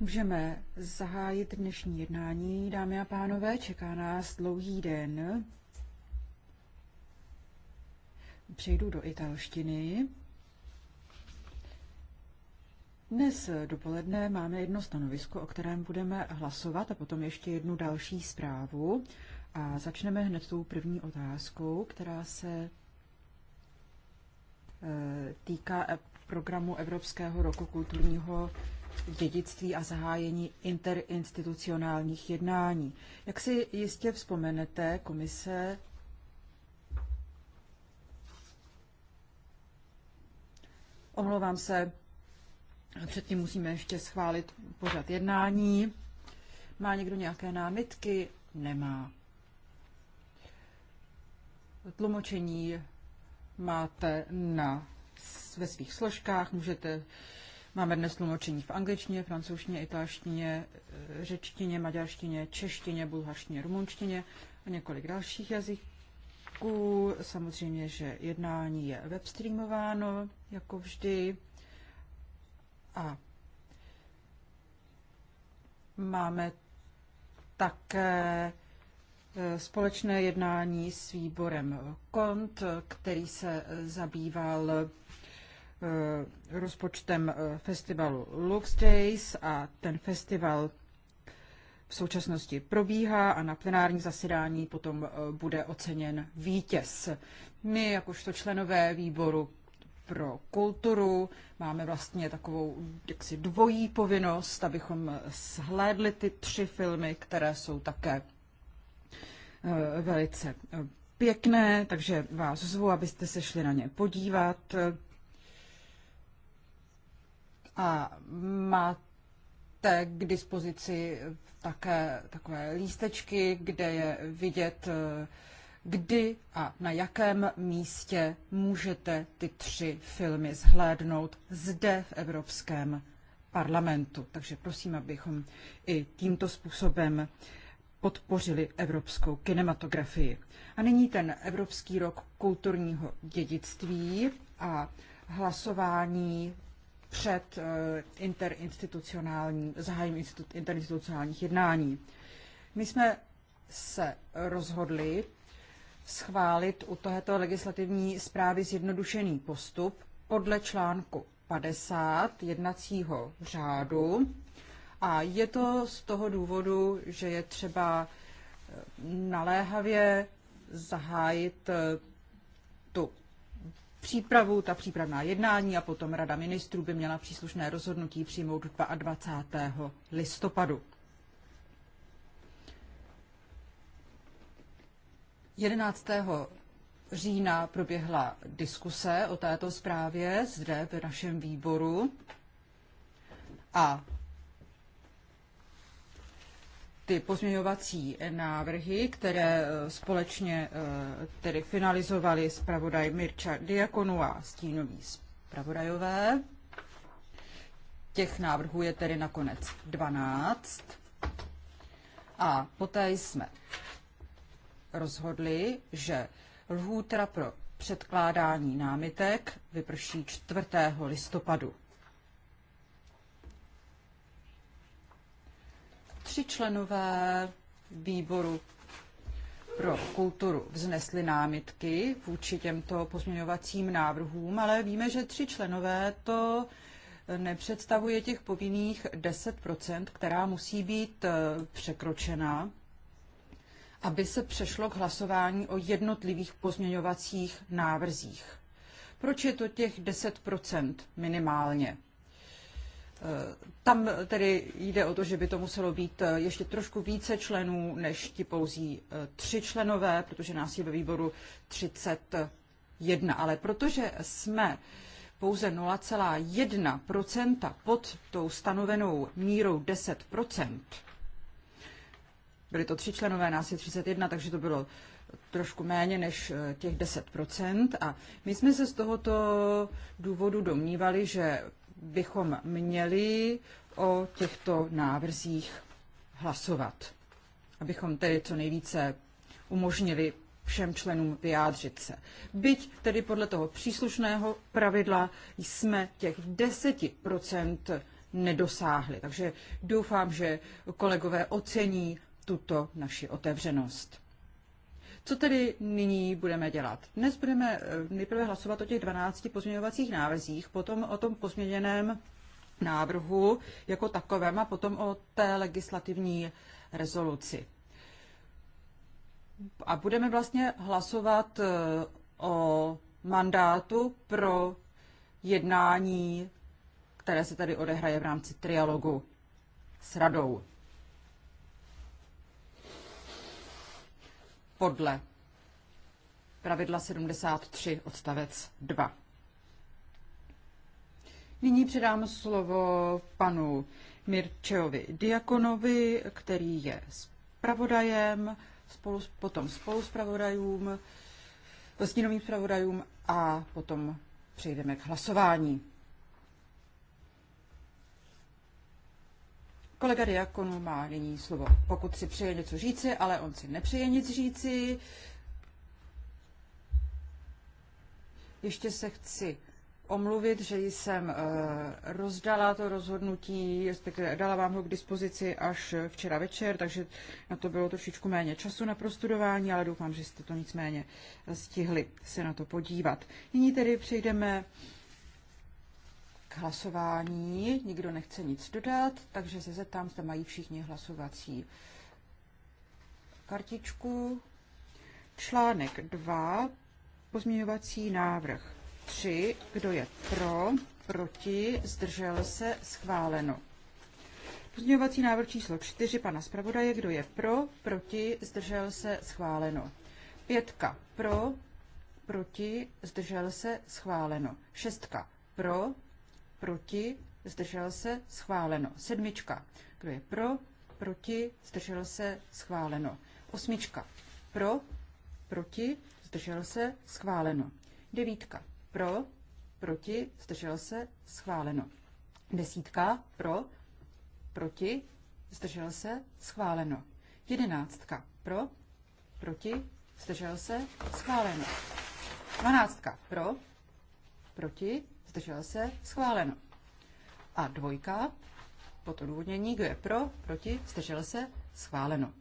Můžeme zahájit dnešní jednání, dámy a pánové. Čeká nás dlouhý den. Přejdu do italštiny. Dnes dopoledne máme jedno stanovisko, o kterém budeme hlasovat a potom ještě jednu další zprávu. A začneme hned tou první otázkou, která se eh, týká programu Evropského roku kulturního dědictví a zahájení interinstitucionálních jednání. Jak si jistě vzpomenete, komise Omlouvám se, předtím musíme ještě schválit pořad jednání. Má někdo nějaké námitky? Nemá. Tlumočení máte na ve svých složkách. Můžete, máme dnes tlumočení v angličtině, francouzštině, italštině, eh, řečtině, maďarštině, češtině, bulharštině, rumunštině a několik dalších jazyků. Samozřejmě, že jednání je webstreamováno, jako vždy. A máme také eh, společné jednání s výborem KONT, který se zabýval Eh, rozpočtem eh, festivalu Lux Days a ten festival v současnosti probíhá a na plenární zasedání potom eh, bude oceněn vítěz. My, jakožto členové výboru pro kulturu, máme vlastně takovou jaksi dvojí povinnost, abychom shlédli ty tři filmy, které jsou také velice pěkné, takže vás zvu, abyste se šli na ně podívat. A máte k dispozici také takové lístečky, kde je vidět, eh, kdy a na jakém místě můžete ty tři filmy zhlédnout zde v Evropském parlamentu. Takže prosím, abychom i tímto způsobem podpořili evropskou kinematografii. A nyní ten Evropský rok kulturního dědictví a hlasování před eh, interinstitucionální, zahájením institut, interinstitucionálních jednání. My jsme se rozhodli schválit u tohoto legislativní zprávy zjednodušený postup podle článku 50 jednacího řádu. A je to z toho důvodu, že je třeba eh, naléhavě zahájit eh, přípravu, ta přípravná jednání a potom Rada ministrů by měla příslušné rozhodnutí přijmout 22. listopadu. 11. října proběhla diskuse o této zprávě zde v našem výboru a ty pozměňovací návrhy, které eh, společně eh, tedy finalizovali zpravodaj Mirča Diakonu a stínoví zpravodajové. Těch návrhů je tedy nakonec 12. A poté jsme rozhodli, že lhůtra pro předkládání námitek vyprší 4. listopadu. tři členové výboru pro kulturu vznesli námitky vůči těmto pozměňovacím návrhům, ale víme, že tři členové to nepředstavuje těch povinných 10%, která musí být eh, překročena, aby se přešlo k hlasování o jednotlivých pozměňovacích návrzích. Proč je to těch 10% minimálně? Eh, tam tedy jde o to, že by to muselo být eh, ještě trošku více členů než ti pouzí eh, tři členové, protože nás je ve výboru 31. Ale protože jsme pouze 0,1 pod tou stanovenou mírou 10 byly to tři členové, nás je 31, takže to bylo trošku méně než těch 10%. A my jsme se z tohoto důvodu domnívali, že bychom měli o těchto návrzích hlasovat, abychom tedy co nejvíce umožnili všem členům vyjádřit se. Byť tedy podle toho příslušného pravidla jsme těch 10% nedosáhli. Takže doufám, že kolegové ocení tuto naši otevřenost. Co tedy nyní budeme dělat? Dnes budeme eh, nejprve hlasovat o těch 12 pozměňovacích návrzích, potom o tom pozměněném návrhu jako takovém a potom o té legislativní rezoluci. A budeme vlastně hlasovat eh, o mandátu pro jednání, které se tady odehraje v rámci trialogu s radou. podle pravidla 73 odstavec 2. Nyní předám slovo panu Mirčeovi Diakonovi, který je zpravodajem, spolu, potom spoluspravodajům, stínovým zpravodajům a potom přejdeme k hlasování. Kolega Diakonu má nyní slovo. Pokud si přeje něco říci, ale on si nepřeje nic říci. Ještě se chci omluvit, že jsem eh, rozdala to rozhodnutí, respektive dala vám ho k dispozici až včera večer, takže na to bylo trošičku méně času na prostudování, ale doufám, že jste to nicméně stihli se na to podívat. Nyní tedy přejdeme k hlasování. Nikdo nechce nic dodat, takže se zeptám, zda mají všichni hlasovací kartičku. Článek 2, pozměňovací návrh 3. Kdo je pro, proti, zdržel se, schváleno. Pozměňovací návrh číslo 4 pana zpravodaje, kdo je pro, proti, zdržel se, schváleno. Pětka pro, proti, zdržel se, schváleno. Šestka pro, proti, zdržel se, schváleno. Sedmička, kdo je pro, proti, zdržel se, schváleno. Osmička, pro, proti, zdržel se, schváleno. Devítka, pro, proti, zdržel se, schváleno. Desítka, pro, proti, zdržel se, schváleno. Jedenáctka, pro, proti, zdržel se, schváleno. Dvanáctka, pro, proti, zdržel se, schváleno. A dvojka, pod odůvodnění, kdo je pro, proti, zdržel se, schváleno.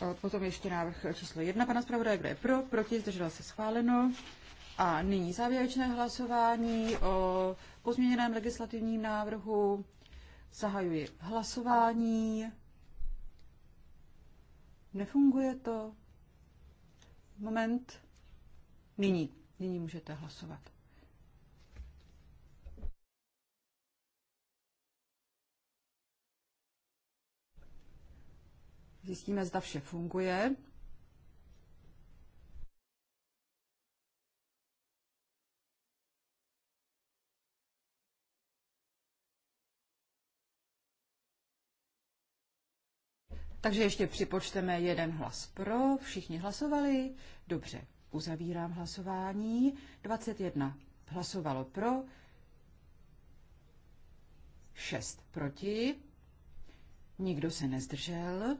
A potom ještě návrh číslo jedna pana zpravodaje, kdo je pro, proti, zdržel se, schváleno. A nyní závěrečné hlasování o pozměněném legislativním návrhu. Zahajuji hlasování. Nefunguje to. Moment. Nyní. Nyní můžete hlasovat. Zjistíme, zda vše funguje. Takže ještě připočteme jeden hlas pro, všichni hlasovali. Dobře, uzavírám hlasování. 21 hlasovalo pro, 6 proti, nikdo se nezdržel.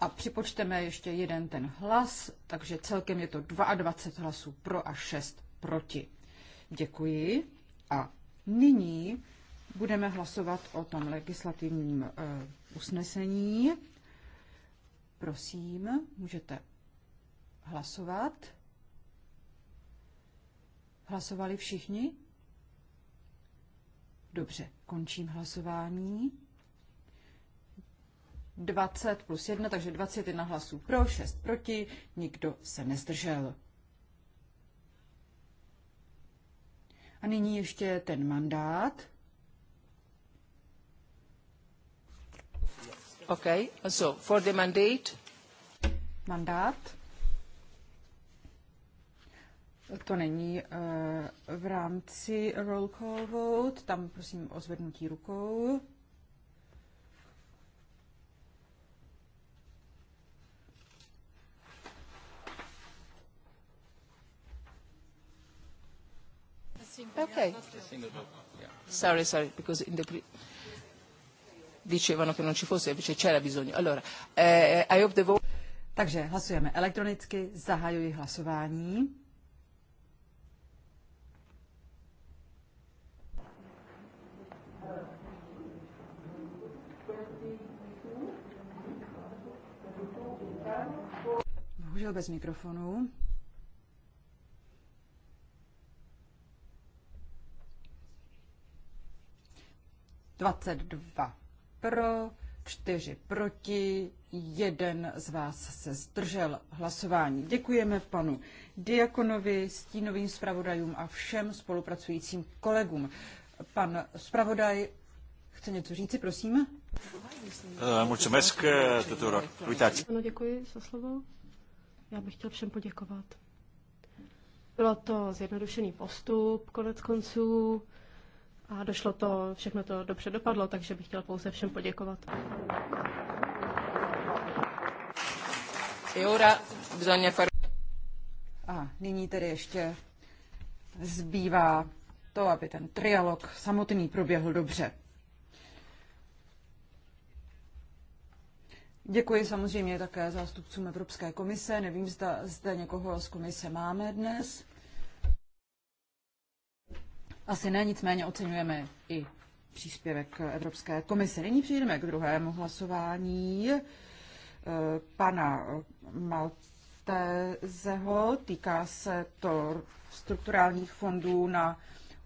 A připočteme ještě jeden ten hlas, takže celkem je to 22 hlasů pro a 6 proti. Děkuji a nyní budeme hlasovat o tom legislativním eh, usnesení. Prosím, můžete hlasovat. Hlasovali všichni? Dobře, končím hlasování. 20 plus 1, takže 21 hlasů pro, 6 proti, nikdo se nezdržel. A nyní ještě ten mandát. Okay, so for the mandate. Mandát. To není eh, v rámci roll call vote, tam prosím o zvednutí rukou. Okay. Sorry, sorry, because in the pre dicevano che non ci fosse, invece c'era bisogno. Allora, eh, I hope the vote... Takže hlasujeme elektronicky, zahajuji hlasování. Bohužel bez mikrofonu. Dvacet dva pro, čtyři proti, jeden z vás se zdržel hlasování. Děkujeme panu Diakonovi, stínovým zpravodajům a všem spolupracujícím kolegům. Pan zpravodaj chce něco říci, prosím? Eh, mulțumesc eh, tuturor. Uitați. Ano, děkuji za slovo. Já bych chtěl všem poděkovat. Bylo to zjednodušený postup, konec konců a došlo to, všechno to dobře dopadlo, takže bych chtěla pouze všem poděkovat. A nyní tedy ještě zbývá to, aby ten trialog samotný proběhl dobře. Děkuji samozřejmě také zástupcům Evropské komise. Nevím, zda zde někoho z komise máme dnes asi ne, nicméně oceňujeme i příspěvek Evropské komise. Nyní přijdeme k druhému hlasování eh, pana Maltézeho. Týká se to strukturálních fondů na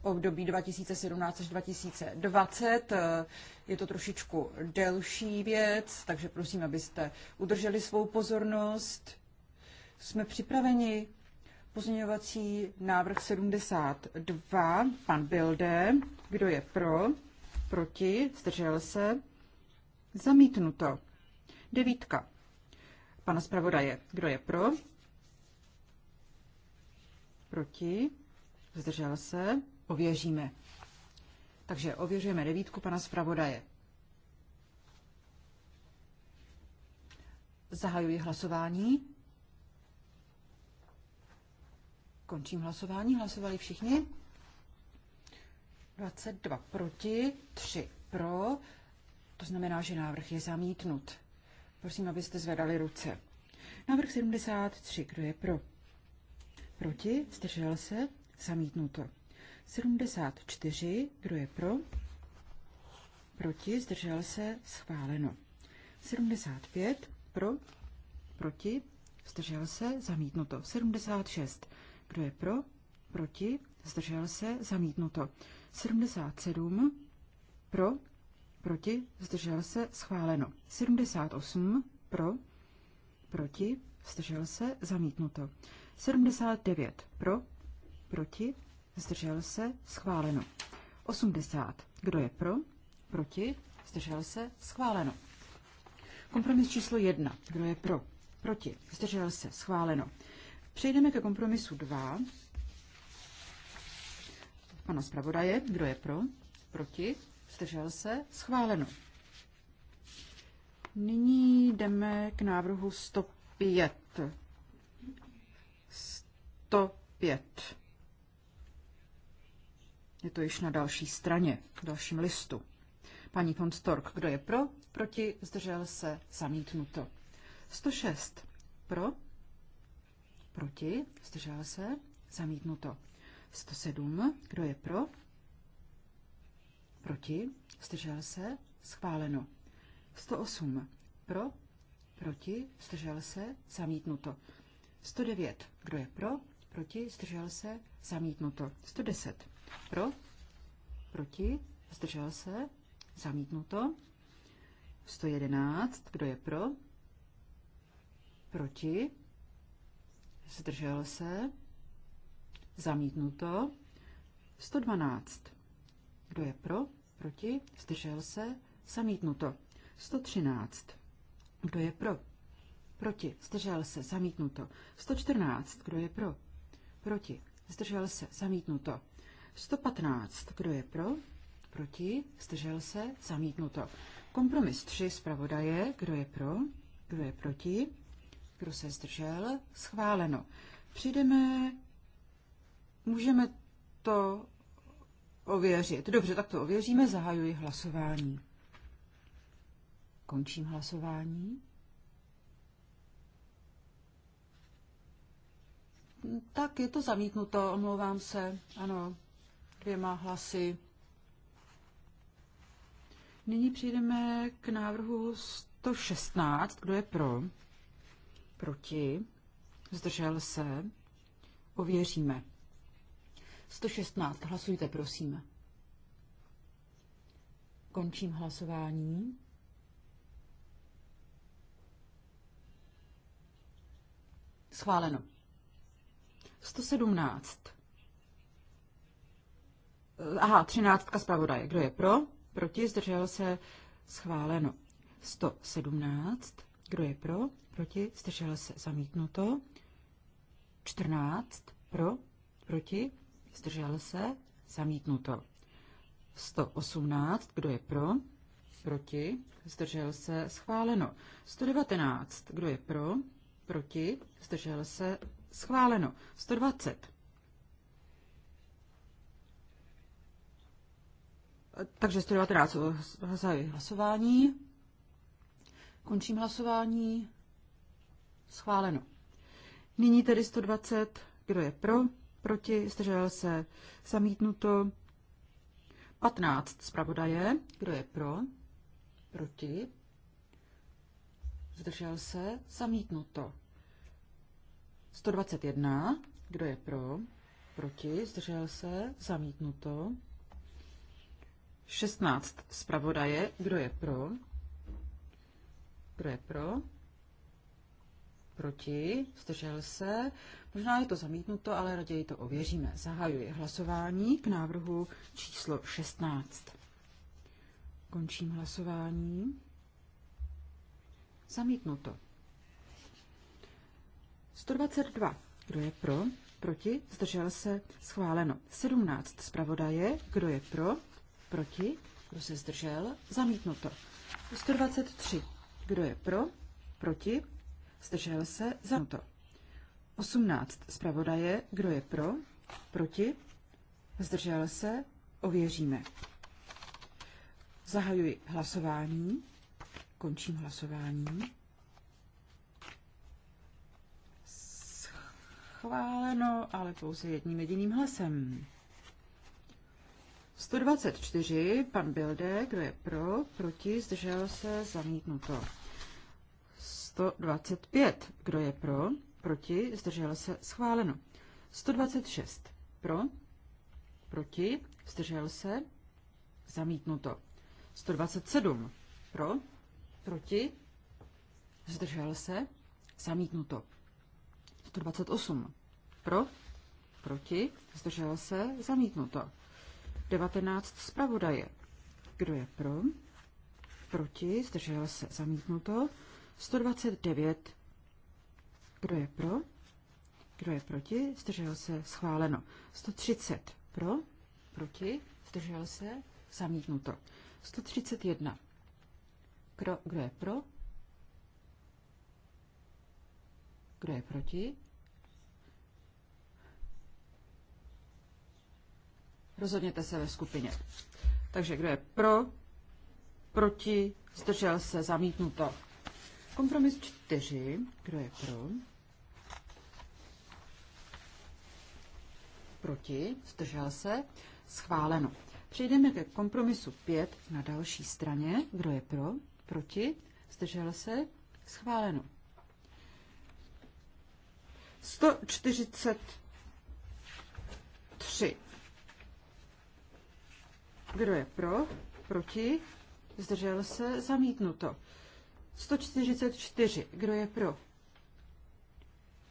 období 2017 až 2020. Eh, je to trošičku delší věc, takže prosím, abyste udrželi svou pozornost. Jsme připraveni Pozměňovací návrh 72, pan Bilde. Kdo je pro? Proti? Zdržel se? Zamítnuto. Devítka. Pana zpravodaje. Kdo je pro? Proti? Zdržel se? Ověříme. Takže ověřujeme devítku pana zpravodaje. Zahajuji hlasování. Končím hlasování. Hlasovali všichni. 22 proti, 3 pro. To znamená, že návrh je zamítnut. Prosím, abyste zvedali ruce. Návrh 73. Kdo je pro? Proti? Zdržel se? Zamítnuto. 74. Kdo je pro? Proti? Zdržel se? Schváleno. 75. Pro? Proti? Zdržel se? Zamítnuto. 76. Kdo je pro? Proti? Zdržel se? Zamítnuto. 77. Pro? Proti? Zdržel se? Schváleno. 78. Pro? Proti? Zdržel se? Zamítnuto. 79. Pro? Proti? Zdržel se? Schváleno. 80. Kdo je pro? Proti? Zdržel se? Schváleno. Kompromis číslo 1. Kdo je pro? Proti? Zdržel se? Schváleno. Přejdeme ke kompromisu 2. Pana zpravodaje, kdo je pro? Proti? Zdržel se? Schváleno. Nyní jdeme k návrhu 105. 105. Je to již na další straně, v dalším listu. Paní von Stork, kdo je pro? Proti? Zdržel se? Zamítnuto. 106. Pro? Proti? Zdržel se? Zamítnuto. 107. Kdo je pro? Proti? Zdržel se? Schváleno. 108. Pro? Proti? Zdržel se? Zamítnuto. 109. Kdo je pro? Proti? Zdržel se? Zamítnuto. 110. Pro? Proti? Zdržel se? Zamítnuto. 111. Kdo je pro? Proti? zdržel se, zamítnuto. 112. Kdo je pro, proti, zdržel se, zamítnuto. 113. Kdo je pro, proti, zdržel se, zamítnuto. 114. Kdo je pro, proti, zdržel se, zamítnuto. 115. Kdo je pro, proti, zdržel se, zamítnuto. Kompromis 3 zpravodaje, kdo je pro, kdo je proti, kdo se zdržel, schváleno. Přijdeme, můžeme to ověřit. Dobře, tak to ověříme, zahajuji hlasování. Končím hlasování. Tak je to zamítnuto, omlouvám se. Ano, dvěma hlasy. Nyní přijdeme k návrhu 116. Kdo je pro? proti, zdržel se, ověříme. 116, hlasujte, prosím. Končím hlasování. Schváleno. 117. Aha, 13. zpravodaje. Kdo je pro? Proti? Zdržel se? Schváleno. 117. Kdo je pro? proti, zdržel se zamítnuto. 14 pro, proti, zdržel se zamítnuto. 118, kdo je pro, proti, zdržel se schváleno. 119, kdo je pro, proti, zdržel se schváleno. 120. Takže 119 hlasování. Končím hlasování. Schváleno. Nyní tedy 120, kdo je pro, proti, zdržel se, zamítnuto. 15 zpravodaje, kdo je pro, proti, zdržel se, zamítnuto. 121, kdo je pro, proti, zdržel se, zamítnuto. 16 zpravodaje, kdo je pro, kdo je pro, proti, zdržel se. Možná je to zamítnuto, ale raději to ověříme. Zahajuji hlasování k návrhu číslo 16. Končím hlasování. Zamítnuto. 122. Kdo je pro? Proti? Zdržel se? Schváleno. 17. Zpravodaje. Kdo je pro? Proti? Kdo se zdržel? Zamítnuto. 123. Kdo je pro? Proti? zdržel se, to. 18 zpravodaje, kdo je pro, proti, zdržel se, ověříme. Zahajuji hlasování, končím hlasování. Schváleno, ale pouze jedním jediným hlasem. 124, pan Bilde, kdo je pro, proti, zdržel se, zamítnuto. 125. Kdo je pro? Proti? Zdržel se? Schváleno. 126. Pro? Proti? Zdržel se? Zamítnuto. 127. Pro? Proti? Zdržel se? Zamítnuto. 128. Pro? Proti? Zdržel se? Zamítnuto. 19. Zpravodaje. Kdo je pro? Proti? Zdržel se? Zamítnuto. 129. Kdo je pro? Kdo je proti? Zdržel se. Schváleno. 130. Pro? Proti? Zdržel se. Zamítnuto. 131. Kdo, kdo je pro? Kdo je proti? Rozhodněte se ve skupině. Takže kdo je pro, proti, zdržel se, zamítnuto. Kompromis čtyři, Kdo je pro? Proti? Zdržel se? Schváleno. Přejdeme ke kompromisu pět na další straně. Kdo je pro? Proti? Zdržel se? Schváleno. 143. Kdo je pro? Proti? Zdržel se? Zamítnuto. 144. Kdo je pro?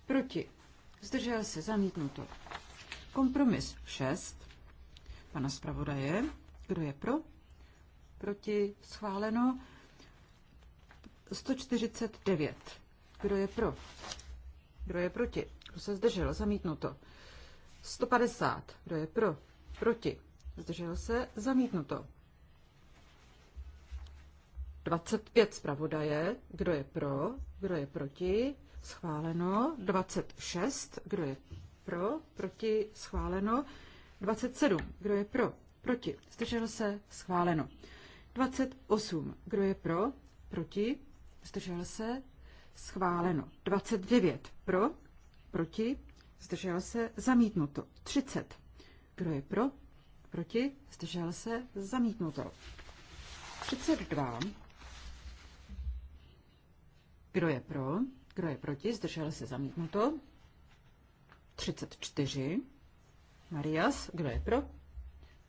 Proti. Zdržel se. Zamítnuto. Kompromis 6. Pana zpravodaje. Kdo je pro? Proti. Schváleno. 149. Kdo je pro? Kdo je proti? Kdo se zdržel? Zamítnuto. 150. Kdo je pro? Proti. Zdržel se? Zamítnuto. 25 zpravodaje, kdo je pro, kdo je proti, schváleno. 26, kdo je pro, proti, schváleno. 27, kdo je pro, proti, zdrželo se, schváleno. 28, kdo je pro, proti, zdrželo se, schváleno. 29, pro, proti, zdržel se, zamítnuto. 30, kdo je pro, proti, zdržel se, zamítnuto. 32, kdo je pro? Kdo je proti? Zdržel se zamítnuto. 34. Marias, kdo je pro?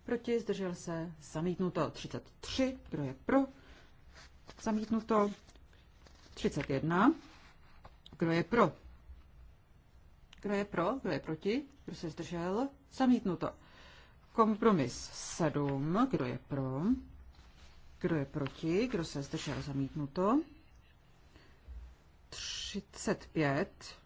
Proti, zdržel se, zamítnuto 33, kdo je pro? Zamítnuto 31, kdo je pro? Kdo je pro, kdo je proti, kdo se zdržel? Zamítnuto. Kompromis 7, kdo je pro? Kdo je proti, kdo se zdržel? Zamítnuto. 35.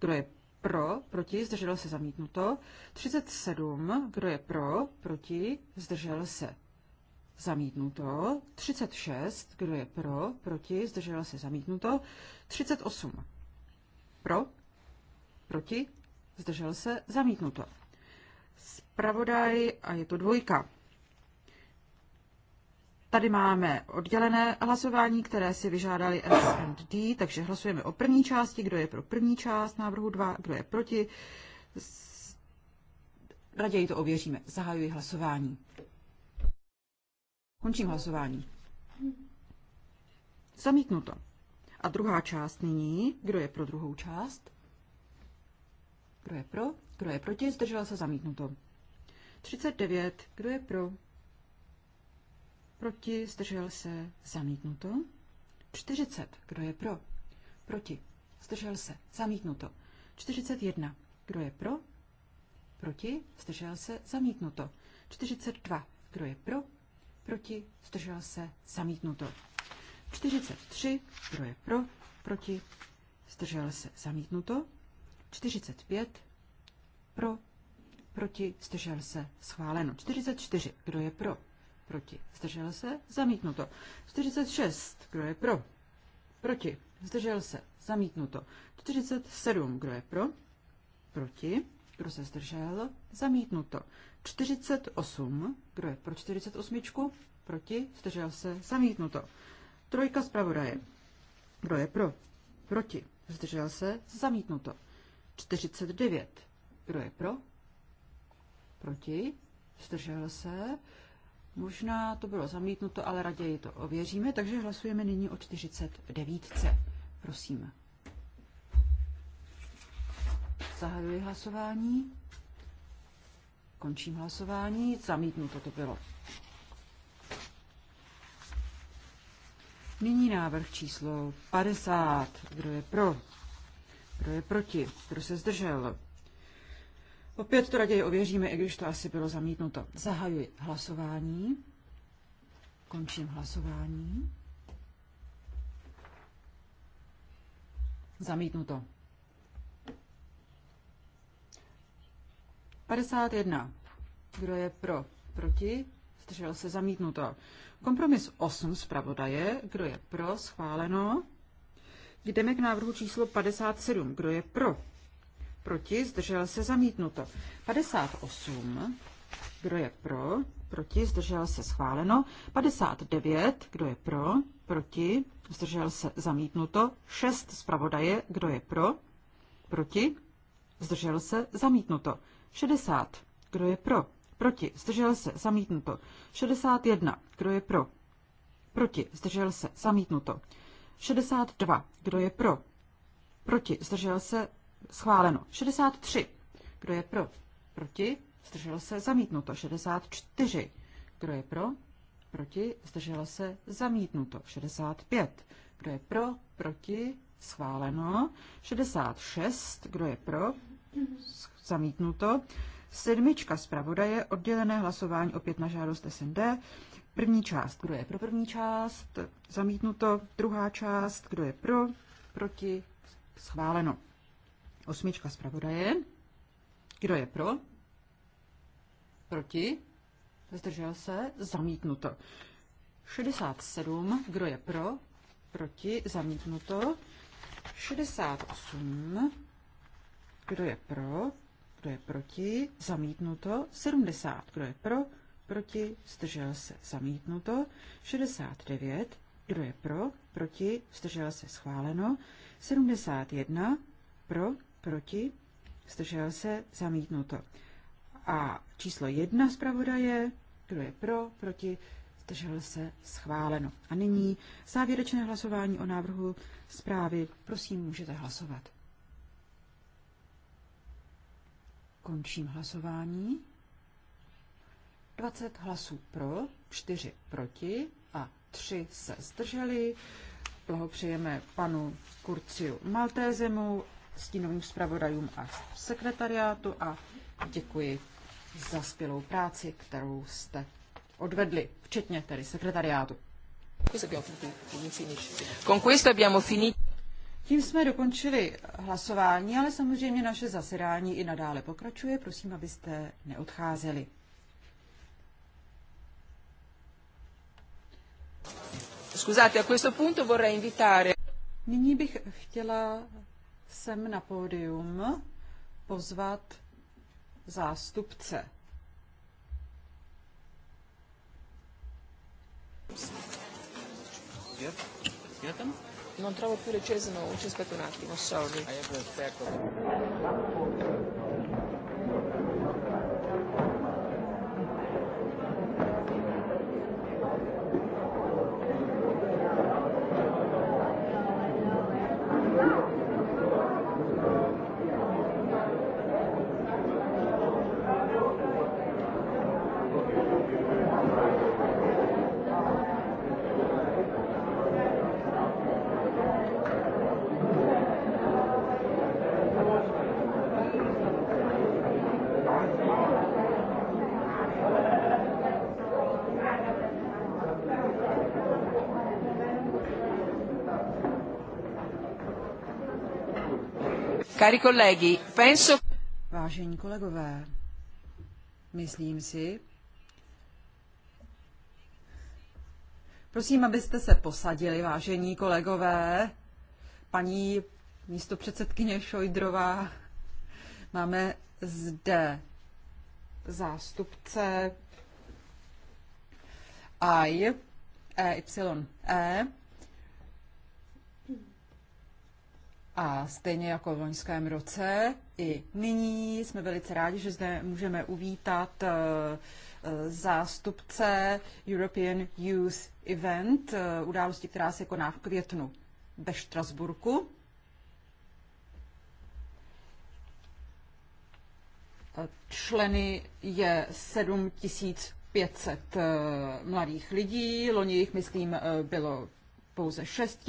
Kdo je pro, proti, zdržel se zamítnuto. 37. Kdo je pro, proti, zdržel se zamítnuto. 36. Kdo je pro, proti, zdržel se zamítnuto. 38. Pro, proti, zdržel se zamítnuto. Spravodaj a je to dvojka. Tady máme oddělené hlasování, které si vyžádali S&D, takže hlasujeme o první části, kdo je pro první část návrhu 2, kdo je proti. Raději to ověříme. Zahajuji hlasování. Končím hlasování. Zamítnuto. A druhá část nyní. Kdo je pro druhou část? Kdo je pro? Kdo je proti? Zdržela se zamítnuto. 39. Kdo je pro? Proti? Zdržel se? Zamítnuto. 40. Kdo je pro? Proti? Zdržel se? Zamítnuto. 41. Kdo je pro? Proti? Zdržel se? Zamítnuto. 42. Kdo je pro? Proti? Zdržel se? Zamítnuto. 43. Kdo je pro? Proti? Zdržel se? Zamítnuto. 45. Pro? Proti? Zdržel se? Schváleno. 44. Kdo je pro? Proti. Zdržel se? Zamítnuto. 46. Kdo je pro? Proti. Zdržel se? Zamítnuto. 47. Kdo je pro? Proti. Kdo se zdržel? Zamítnuto. 48. Kdo je pro 48? Proti. Zdržel se? Zamítnuto. Trojka zpravodaje. Kdo je pro? Proti. Zdržel se? Zamítnuto. 49. Kdo je pro? Proti. Zdržel se? Možná to bylo zamítnuto, ale raději to ověříme, takže hlasujeme nyní o 49. Prosím. Zahajuji hlasování. Končím hlasování. Zamítnuto to bylo. Nyní návrh číslo 50. Kdo je pro? Kdo je proti? Kdo se zdržel? Opět to raději ověříme, i když to asi bylo zamítnuto. Zahajuji hlasování. Končím hlasování. Zamítnuto. 51. Kdo je pro? Proti? Zdržel se zamítnuto. Kompromis 8 zpravodaje. Kdo je pro? Schváleno. Jdeme k návrhu číslo 57. Kdo je pro? proti, zdržel se, zamítnuto. 58, kdo je pro, proti, zdržel se, schváleno. 59, kdo je pro, proti, zdržel se, zamítnuto. 6 zpravodaje, kdo je pro, proti, zdržel se, zamítnuto. 60, kdo je pro, proti, zdržel se, zamítnuto. 61, kdo je pro, proti, zdržel se, zamítnuto. 62, kdo je pro, proti, zdržel se, schváleno. 63. Kdo je pro? Proti? Zdrželo se zamítnuto. 64. Kdo je pro? Proti? Zdrželo se zamítnuto. 65. Kdo je pro? Proti? Schváleno. 66. Kdo je pro? Zamítnuto. Sedmička zpravodaje, oddělené hlasování opět na žádost SND. První část, kdo je pro první část, zamítnuto. Druhá část, kdo je pro, proti, schváleno. Osmička zpravodaje. Kdo je pro? Proti? Zdržel se? Zamítnuto. 67. Kdo je pro? Proti? Zamítnuto. 68. Kdo je pro? Kdo je proti? Zamítnuto. 70. Kdo je pro? Proti? Zdržel se? Zamítnuto. 69. Kdo je pro? Proti? Zdržel se? Schváleno. 71. Pro? proti, zdržel se, zamítnuto. A číslo jedna zpravodaje, kdo je pro, proti, zdržel se, schváleno. A nyní závěrečné hlasování o návrhu zprávy. Prosím, můžete hlasovat. Končím hlasování. 20 hlasů pro, 4 proti a 3 se zdrželi. Blahopřejeme panu Kurciu Maltézemu stínovým zpravodajům a sekretariátu a děkuji za skvělou práci, kterou jste odvedli, včetně tedy sekretariátu. Con questo abbiamo Tím jsme dokončili hlasování, ale samozřejmě naše zasedání i nadále pokračuje. Prosím, abyste neodcházeli. Scusate, a questo punto vorrei invitare. Nyní bych chtěla sem na pódium pozvat zástupce. Non trovo più le cese, non ci aspetto un attimo, sorry. Ah, Cari colleghi, penso... Vážení kolegové, myslím si, Prosím, abyste se posadili, vážení kolegové. Paní místopředsedkyně Šojdrová, máme zde zástupce I, E. e. A stejně jako v loňském roce, i nyní jsme velice rádi, že zde můžeme uvítat eh, zástupce European Youth Event, eh, události, která se koná v květnu ve Štrasburku. Eh, členy je 7500 mladých lidí, loni jich, myslím, bylo pouze 6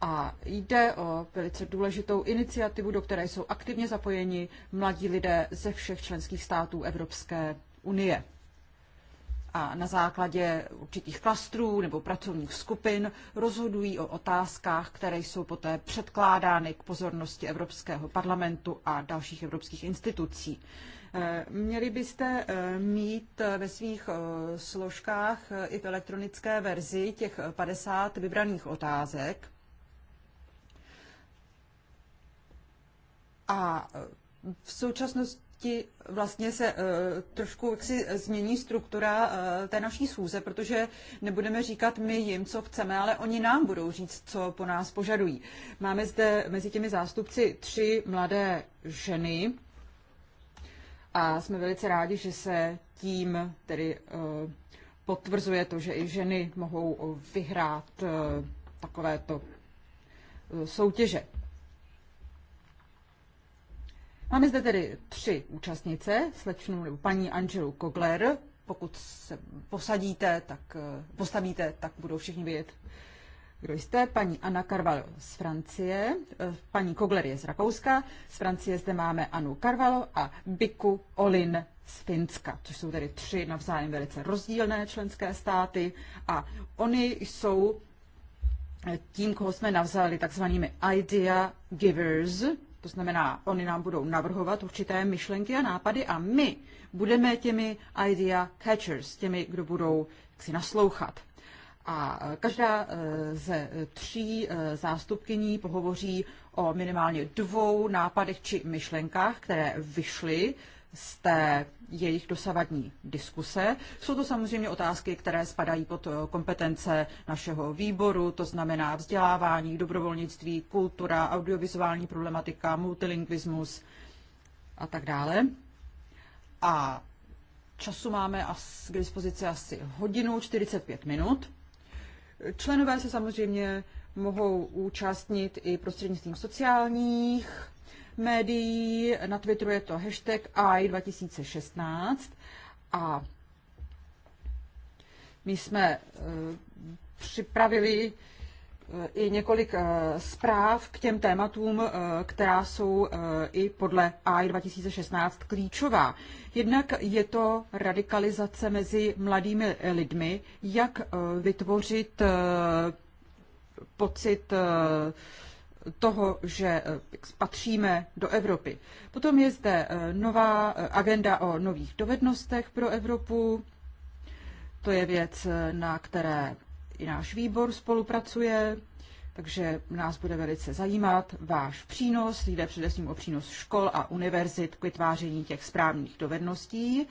a jde o velice důležitou iniciativu, do které jsou aktivně zapojeni mladí lidé ze všech členských států Evropské unie. A na základě určitých klastrů nebo pracovních skupin rozhodují o otázkách, které jsou poté předkládány k pozornosti Evropského parlamentu a dalších evropských institucí. Eh, měli byste eh, mít eh, ve svých složkách i v elektronické verzi těch 50 vybraných otázek, A eh, v současnosti vlastně se eh, trošku jaksi změní struktura eh, té naší schůze, protože nebudeme říkat my jim, co chceme, ale oni nám budou říct, co po nás požadují. Máme zde mezi těmi zástupci tři mladé ženy a jsme velice rádi, že se tím tedy potvrzuje to, že i ženy mohou vyhrát takovéto soutěže. Máme zde tedy tři účastnice, slečnu nebo paní Angelu Kogler. Pokud se posadíte, tak eh, postavíte, tak budou všichni vědět, kdo jste. Paní Anna Carvalho z Francie, eh, paní Kogler je z Rakouska, z Francie zde máme Anu Carvalho a Biku Olin z Finska, což jsou tedy tři navzájem velice rozdílné členské státy a oni jsou eh, tím, koho jsme navzali takzvanými idea givers, to znamená, oni nám budou navrhovat určité myšlenky a nápady a my budeme těmi idea catchers, těmi, kdo budou si naslouchat. A e, každá e, ze tří e, zástupkyní pohovoří o minimálně dvou nápadech či myšlenkách, které vyšly z té jejich dosavadní diskuse. Jsou to samozřejmě otázky, které spadají pod eh, kompetence našeho výboru, to znamená vzdělávání, dobrovolnictví, kultura, audiovizuální problematika, multilingvismus a tak dále. A času máme asi, k dispozici asi hodinu 45 minut. Členové se samozřejmě mohou účastnit i prostřednictvím sociálních médií. Na Twitteru je to hashtag AI2016 a my jsme eh, připravili eh, i několik eh, zpráv k těm tématům, která jsou i podle AI 2016 klíčová. Jednak je to radikalizace mezi mladými lidmi, jak vytvořit pocit toho, že eh, patříme do Evropy. Potom je zde eh, nová eh, agenda o nových dovednostech pro Evropu. To je věc, na které i náš výbor spolupracuje, takže nás bude velice zajímat váš přínos. Jde především o přínos škol a univerzit k vytváření těch správných dovedností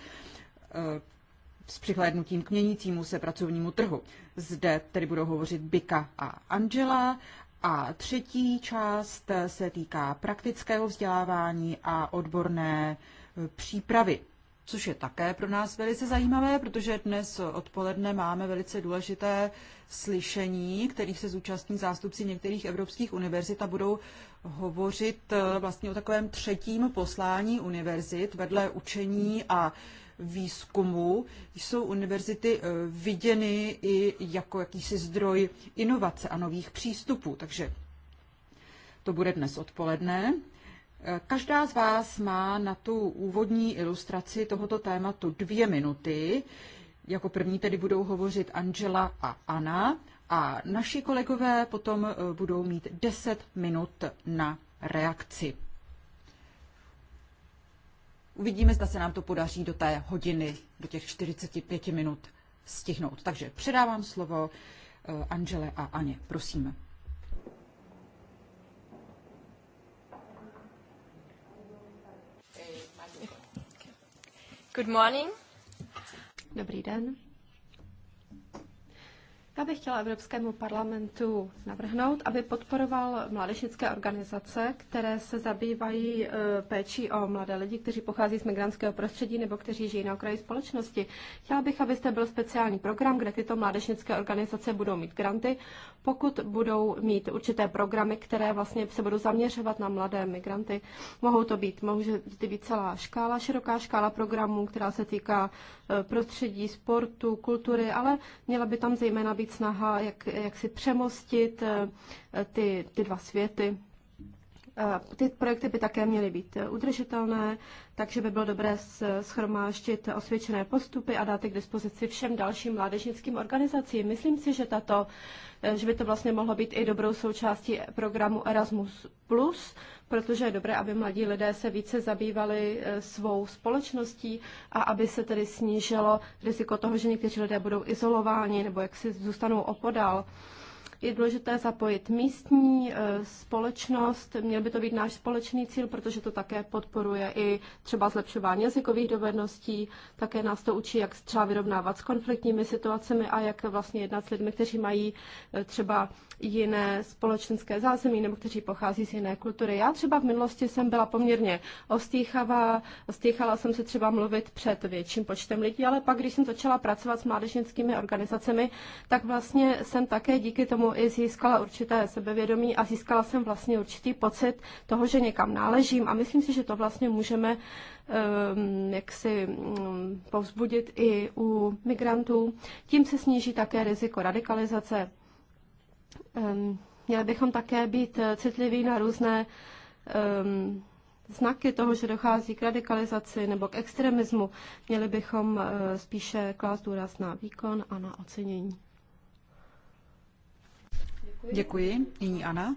s přihlédnutím k měnícímu se pracovnímu trhu. Zde tedy budou hovořit Bika a Angela a třetí část se týká praktického vzdělávání a odborné eh, přípravy, což je také pro nás velice zajímavé, protože dnes odpoledne máme velice důležité slyšení, kterých se zúčastní zástupci některých evropských univerzit a budou hovořit eh, vlastně o takovém třetím poslání univerzit vedle učení a výzkumu jsou univerzity eh, viděny i jako jakýsi zdroj inovace a nových přístupů. Takže to bude dnes odpoledne. Eh, každá z vás má na tu úvodní ilustraci tohoto tématu dvě minuty. Jako první tedy budou hovořit Angela a Anna a naši kolegové potom eh, budou mít deset minut na reakci. Uvidíme, zda se nám to podaří do té hodiny, do těch 45 minut stihnout. Takže předávám slovo eh, Angele a Aně. Prosím. Good morning. Dobrý den. Já bych chtěla Evropskému parlamentu navrhnout, aby podporoval mládežnické organizace, které se zabývají e, péčí o mladé lidi, kteří pochází z migrantského prostředí nebo kteří žijí na okraji společnosti. Chtěla bych, abyste byl speciální program, kde tyto mládežnické organizace budou mít granty, pokud budou mít určité programy, které vlastně se budou zaměřovat na mladé migranty. Mohou to být, může to být celá škála, široká škála programů, která se týká e, prostředí, sportu, kultury, ale měla by tam zejména být být snaha, jak, jak si přemostit eh, ty, ty dva světy. Ty projekty by také měly být udržitelné, takže by bylo dobré schromáždit osvědčené postupy a dát je k dispozici všem dalším mládežnickým organizacím. Myslím si, že tato Eh, že by to vlastně mohlo být i dobrou součástí programu Erasmus+, protože je dobré, aby mladí lidé se více zabývali eh, svou společností a aby se tedy snížilo riziko toho, že někteří lidé budou izolováni nebo jak si zůstanou opodál. Je důležité zapojit místní eh, společnost, měl by to být náš společný cíl, protože to také podporuje i třeba zlepšování jazykových dovedností, také nás to učí, jak třeba vyrovnávat s konfliktními situacemi a jak vlastně jednat s lidmi, kteří mají eh, třeba jiné společenské zázemí nebo kteří pochází z jiné kultury. Já třeba v minulosti jsem byla poměrně ostýchavá, ostýchala jsem se třeba mluvit před větším počtem lidí, ale pak, když jsem začala pracovat s mládežnickými organizacemi, tak vlastně jsem také díky tomu i získala určité sebevědomí a získala jsem vlastně určitý pocit toho, že někam náležím a myslím si, že to vlastně můžeme ehm, jaksi mm, povzbudit i u migrantů. Tím se sníží také riziko radikalizace. Ehm, měli bychom také být eh, citliví na různé ehm, znaky toho, že dochází k radikalizaci nebo k extremismu, měli bychom eh, spíše klást důraz na výkon a na ocenění. Děkuji. Nyní Ana.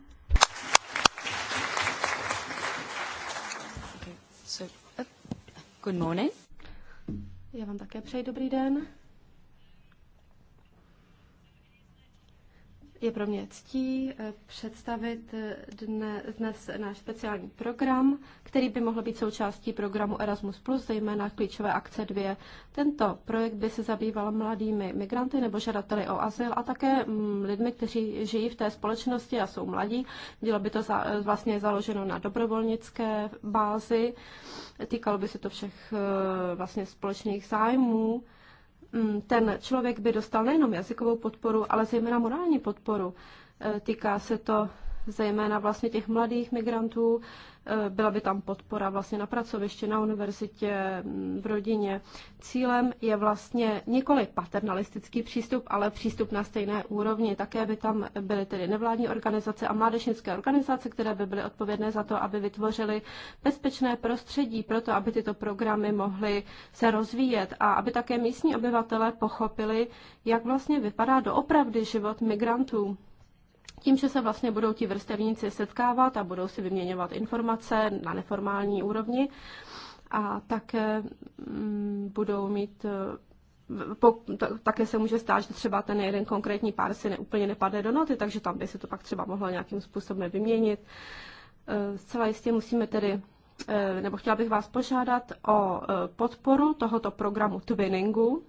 Uh, good morning. Já vám také přeji dobrý den. Je pro mě ctí eh, představit eh, dne, dnes náš speciální program, který by mohl být součástí programu Erasmus+, zejména klíčové akce 2. Tento projekt by se zabýval mladými migranty nebo žadateli o azyl a také mm, lidmi, kteří žijí v té společnosti a jsou mladí. Bylo by to za, eh, vlastně založeno na dobrovolnické bázi. Týkalo by se to všech vlastně společných zájmů Mm, ten člověk by dostal nejenom jazykovou podporu, ale zejména morální podporu. E, týká se to zejména vlastně těch mladých migrantů, Eh, byla by tam podpora vlastně na pracovišti, na univerzitě, mm, v rodině. Cílem je vlastně nikoli paternalistický přístup, ale přístup na stejné úrovni. Také by tam byly tedy nevládní organizace a mládežnické organizace, které by byly odpovědné za to, aby vytvořily bezpečné prostředí pro to, aby tyto programy mohly se rozvíjet a aby také místní obyvatelé pochopili, jak vlastně vypadá doopravdy život migrantů tím, že se vlastně budou ti vrstevníci setkávat a budou si vyměňovat informace na neformální úrovni a také mm, budou mít eh, po, také se může stát, že třeba ten jeden konkrétní pár si ne, úplně nepadne do noty, takže tam by se to pak třeba mohlo nějakým způsobem vyměnit. Eh, zcela jistě musíme tedy, eh, nebo chtěla bych vás požádat o podporu tohoto programu twinningu.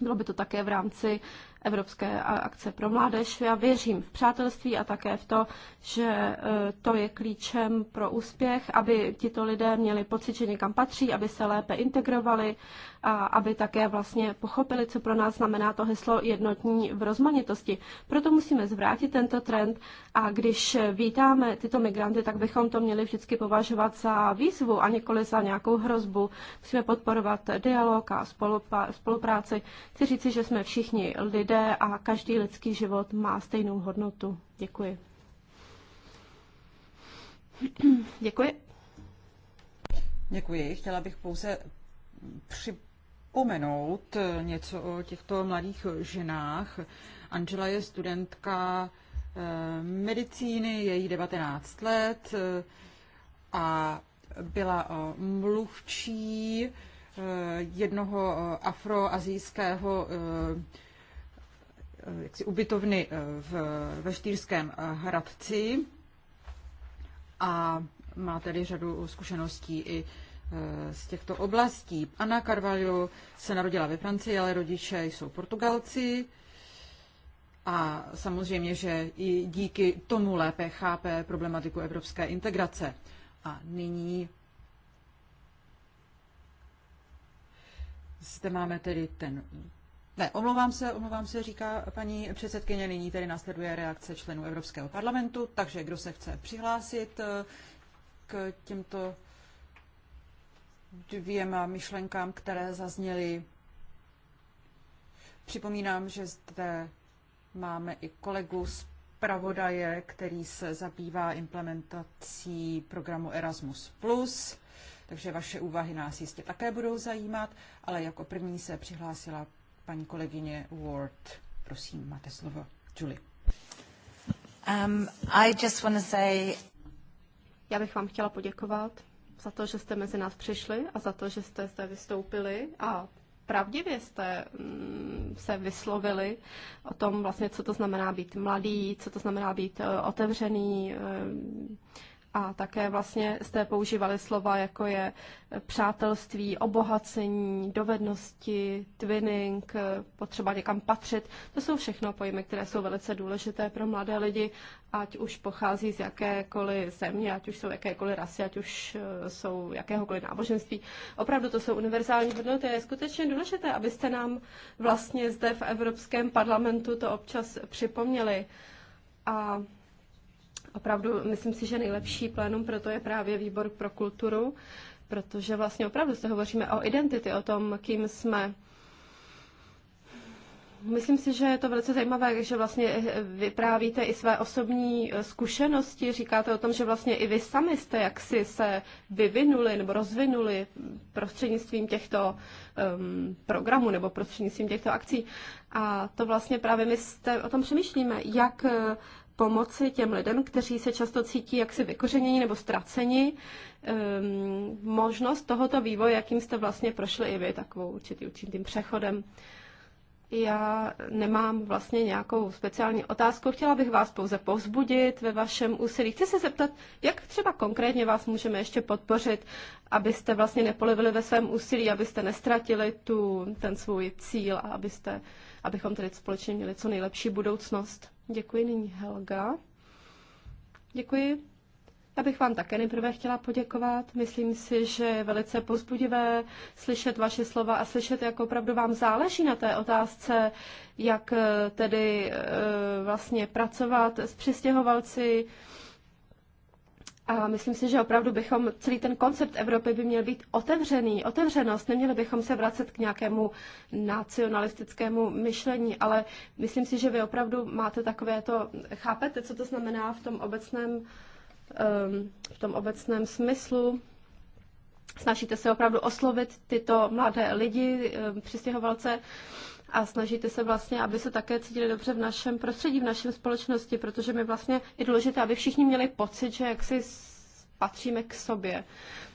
Bylo by to také v rámci Evropské akce pro mládež. Já věřím v přátelství a také v to, že e, to je klíčem pro úspěch, aby tito lidé měli pocit, že někam patří, aby se lépe integrovali, a aby také vlastně pochopili, co pro nás znamená to heslo jednotní v rozmanitosti. Proto musíme zvrátit tento trend a když vítáme tyto migranty, tak bychom to měli vždycky považovat za výzvu a nikoli za nějakou hrozbu. Musíme podporovat dialog a spolupráci. Chci říci, že jsme všichni lidé a každý lidský život má stejnou hodnotu. Děkuji. Děkuji. Děkuji. Chtěla bych pouze při opomenout eh, něco o těchto mladých ženách. Angela je studentka eh, medicíny, je jí 19 let eh, a byla mluvčí jednoho afroazijského jaksi ubytovny v, ve Štýrském Hradci a má tedy řadu zkušeností i Eh, z těchto oblastí. Anna Carvalho se narodila ve Francii, ale rodiče jsou Portugalci. A samozřejmě, že i díky tomu lépe chápe problematiku evropské integrace. A nyní zde máme tedy ten... Ne, omlouvám se, omlouvám se, říká paní předsedkyně. Nyní tedy následuje reakce členů Evropského parlamentu, takže kdo se chce přihlásit eh, k těmto dvěma myšlenkám, které zazněly. Připomínám, že zde máme i kolegu z pravodaje, který se zabývá implementací programu Erasmus+. Takže vaše úvahy nás jistě také budou zajímat, ale jako první se přihlásila paní kolegyně Ward. Prosím, máte slovo. Julie. Um, I just say... Já bych vám chtěla poděkovat za to, že jste mezi nás přišli a za to, že jste zde vystoupili a pravdivě jste mm, se vyslovili o tom, vlastně, co to znamená být mladý, co to znamená být eh, otevřený, eh, a také vlastně jste používali slova, jako je přátelství, obohacení, dovednosti, twinning, potřeba někam patřit. To jsou všechno pojmy, které jsou velice důležité pro mladé lidi, ať už pochází z jakékoliv země, ať už jsou jakékoliv rasy, ať už eh, jsou jakéhokoliv náboženství. Opravdu to jsou univerzální hodnoty. Je skutečně důležité, abyste nám vlastně zde v Evropském parlamentu to občas připomněli. A opravdu, myslím si, že nejlepší plénum to je právě výbor pro kulturu, protože vlastně opravdu se hovoříme o identity, o tom, kým jsme. Myslím si, že je to velice zajímavé, že vlastně vyprávíte i své osobní eh, zkušenosti, říkáte o tom, že vlastně i vy sami jste jaksi se vyvinuli nebo rozvinuli prostřednictvím těchto um, programů nebo prostřednictvím těchto akcí. A to vlastně právě my jste, o tom přemýšlíme, jak eh, pomoci těm lidem, kteří se často cítí jaksi vykořenění nebo ztraceni, ehm, možnost tohoto vývoje, jakým jste vlastně prošli i vy, takovou určitý, určitým přechodem. Já nemám vlastně nějakou speciální otázku, chtěla bych vás pouze povzbudit ve vašem úsilí. Chci se zeptat, jak třeba konkrétně vás můžeme ještě podpořit, abyste vlastně nepolevili ve svém úsilí, abyste nestratili tu, ten svůj cíl a abyste, abychom tedy společně měli co nejlepší budoucnost. Děkuji nyní Helga. Děkuji. Já bych vám také nejprve chtěla poděkovat. Myslím si, že je velice pozbudivé slyšet vaše slova a slyšet, jak opravdu vám záleží na té otázce, jak tedy eh, vlastně pracovat s přistěhovalci, a myslím si, že opravdu bychom, celý ten koncept Evropy by měl být otevřený, otevřenost. Neměli bychom se vracet k nějakému nacionalistickému myšlení, ale myslím si, že vy opravdu máte takové to, chápete, co to znamená v tom obecném, ehm, v tom obecném smyslu. Snažíte se opravdu oslovit tyto mladé lidi, ehm, přistěhovalce a snažíte se vlastně, aby se také cítili dobře v našem prostředí, v našem společnosti, protože my vlastně je důležité, aby všichni měli pocit, že jaksi patříme k sobě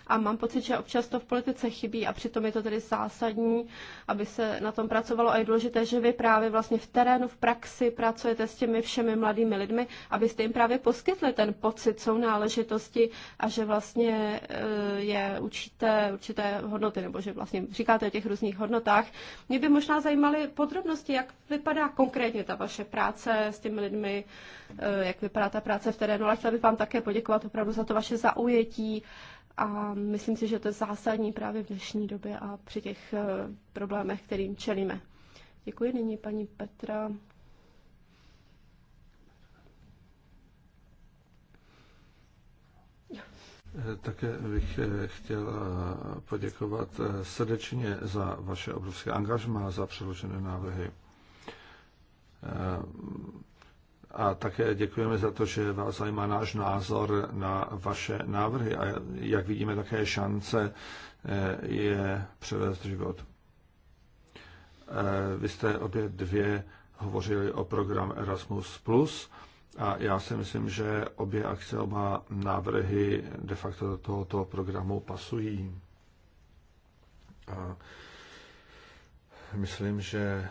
a mám pocit, že občas to v politice chybí a přitom je to tedy zásadní, aby se na tom pracovalo a je důležité, že vy právě vlastně v terénu, v praxi pracujete s těmi všemi mladými lidmi, abyste jim právě poskytli ten pocit náležitosti a že vlastně eh, je učíte určité hodnoty, nebo že vlastně říkáte o těch různých hodnotách. Mě by možná zajímaly podrobnosti, jak vypadá konkrétně ta vaše práce s těmi lidmi, eh, jak vypadá ta práce v terénu, ale chtěla bych vám také poděkovat opravdu za to vaše zaujetí, a myslím si, že to je zásadní právě v dnešní době a při těch eh, problémech, kterým čelíme. Děkuji nyní paní Petra. Eh, také bych eh, chtěl poděkovat srdečně za vaše obrovské angažmá, za předložené návrhy. A také děkujeme za to, že vás zajímá náš názor na vaše návrhy a jak vidíme také šance eh, je převést život. Eh, vy jste obě dvě hovořili o program Erasmus+, a já si myslím, že obě akce, oba návrhy de facto do tohoto programu pasují. A myslím, že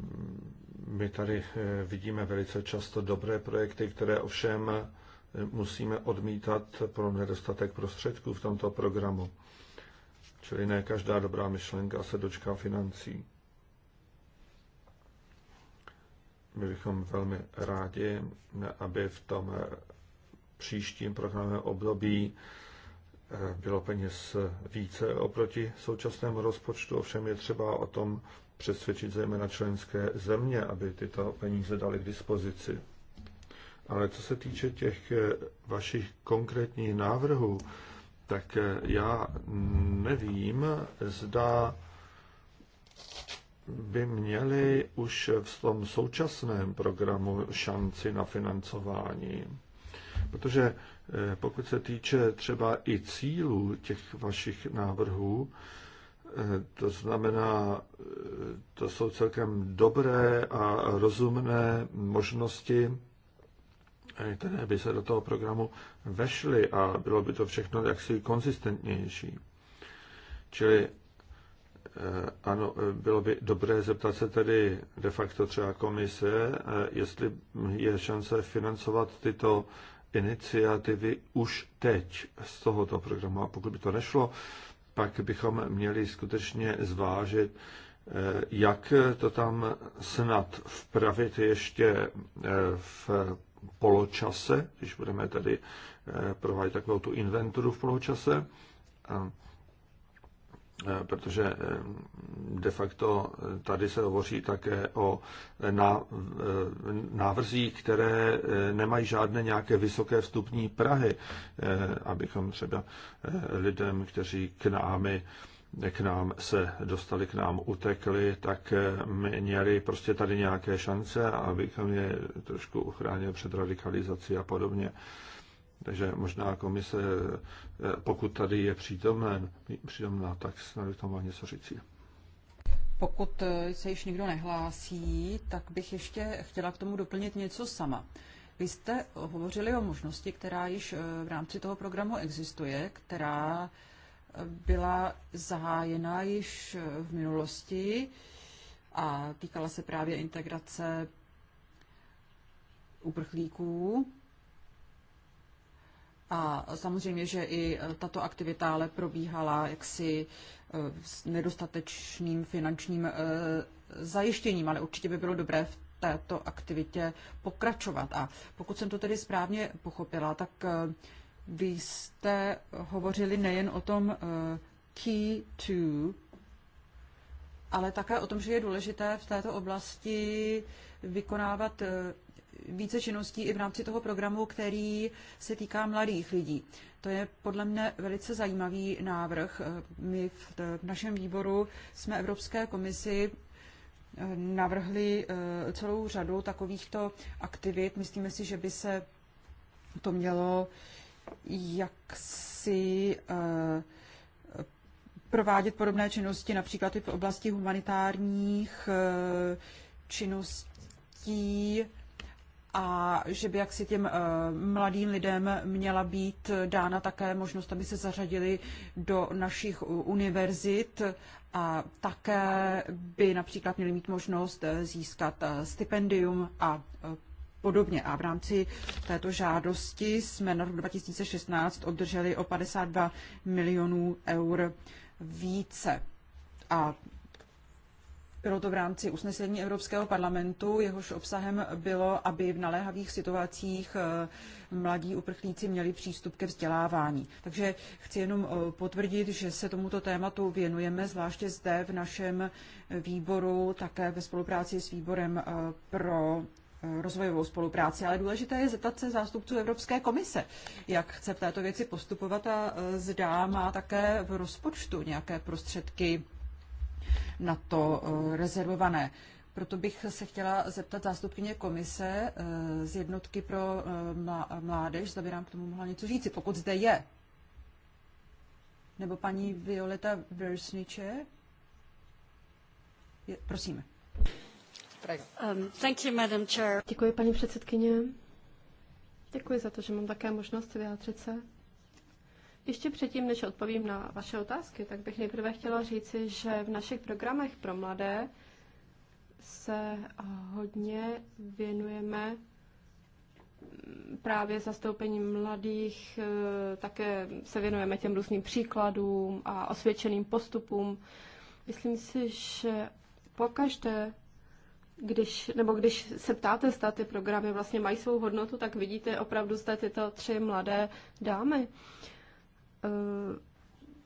mm, my tady eh, vidíme velice často dobré projekty, které ovšem eh, musíme odmítat pro nedostatek prostředků v tomto programu. Čili ne každá dobrá myšlenka se dočká financí. My bychom velmi rádi, eh, aby v tom příštím programovém období bylo peněz více oproti současnému rozpočtu, ovšem je třeba o tom přesvědčit zejména členské země, aby tyto peníze dali k dispozici. Ale co se týče těch eh, vašich konkrétních návrhů, tak eh, já nevím, zda by měli už v tom současném programu šanci na financování. Protože eh, pokud se týče třeba i cílů těch vašich návrhů, Eh, to znamená, eh, to jsou celkem dobré a rozumné možnosti, eh, které by se do toho programu vešly a bylo by to všechno jaksi konzistentnější. Čili ano, bylo by dobré zeptat se tedy de facto třeba komise, jestli je šance financovat tyto iniciativy už teď z tohoto programu. A pokud by to nešlo, pak bychom měli skutečně zvážit, eh, jak to tam snad vpravit ještě eh, v poločase, když budeme tady eh, provádět takovou tu inventuru v poločase. Eh, protože eh, de facto eh, tady se hovoří také o návrzích, které nemají žádné nějaké vysoké vstupní Prahy, abychom třeba lidem, kteří k námi k nám se dostali, k nám utekli, tak měli prostě tady nějaké šance, abychom je trošku uchránili před radikalizací a podobně. Takže možná komise, eh, pokud tady je přítomen, přítomná, tak snad to má něco říct. Pokud eh, se již nikdo nehlásí, tak bych ještě chtěla k tomu doplnit něco sama. Vy jste hovořili o možnosti, která již eh, v rámci toho programu existuje, která byla zahájena již v minulosti a týkala se právě integrace uprchlíků a samozřejmě, že i e, tato aktivita ale probíhala jaksi e, s nedostatečným finančním e, zajištěním, ale určitě by bylo dobré v této aktivitě pokračovat. A pokud jsem to tedy správně pochopila, tak vy jste hovořili nejen o tom key to, ale také o tom, že je důležité v této oblasti vykonávat více činností i v rámci toho programu, který se týká mladých lidí. To je podle mne velice zajímavý návrh. My v, v našem výboru jsme Evropské komisi eh, navrhli eh, celou řadu takovýchto aktivit. Myslíme si, že by se to mělo jaksi eh, provádět podobné činnosti, například i v oblasti humanitárních činností, a že by jaksi těm eh, mladým lidem měla být dána také možnost, aby se zařadili do našich univerzit a také by například měli mít možnost eh, získat eh, stipendium a podobně. A v rámci této žádosti jsme na rok 2016 obdrželi o 52 milionů eur více. A bylo to v rámci usnesení Evropského parlamentu, jehož obsahem bylo, aby v naléhavých situacích eh, mladí uprchlíci měli přístup ke vzdělávání. Takže chci jenom eh, potvrdit, že se tomuto tématu věnujeme, zvláště zde v našem výboru, také ve spolupráci s výborem eh, pro rozvojovou spolupráci, ale důležité je zeptat se zástupců Evropské komise, jak chce v této věci postupovat a zdá má také v rozpočtu nějaké prostředky na to eh, rezervované. Proto bych se chtěla zeptat zástupkyně komise eh, z jednotky pro eh, mládež, zda by nám k tomu mohla něco říci, pokud zde je. Nebo paní Violeta Versniče. prosím. Um, thank you, Madam Chair. Děkuji, paní předsedkyně. Děkuji za to, že mám také možnost vyjádřit se. Ještě předtím, než odpovím na vaše otázky, tak bych nejprve chtěla říci, že v našich programech pro mladé se hodně věnujeme právě zastoupení mladých, eh, také se věnujeme těm různým příkladům a osvědčeným postupům. Myslím si, že pokaždé, když, nebo když se ptáte, zda ty programy vlastně mají svou hodnotu, tak vidíte opravdu zda tyto tři mladé dámy. Uh, Eh,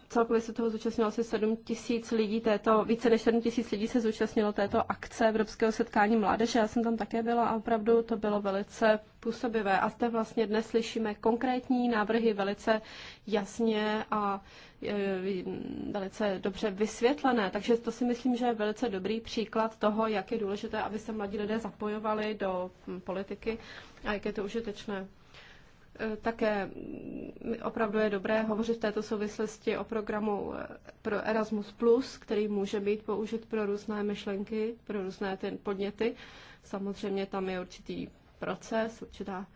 celkově se toho zúčastnilo asi 7 tisíc lidí této, více než 7 tisíc lidí se zúčastnilo této akce Evropského setkání mládeže. Já jsem tam také byla a opravdu to bylo velice působivé. A zde vlastně dnes slyšíme konkrétní návrhy velice jasně a eh, velice dobře vysvětlené. Takže to si myslím, že je velice dobrý příklad toho, jak je důležité, aby se mladí lidé zapojovali do hm, politiky a jak je to užitečné. Eh, také mm, opravdu je dobré hovořit v této souvislosti o programu eh, pro Erasmus+, který může být použit pro různé myšlenky, pro různé ty podněty. Samozřejmě tam je určitý proces, určitá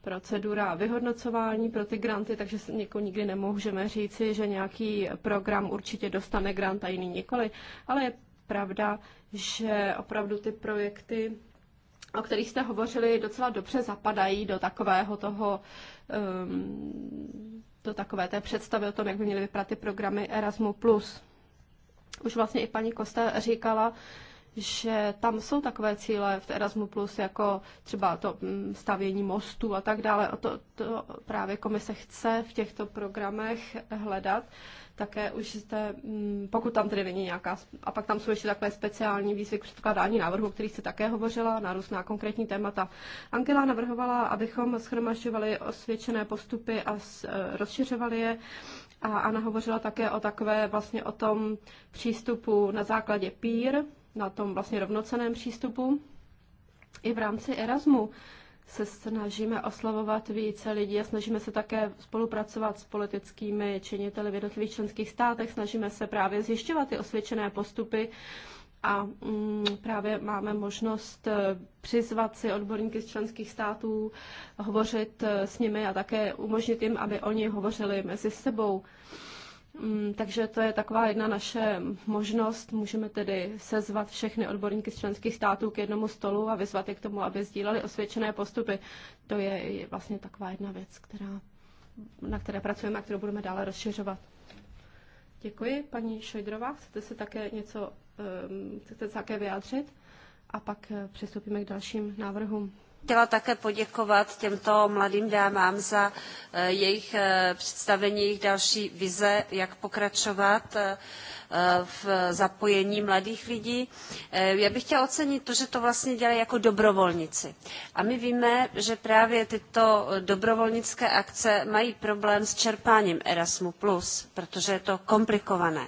procedura vyhodnocování pro ty granty, takže někoho nikdy nemůžeme říci, že nějaký program určitě dostane grant a jiný nikoli, ale je pravda, že opravdu ty projekty o kterých jste hovořili, docela dobře zapadají do takového toho, um, do takové té představy o tom, jak by měly vypadat ty programy Erasmus+. Už vlastně i paní Kosta říkala, že tam jsou takové cíle v Erasmu+, Plus, jako třeba to mm, stavění mostů a tak dále. O to, to právě komise chce v těchto programech hledat. Také už jste, mm, pokud tam tedy není nějaká, a pak tam jsou ještě takové speciální výzvy k předkládání návrhu, o kterých jste také hovořila, na různá konkrétní témata. Angela navrhovala, abychom schromažďovali osvědčené postupy a e, rozšiřovali je. A Anna hovořila také o takové vlastně o tom přístupu na základě PIR na tom vlastně rovnoceném přístupu. I v rámci Erasmu se snažíme oslavovat více lidí a snažíme se také spolupracovat s politickými činiteli v jednotlivých členských státech, snažíme se právě zjišťovat ty osvědčené postupy a mm, právě máme možnost eh, přizvat si odborníky z členských států, hovořit eh, s nimi a také umožnit jim, aby oni hovořili mezi sebou. Mm, takže to je taková jedna naše možnost. Můžeme tedy sezvat všechny odborníky z členských států k jednomu stolu a vyzvat je k tomu, aby sdíleli osvědčené postupy. To je vlastně taková jedna věc, která, na které pracujeme a kterou budeme dále rozšiřovat. Děkuji. Paní Šojdrová, chcete se také něco ehm, chcete se také vyjádřit? A pak eh, přistoupíme k dalším návrhům chtěla také poděkovat těmto mladým dámám za eh, jejich eh, představení, jejich další vize, jak pokračovat eh, v zapojení mladých lidí. Já bych chtěla ocenit to, že to vlastně dělají jako dobrovolníci. A my víme, že právě tyto dobrovolnické akce mají problém s čerpáním Erasmu+, protože je to komplikované.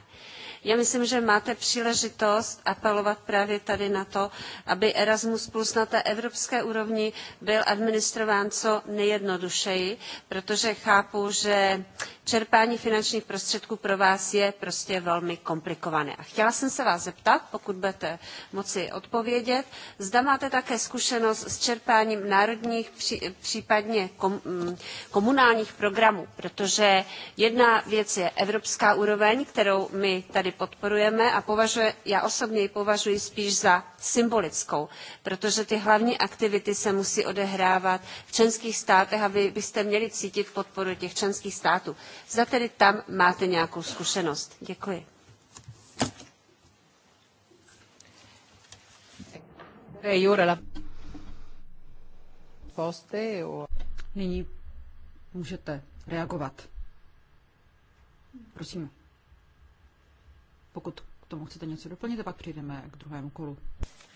Já myslím, že máte příležitost apelovat právě tady na to, aby Erasmus Plus na té evropské úrovni byl administrován co nejjednodušeji, protože chápu, že čerpání finančních prostředků pro vás je prostě velmi komplikované. A chtěla jsem se vás zeptat, pokud budete moci odpovědět, zda máte také zkušenost s čerpáním národních, případně mm, komunálních programů, protože jedna věc je evropská úroveň, kterou my tady podporujeme a považuje, já osobně ji považuji spíš za symbolickou, protože ty hlavní aktivity se musí odehrávat v členských státech a vy byste měli cítit podporu těch členských států. Zda tedy tam máte nějakou zkušenost. Děkuji. Nyní můžete reagovat. Prosím. Pokud k tomu chcete něco doplnit, pak přijdeme k druhému kolu.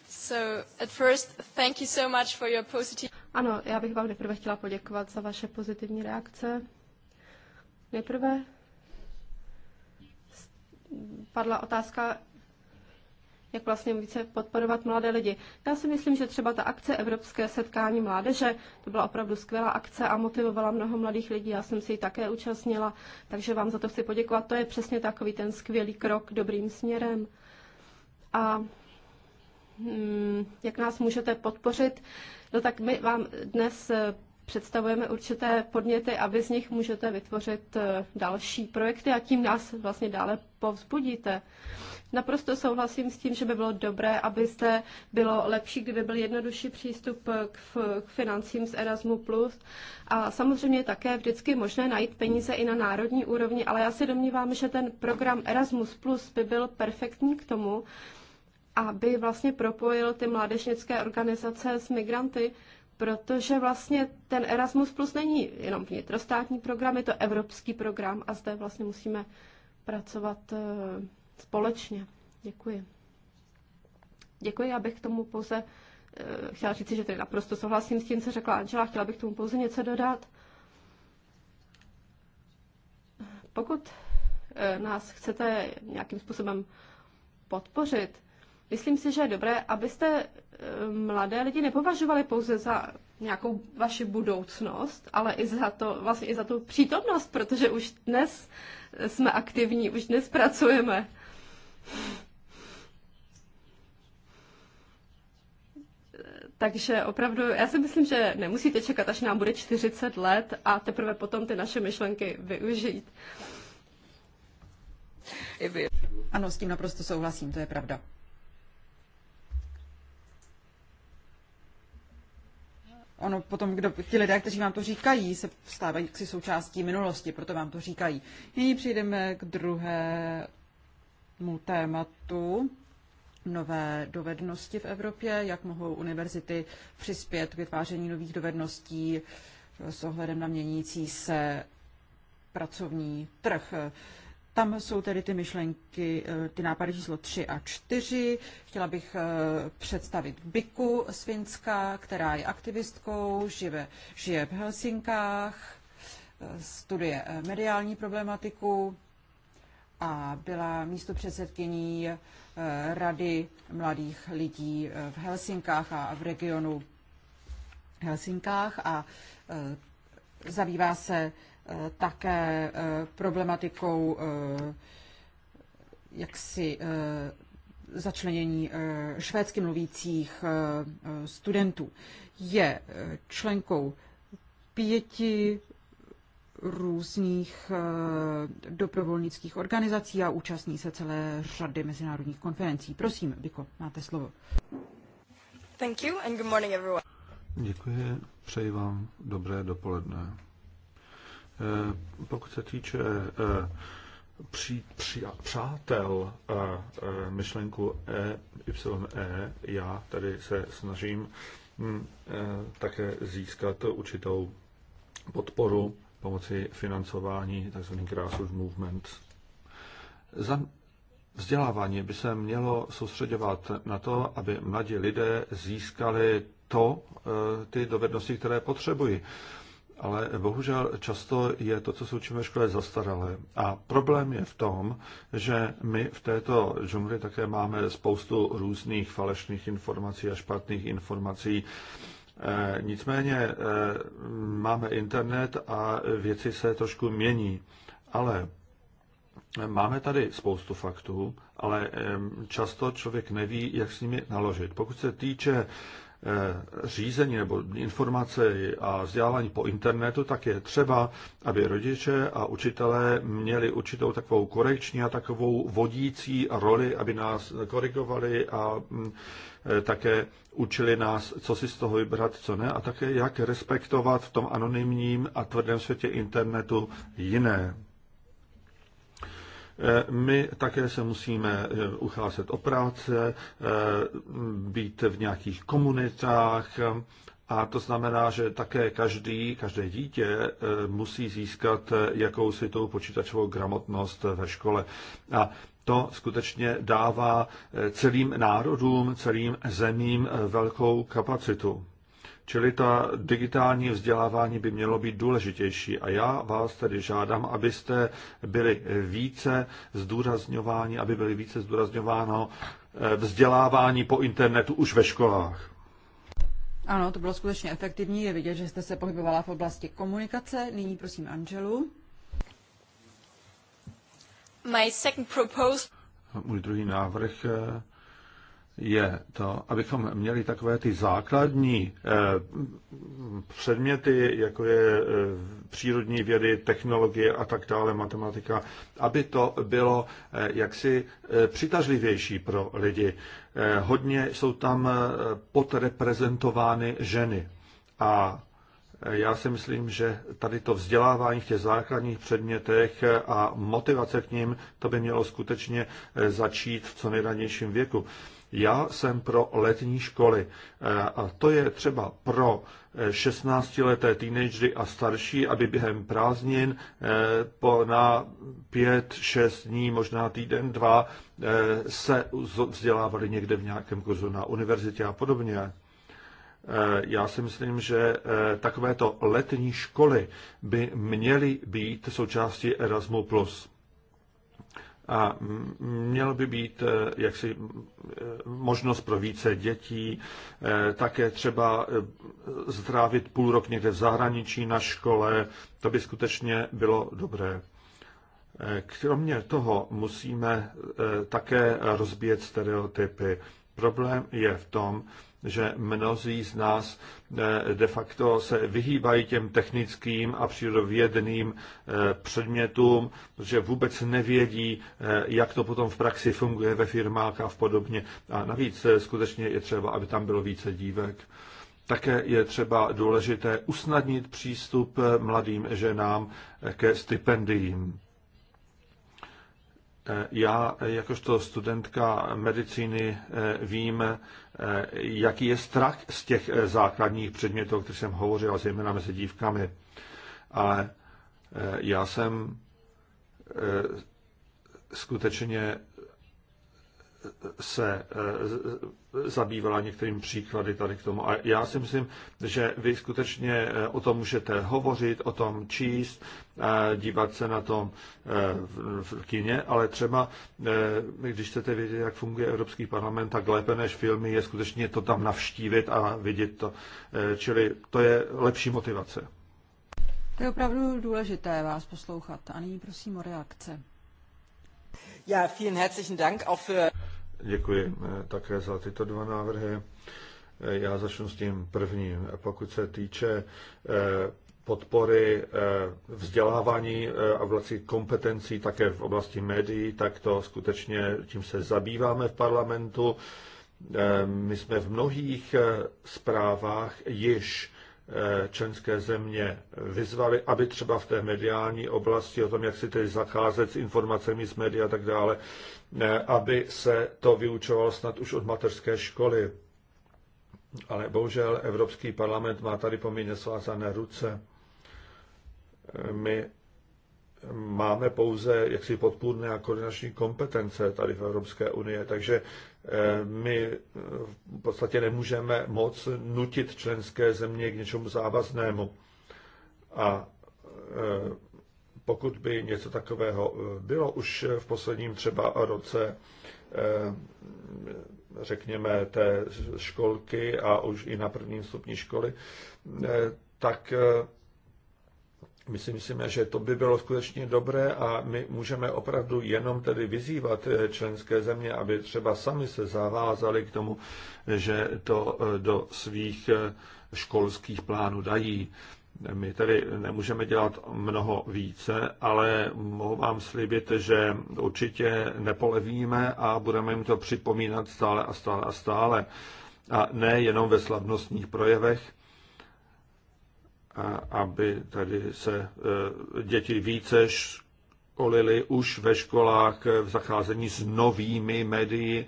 So, at first, thank you so much for your positive... Ano, já bych vám nejprve chtěla poděkovat za vaše pozitivní reakce. Nejprve padla otázka, jak vlastně více podporovat mladé lidi. Já si myslím, že třeba ta akce Evropské setkání mládeže, to byla opravdu skvělá akce a motivovala mnoho mladých lidí. Já jsem si ji také účastnila, takže vám za to chci poděkovat. To je přesně takový ten skvělý krok dobrým směrem. A hm, jak nás můžete podpořit? No tak my vám dnes představujeme určité podněty a vy z nich můžete vytvořit eh, další projekty a tím nás vlastně dále povzbudíte. Naprosto souhlasím s tím, že by bylo dobré, aby se bylo lepší, kdyby byl jednodušší přístup eh, k, k financím z Erasmu+. A samozřejmě také vždycky možné najít peníze i na národní úrovni, ale já si domnívám, že ten program Erasmus+, by byl perfektní k tomu, aby vlastně propojil ty mládežnické organizace s migranty, protože vlastně ten Erasmus Plus není jenom vnitrostátní program, je to evropský program a zde vlastně musíme pracovat eh, společně. Děkuji. Děkuji, já bych k tomu pouze eh, chtěla říct, že tedy naprosto souhlasím s tím, co řekla Angela, chtěla bych k tomu pouze něco dodat. Pokud eh, nás chcete nějakým způsobem podpořit, Myslím si, že je dobré, abyste eh, mladé lidi nepovažovali pouze za nějakou vaši budoucnost, ale i za, to, vlastně i za tu přítomnost, protože už dnes jsme aktivní, už dnes pracujeme. Takže opravdu, já si myslím, že nemusíte čekat, až nám bude 40 let a teprve potom ty naše myšlenky využít. Ano, s tím naprosto souhlasím, to je pravda. ono potom, kdo, ti lidé, kteří vám to říkají, se stávají si součástí minulosti, proto vám to říkají. Nyní přejdeme k druhému tématu. Nové dovednosti v Evropě, jak mohou univerzity přispět k vytváření nových dovedností eh, s ohledem na měnící se pracovní trh. Tam jsou tedy ty myšlenky, eh, ty nápady číslo 3 a 4. Chtěla bych eh, představit Biku z Finska, která je aktivistkou, žije, žije v Helsinkách, eh, studuje mediální problematiku a byla předsedkyní Rady mladých lidí v Helsinkách a v regionu Helsinkách a zabývá se Eh, také eh, problematikou eh, jaksi začlenění švédsky mluvících studentů. Je členkou pěti různých dobrovolnických organizací a účastní se celé řady mezinárodních konferencí. Prosím, Biko, máte slovo. Thank you and good morning everyone. Děkuji, přeji vám dobré dopoledne. Eh, pokud se týče eh, při, při, přátel eh, myšlenku e y e, já tady se snažím hm, také získat určitou podporu pomocí financování tzv. grassroots movement. Za vzdělávání by se mělo soustředovat na to, aby mladí lidé získali to, ty dovednosti, které potřebují ale bohužel často je to, co se učíme ve škole, zastaralé. A problém je v tom, že my v této džungli také máme spoustu různých falešných informací a špatných informací. E, nicméně e, máme internet a věci se trošku mění. Ale Máme tady spoustu faktů, ale eh, často člověk neví, jak s nimi naložit. Pokud se týče Eh, řízení nebo informace a vzdělávání po internetu, tak je třeba, aby rodiče a učitelé měli určitou takovou korekční a takovou vodící roli, aby nás korigovali a mm, eh, také učili nás, co si z toho vybrat, co ne, a také jak respektovat v tom anonymním a tvrdém světě internetu jiné. Eh, my také se musíme eh, ucházet o práce, eh, být v nějakých komunitách, a to znamená, že také každý, každé dítě musí získat jakousi tou počítačovou gramotnost ve škole. A to skutečně dává celým národům, celým zemím velkou kapacitu. Čili ta digitální vzdělávání by mělo být důležitější. A já vás tedy žádám, abyste byli více zdůrazňováni, aby byly více zdůrazňováno eh, vzdělávání po internetu už ve školách. Ano, to bylo skutečně efektivní. Je vidět, že jste se pohybovala v oblasti komunikace. Nyní prosím Angelu. My second proposed... Můj druhý návrh eh, je to, abychom měli takové ty základní eh, předměty, jako je eh, přírodní vědy, technologie a tak dále, matematika, aby to bylo eh, jaksi přitažlivější pro lidi. Hodně jsou tam podreprezentovány ženy a já si myslím, že tady to vzdělávání v těch základních předmětech a motivace k ním, to by mělo skutečně začít v co nejranějším věku. Já jsem pro letní školy e, a to je třeba pro 16-leté e, teenagery a starší, aby během prázdnin e, po na 5-6 dní, možná týden, dva, se vzdělávali někde v nějakém kurzu na univerzitě a podobně. Já si myslím, že takovéto letní školy by měly být součástí Erasmu+ a měl by být eh, jaksi eh, možnost pro více dětí, eh, také třeba zdrávit půl rok někde v zahraničí na škole, to by skutečně bylo dobré. Kromě toho musíme také rozbíjet stereotypy. Problém je v tom, že mnozí z nás eh, de facto se vyhýbají těm technickým a přírodovědným eh, předmětům, protože vůbec nevědí, eh, jak to potom v praxi funguje ve firmách a v podobně. A navíc skutečně je třeba, aby tam bylo více dívek. Také je třeba důležité usnadnit přístup mladým ženám ke stipendiím. Eh, já eh, jakožto studentka medicíny eh, vím, jaký je strach z těch základních předmětů, o kterých jsem hovořil, zejména mezi dívkami. Ale já jsem skutečně se eh, zabývala některými příklady tady k tomu. A já si myslím, že vy skutečně eh, o tom můžete hovořit, o tom číst, eh, dívat se na tom v kině, ale třeba, když chcete vědět, jak funguje Evropský parlament, tak lépe než filmy je skutečně to tam navštívit a vidět to. Čili to je lepší motivace. To je opravdu důležité vás poslouchat. A nyní prosím o reakce. Ja, vielen herzlichen Dank auch für... Děkuji eh, také za tyto dva návrhy. Eh, já začnu s tím prvním. Pokud se týče eh, podpory vzdělávání a vlastně kompetencí také v oblasti médií, tak to skutečně tím se zabýváme v parlamentu. My jsme v mnohých zprávách již členské země vyzvali, aby třeba v té mediální oblasti o tom, jak si tedy zacházet s informacemi z médií a tak dále, aby se to vyučovalo snad už od mateřské školy. Ale bohužel Evropský parlament má tady poměrně svázané ruce. My máme pouze jaksi podpůrné a koordinační kompetence tady v Evropské unii, takže eh, my v podstatě nemůžeme moc nutit členské země k něčemu závaznému. A eh, pokud by něco takového eh, bylo už eh, v posledním třeba roce, eh, řekněme, té školky a už i na prvním stupni školy, tak my si myslíme, že to by bylo skutečně dobré a my můžeme opravdu jenom tedy vyzývat členské země, aby třeba sami se zavázali k tomu, že to do svých školských plánů dají. My tady nemůžeme dělat mnoho více, ale mohu vám slibit, že určitě nepolevíme a budeme jim to připomínat stále a stále a stále. A ne jenom ve slavnostních projevech, a aby tady se e, děti více školili už ve školách v zacházení s novými médii,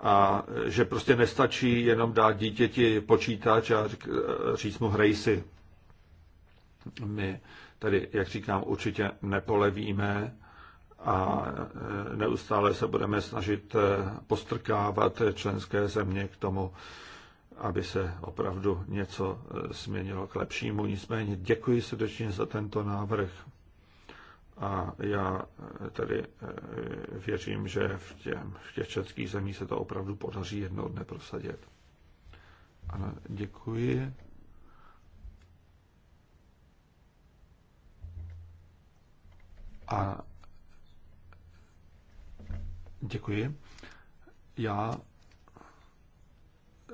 a že prostě nestačí jenom dát dítěti počítač a e, říct mu hrej si. My tady, jak říkám, určitě nepolevíme a e, neustále se budeme snažit e, postrkávat členské země k tomu, aby se opravdu něco e, změnilo k lepšímu. Nicméně děkuji srdečně za tento návrh a já tedy věřím, že v, těm, v těch českých zemích se to opravdu podaří jednou dne prosadit. Ano, děkuji. A děkuji. Já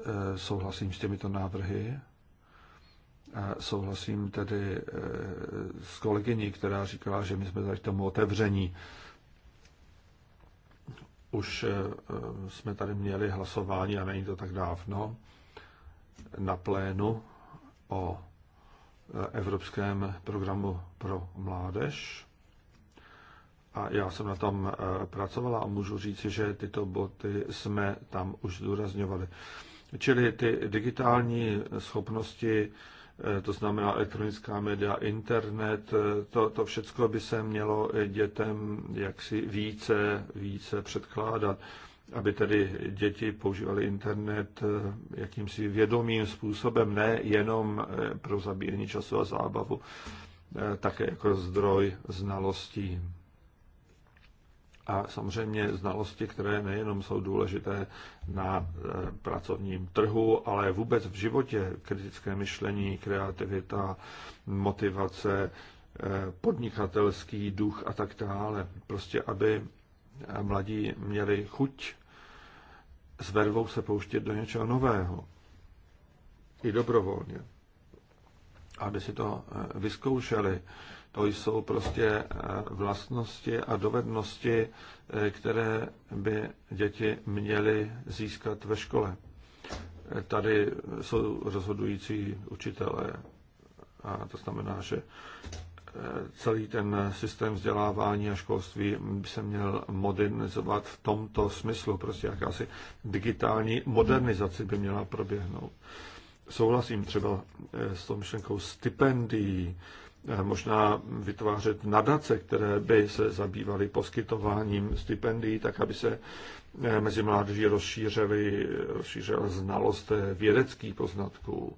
e, souhlasím s těmito návrhy. E, souhlasím tedy e, s kolegyní, která říkala, že my jsme tady k tomu otevření. Už jsme tady měli hlasování, a není to tak dávno, na plénu o Evropském programu pro mládež a já jsem na tom eh, pracovala a můžu říct, že tyto boty jsme tam už zdůrazňovali. Čili ty digitální schopnosti, eh, to znamená elektronická média, internet, eh, to, to všechno by se mělo dětem jaksi více, více předkládat, aby tedy děti používaly internet jakýmsi vědomým způsobem, ne jenom pro zabíjení času a zábavu, také jako zdroj znalostí a samozřejmě znalosti, které nejenom jsou důležité na e, pracovním trhu, ale vůbec v životě, kritické myšlení, kreativita, motivace, e, podnikatelský duch a tak dále. Prostě, aby e, mladí měli chuť s vervou se pouštět do něčeho nového. I dobrovolně. Aby si to vyzkoušeli to jsou prostě eh, vlastnosti a dovednosti, eh, které by děti měly získat ve škole. Eh, tady jsou rozhodující učitelé. A to znamená, že celý ten systém vzdělávání a školství by se měl modernizovat v tomto smyslu. Prostě jakási digitální modernizace by měla proběhnout. Souhlasím třeba s tou myšlenkou stipendií, Eh, možná vytvářet nadace, které by se zabývaly poskytováním stipendií, tak aby se eh, mezi mládeží rozšířily, rozšířila znalost vědeckých poznatků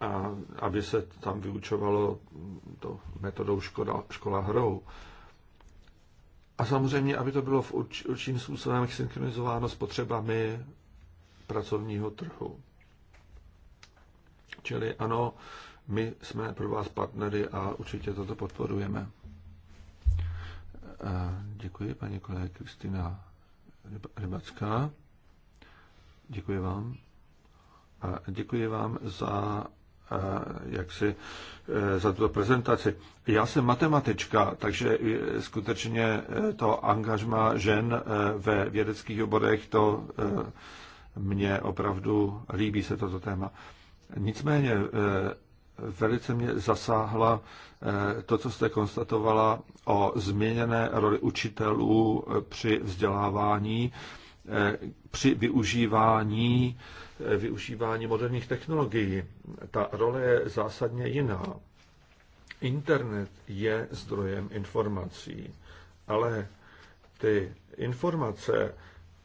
a aby se tam vyučovalo to metodou škola, škola hrou. A samozřejmě, aby to bylo v určitým způsobem synchronizováno s potřebami pracovního trhu. Čili ano, my jsme pro vás partnery a určitě toto podporujeme. Eh, děkuji, paní kolega Kristýna Rybacká. Děkuji vám. A děkuji vám za eh, jak si, eh, za tuto prezentaci. Já jsem matematička, takže skutečně to angažma žen ve vědeckých oborech, to mě opravdu líbí se toto téma. Nicméně velice mě zasáhla eh, to, co jste konstatovala o změněné roli učitelů eh, při vzdělávání, eh, při využívání, využívání moderních technologií. Ta role je zásadně jiná. Internet je zdrojem informací, ale ty informace,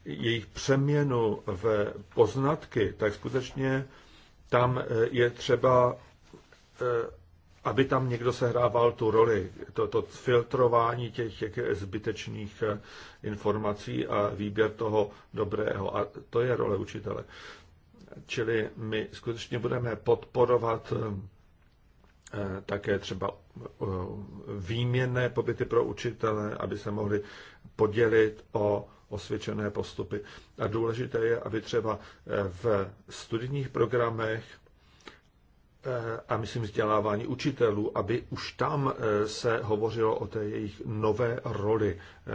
jejich přeměnu v poznatky, tak skutečně tam je třeba Eh, aby tam někdo sehrával tu roli, to, to filtrování těch, těch zbytečných eh, informací a výběr toho dobrého. A to je role učitele. Čili my skutečně budeme podporovat eh, také třeba výměnné pobyty pro učitele, aby se mohli podělit o osvědčené postupy. A důležité je, aby třeba v studijních programech Eh, a myslím vzdělávání učitelů, aby už tam eh, se hovořilo o té jejich nové roli eh,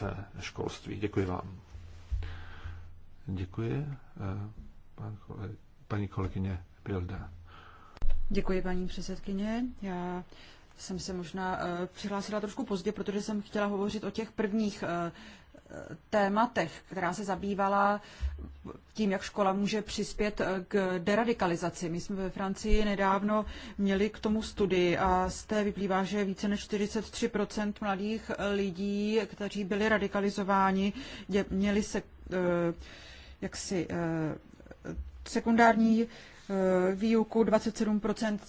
ve školství. Děkuji vám. Děkuji, pan koleg, paní kolegyně Bilda. Děkuji, paní předsedkyně. Já jsem se možná přihlásila trošku pozdě, protože jsem chtěla hovořit o těch prvních tématech, která se zabývala tím, jak škola může přispět k deradikalizaci. My jsme ve Francii nedávno měli k tomu studii a z té vyplývá, že více než 43 mladých lidí, kteří byli radikalizováni, měli se eh, jaksi eh, sekundární eh, výuku, 27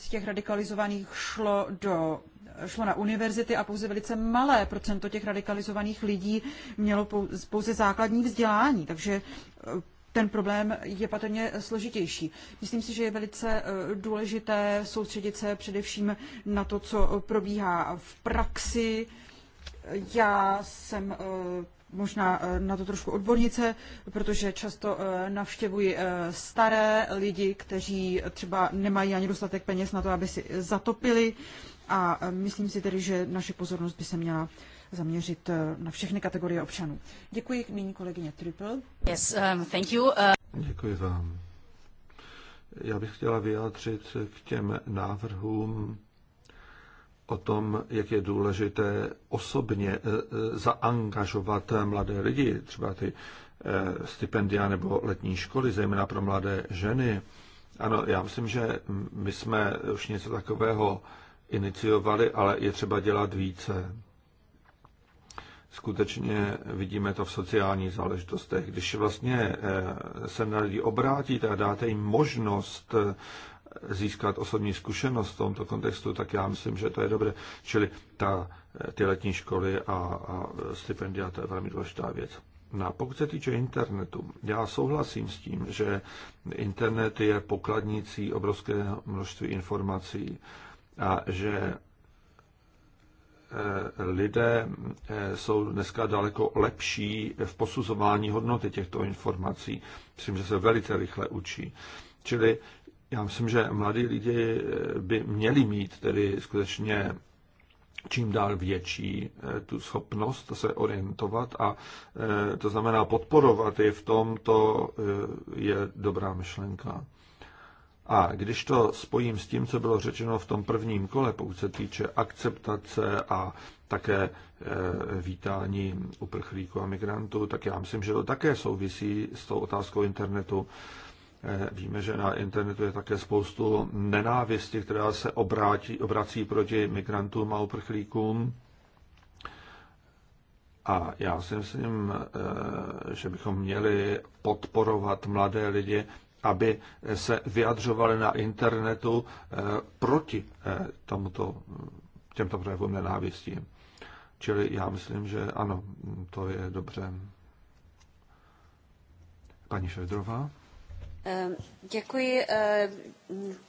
těch radikalizovaných šlo do šlo na univerzity a pouze velice malé procento těch radikalizovaných lidí mělo pouze základní vzdělání, takže eh, ten problém je patrně složitější. Myslím si, že je velice eh, důležité soustředit se především na to, co probíhá v praxi. Já jsem eh, možná na to trošku odbornice, protože často navštěvuji staré lidi, kteří třeba nemají ani dostatek peněz na to, aby si zatopili a e, myslím si tedy, že naše pozornost by se měla zaměřit e, na všechny kategorie občanů. Děkuji nyní kolegyně Triple. Yes, um, thank you. Uh... Děkuji vám. Já bych chtěla vyjádřit k těm návrhům o tom, jak je důležité osobně e, zaangažovat mladé lidi, třeba ty stipendia nebo letní školy, zejména pro mladé ženy. Ano, já myslím, že my jsme už něco takového iniciovali, ale je třeba dělat více. Skutečně vidíme to v sociálních záležitostech. Když vlastně eh, se na lidi obrátíte a dáte jim možnost eh, získat osobní zkušenost v tomto kontextu, tak já myslím, že to je dobré. Čili ta, eh, ty letní školy a, a stipendia, to je velmi důležitá věc. No a pokud se týče internetu, já souhlasím s tím, že internet je pokladnicí obrovského množství informací a že eh, lidé eh, jsou dneska daleko lepší v posuzování hodnoty těchto informací. Myslím, že se velice rychle učí. Čili já myslím, že mladí lidi eh, by měli mít tedy skutečně čím dál větší tu schopnost se orientovat a to znamená podporovat je v tom, to je dobrá myšlenka. A když to spojím s tím, co bylo řečeno v tom prvním kole, pokud se týče akceptace a také e, vítání uprchlíků a migrantů, tak já myslím, že to také souvisí s tou otázkou internetu. E, víme, že na internetu je také spoustu nenávisti, která se obrátí, obrací proti migrantům a uprchlíkům. A já si myslím, e, že bychom měli podporovat mladé lidi, aby se vyjadřovali na internetu eh, proti eh, tomuto, těmto projevům nenávistí. Čili já myslím, že ano, to je dobře. Paní Šedrová. Eh, děkuji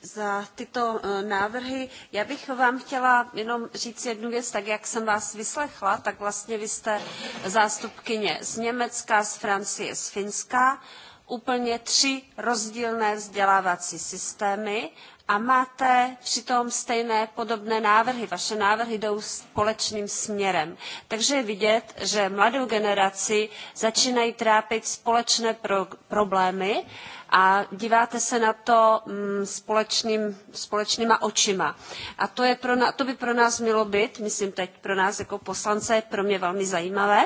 za tyto návrhy. Já bych vám chtěla jenom říct jednu věc, tak jak jsem vás vyslechla, tak vlastně vy jste zástupkyně z Německa, z Francie, z Finska úplně tři rozdílné vzdělávací systémy a máte přitom stejné podobné návrhy. Vaše návrhy jdou společným směrem. Takže je vidět, že mladou generaci začínají trápit společné pro- problémy a díváte se na to mm, společným, společnýma očima. A to, je pro na, to by pro nás mělo být, myslím teď pro nás jako poslance, pro mě velmi zajímavé.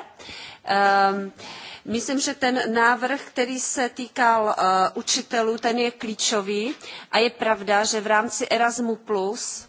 Um, Myslím, že ten návrh, který se týkal uh, učitelů, ten je klíčový a je pravda, že v rámci Erasmu Plus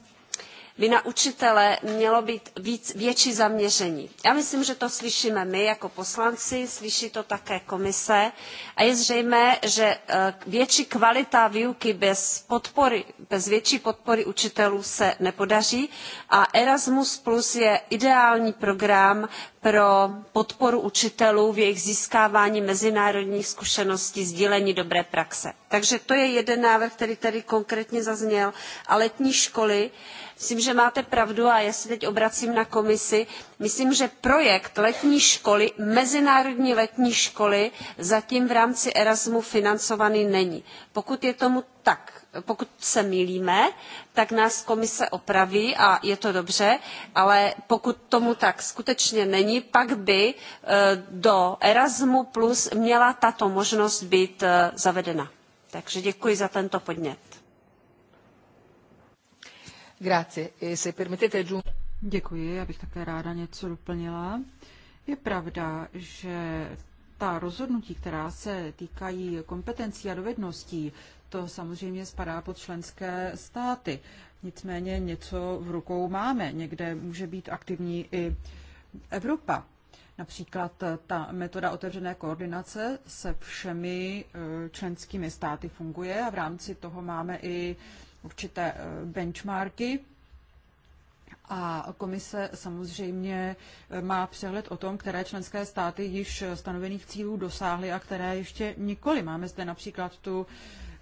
by na učitele mělo být víc, větší zaměření. Já myslím, že to slyšíme my jako poslanci, slyší to také komise a je zřejmé, že e, větší kvalita výuky bez, podpory, bez větší podpory učitelů se nepodaří a Erasmus Plus je ideální program pro podporu učitelů v jejich získávání mezinárodních zkušeností, sdílení dobré praxe. Takže to je jeden návrh, který tady konkrétně zazněl. A letní školy, Myslím, že máte pravdu a já se teď obracím na komisi. Myslím, že projekt letní školy, mezinárodní letní školy, zatím v rámci Erasmu financovaný není. Pokud je tomu tak, pokud se mýlíme, tak nás komise opraví a je to dobře, ale pokud tomu tak skutečně není, pak by e, do Erasmu Plus měla tato možnost být e, zavedena. Takže děkuji za tento podnět. E Děkuji, já bych také ráda něco doplnila. Je pravda, že ta rozhodnutí, která se týkají kompetencí a dovedností, to samozřejmě spadá pod členské státy. Nicméně něco v rukou máme. Někde může být aktivní i Evropa. Například ta metoda otevřené koordinace se všemi eh, členskými státy funguje a v rámci toho máme i určité eh, benchmarky. A komise samozřejmě eh, má přehled o tom, které členské státy již eh, stanovených cílů dosáhly a které ještě nikoli. Máme zde například tu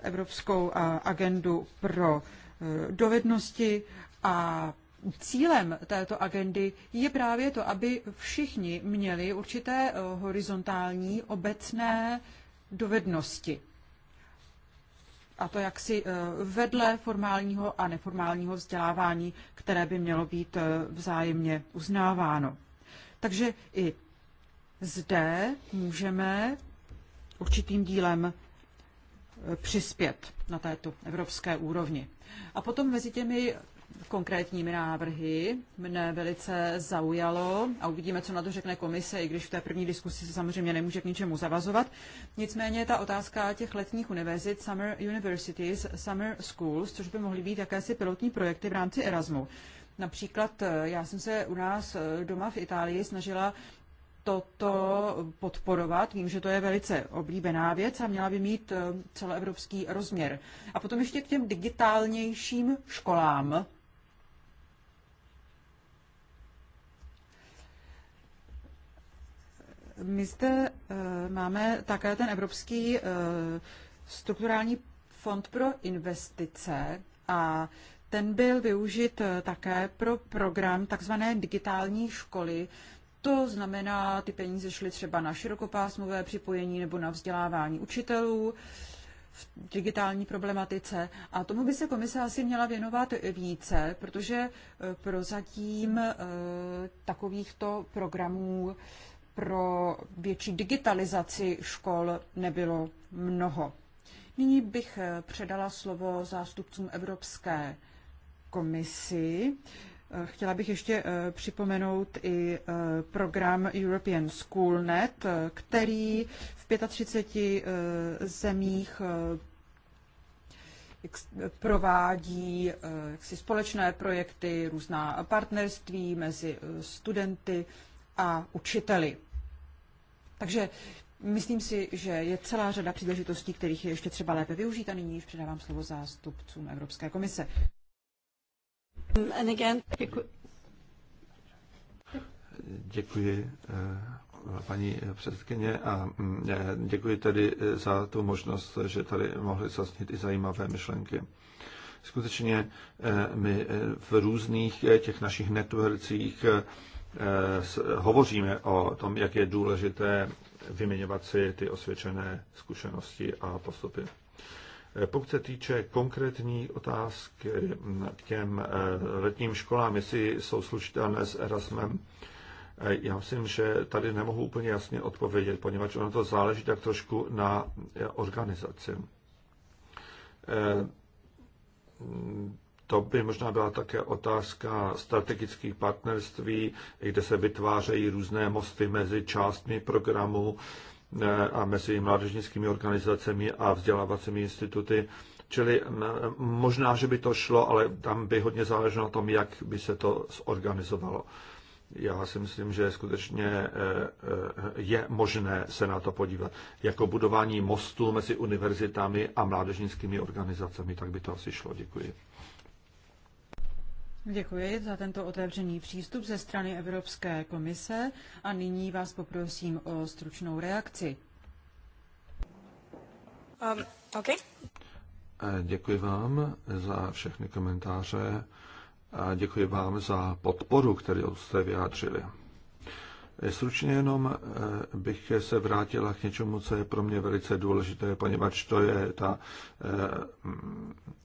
Evropskou agendu pro dovednosti a Cílem této agendy je právě to, aby všichni měli určité horizontální obecné dovednosti a to jaksi eh, vedle formálního a neformálního vzdělávání, které by mělo být eh, vzájemně uznáváno. Takže i zde můžeme určitým dílem eh, přispět na této evropské úrovni. A potom mezi těmi konkrétními návrhy. Mne velice zaujalo a uvidíme, co na to řekne komise, i když v té první diskusi se samozřejmě nemůže k ničemu zavazovat. Nicméně ta otázka těch letních univerzit, Summer Universities, Summer Schools, což by mohly být jakési pilotní projekty v rámci Erasmu. Například eh, já jsem se u nás eh, doma v Itálii snažila toto podporovat. Vím, že to je velice oblíbená věc a měla by mít eh, celoevropský rozměr. A potom ještě k těm digitálnějším školám. My zde eh, máme také ten Evropský eh, strukturální fond pro investice a ten byl využit eh, také pro program takzvané digitální školy. To znamená, ty peníze šly třeba na širokopásmové připojení nebo na vzdělávání učitelů v digitální problematice. A tomu by se komise asi měla věnovat více, protože prozatím takovýchto programů pro větší digitalizaci škol nebylo mnoho. Nyní bych eh, předala slovo zástupcům Evropské komisi. Eh, chtěla bych ještě eh, připomenout i program European SchoolNet, který v 35 zemích provádí jaksi společné projekty, různá partnerství mezi studenty a učiteli. Takže myslím si, že je celá řada příležitostí, kterých je ještě třeba lépe využít a nyní již předávám slovo zástupcům Evropské komise. And again, děkuji. Eh, paní předsedkyně a mm, eh, děkuji tedy eh, za tu možnost, že tady mohly zaznít i zajímavé myšlenky. Skutečně my v různých těch našich networkcích hovoříme o tom, jak je důležité vyměňovat si ty osvědčené zkušenosti a postupy. E, pokud se týče konkrétní otázky k těm e, letním školám, jestli jsou slučitelné s Erasmem, e, já myslím, že tady nemohu úplně jasně odpovědět, poněvadž ono to záleží tak trošku na organizaci to by možná byla také otázka strategických partnerství, kde se vytvářejí různé mosty mezi částmi programu eh, a mezi mládežnickými organizacemi a vzdělávacími instituty. Čili možná, že by to šlo, ale tam by hodně záleželo na tom, jak by se to zorganizovalo. Já si myslím, že skutečně eh, eh, je možné se na to podívat. Jako budování mostu mezi univerzitami a mládežnickými organizacemi, tak by to asi šlo. Děkuji. Děkuji za tento otevřený přístup ze strany Evropské komise a nyní vás poprosím o stručnou reakci. Um, okay. Děkuji vám za všechny komentáře a děkuji vám za podporu, kterou jste vyjádřili. Stručně jenom eh, bych se vrátila k něčemu, co je pro mě velice důležité, poněvadž to je ta eh,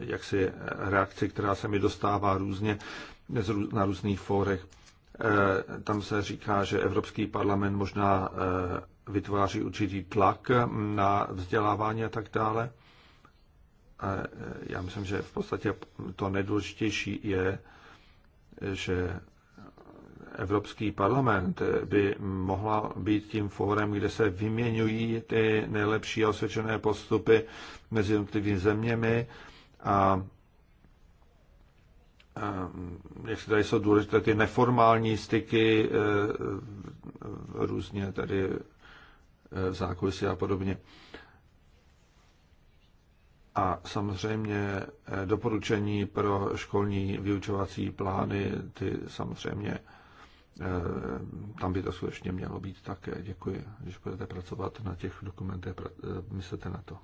jaksi reakci, která se mi dostává různě na různých fórech. Eh, tam se říká, že Evropský parlament možná eh, vytváří určitý tlak na vzdělávání a tak dále. Eh, já myslím, že v podstatě to nejdůležitější je, že Evropský parlament by mohla být tím fórem, kde se vyměňují ty nejlepší a osvědčené postupy mezi jednotlivými zeměmi a, a jestli tady jsou důležité ty neformální styky, e, různě tady v e, zákulisí a podobně. A samozřejmě e, doporučení pro školní vyučovací plány, ty samozřejmě tam by to skutečně mělo být také. Děkuji, když budete pracovat na těch dokumentech, myslete na to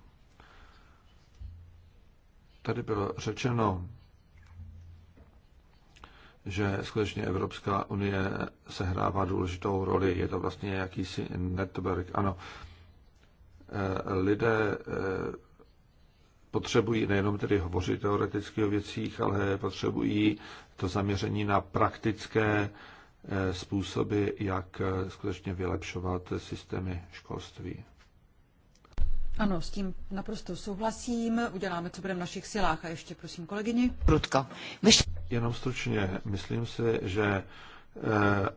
tady bylo řečeno, že skutečně Evropská unie sehrává důležitou roli. Je to vlastně jakýsi network. Ano, eh, lidé eh, potřebují nejenom tedy hovořit teoreticky o věcích, ale potřebují to zaměření na praktické eh, způsoby, jak skutečně vylepšovat systémy školství. Ano, s tím naprosto souhlasím. Uděláme, co bude v našich silách. A ještě prosím kolegyni. Prudko. Vyš... Jenom stručně, myslím si, že eh,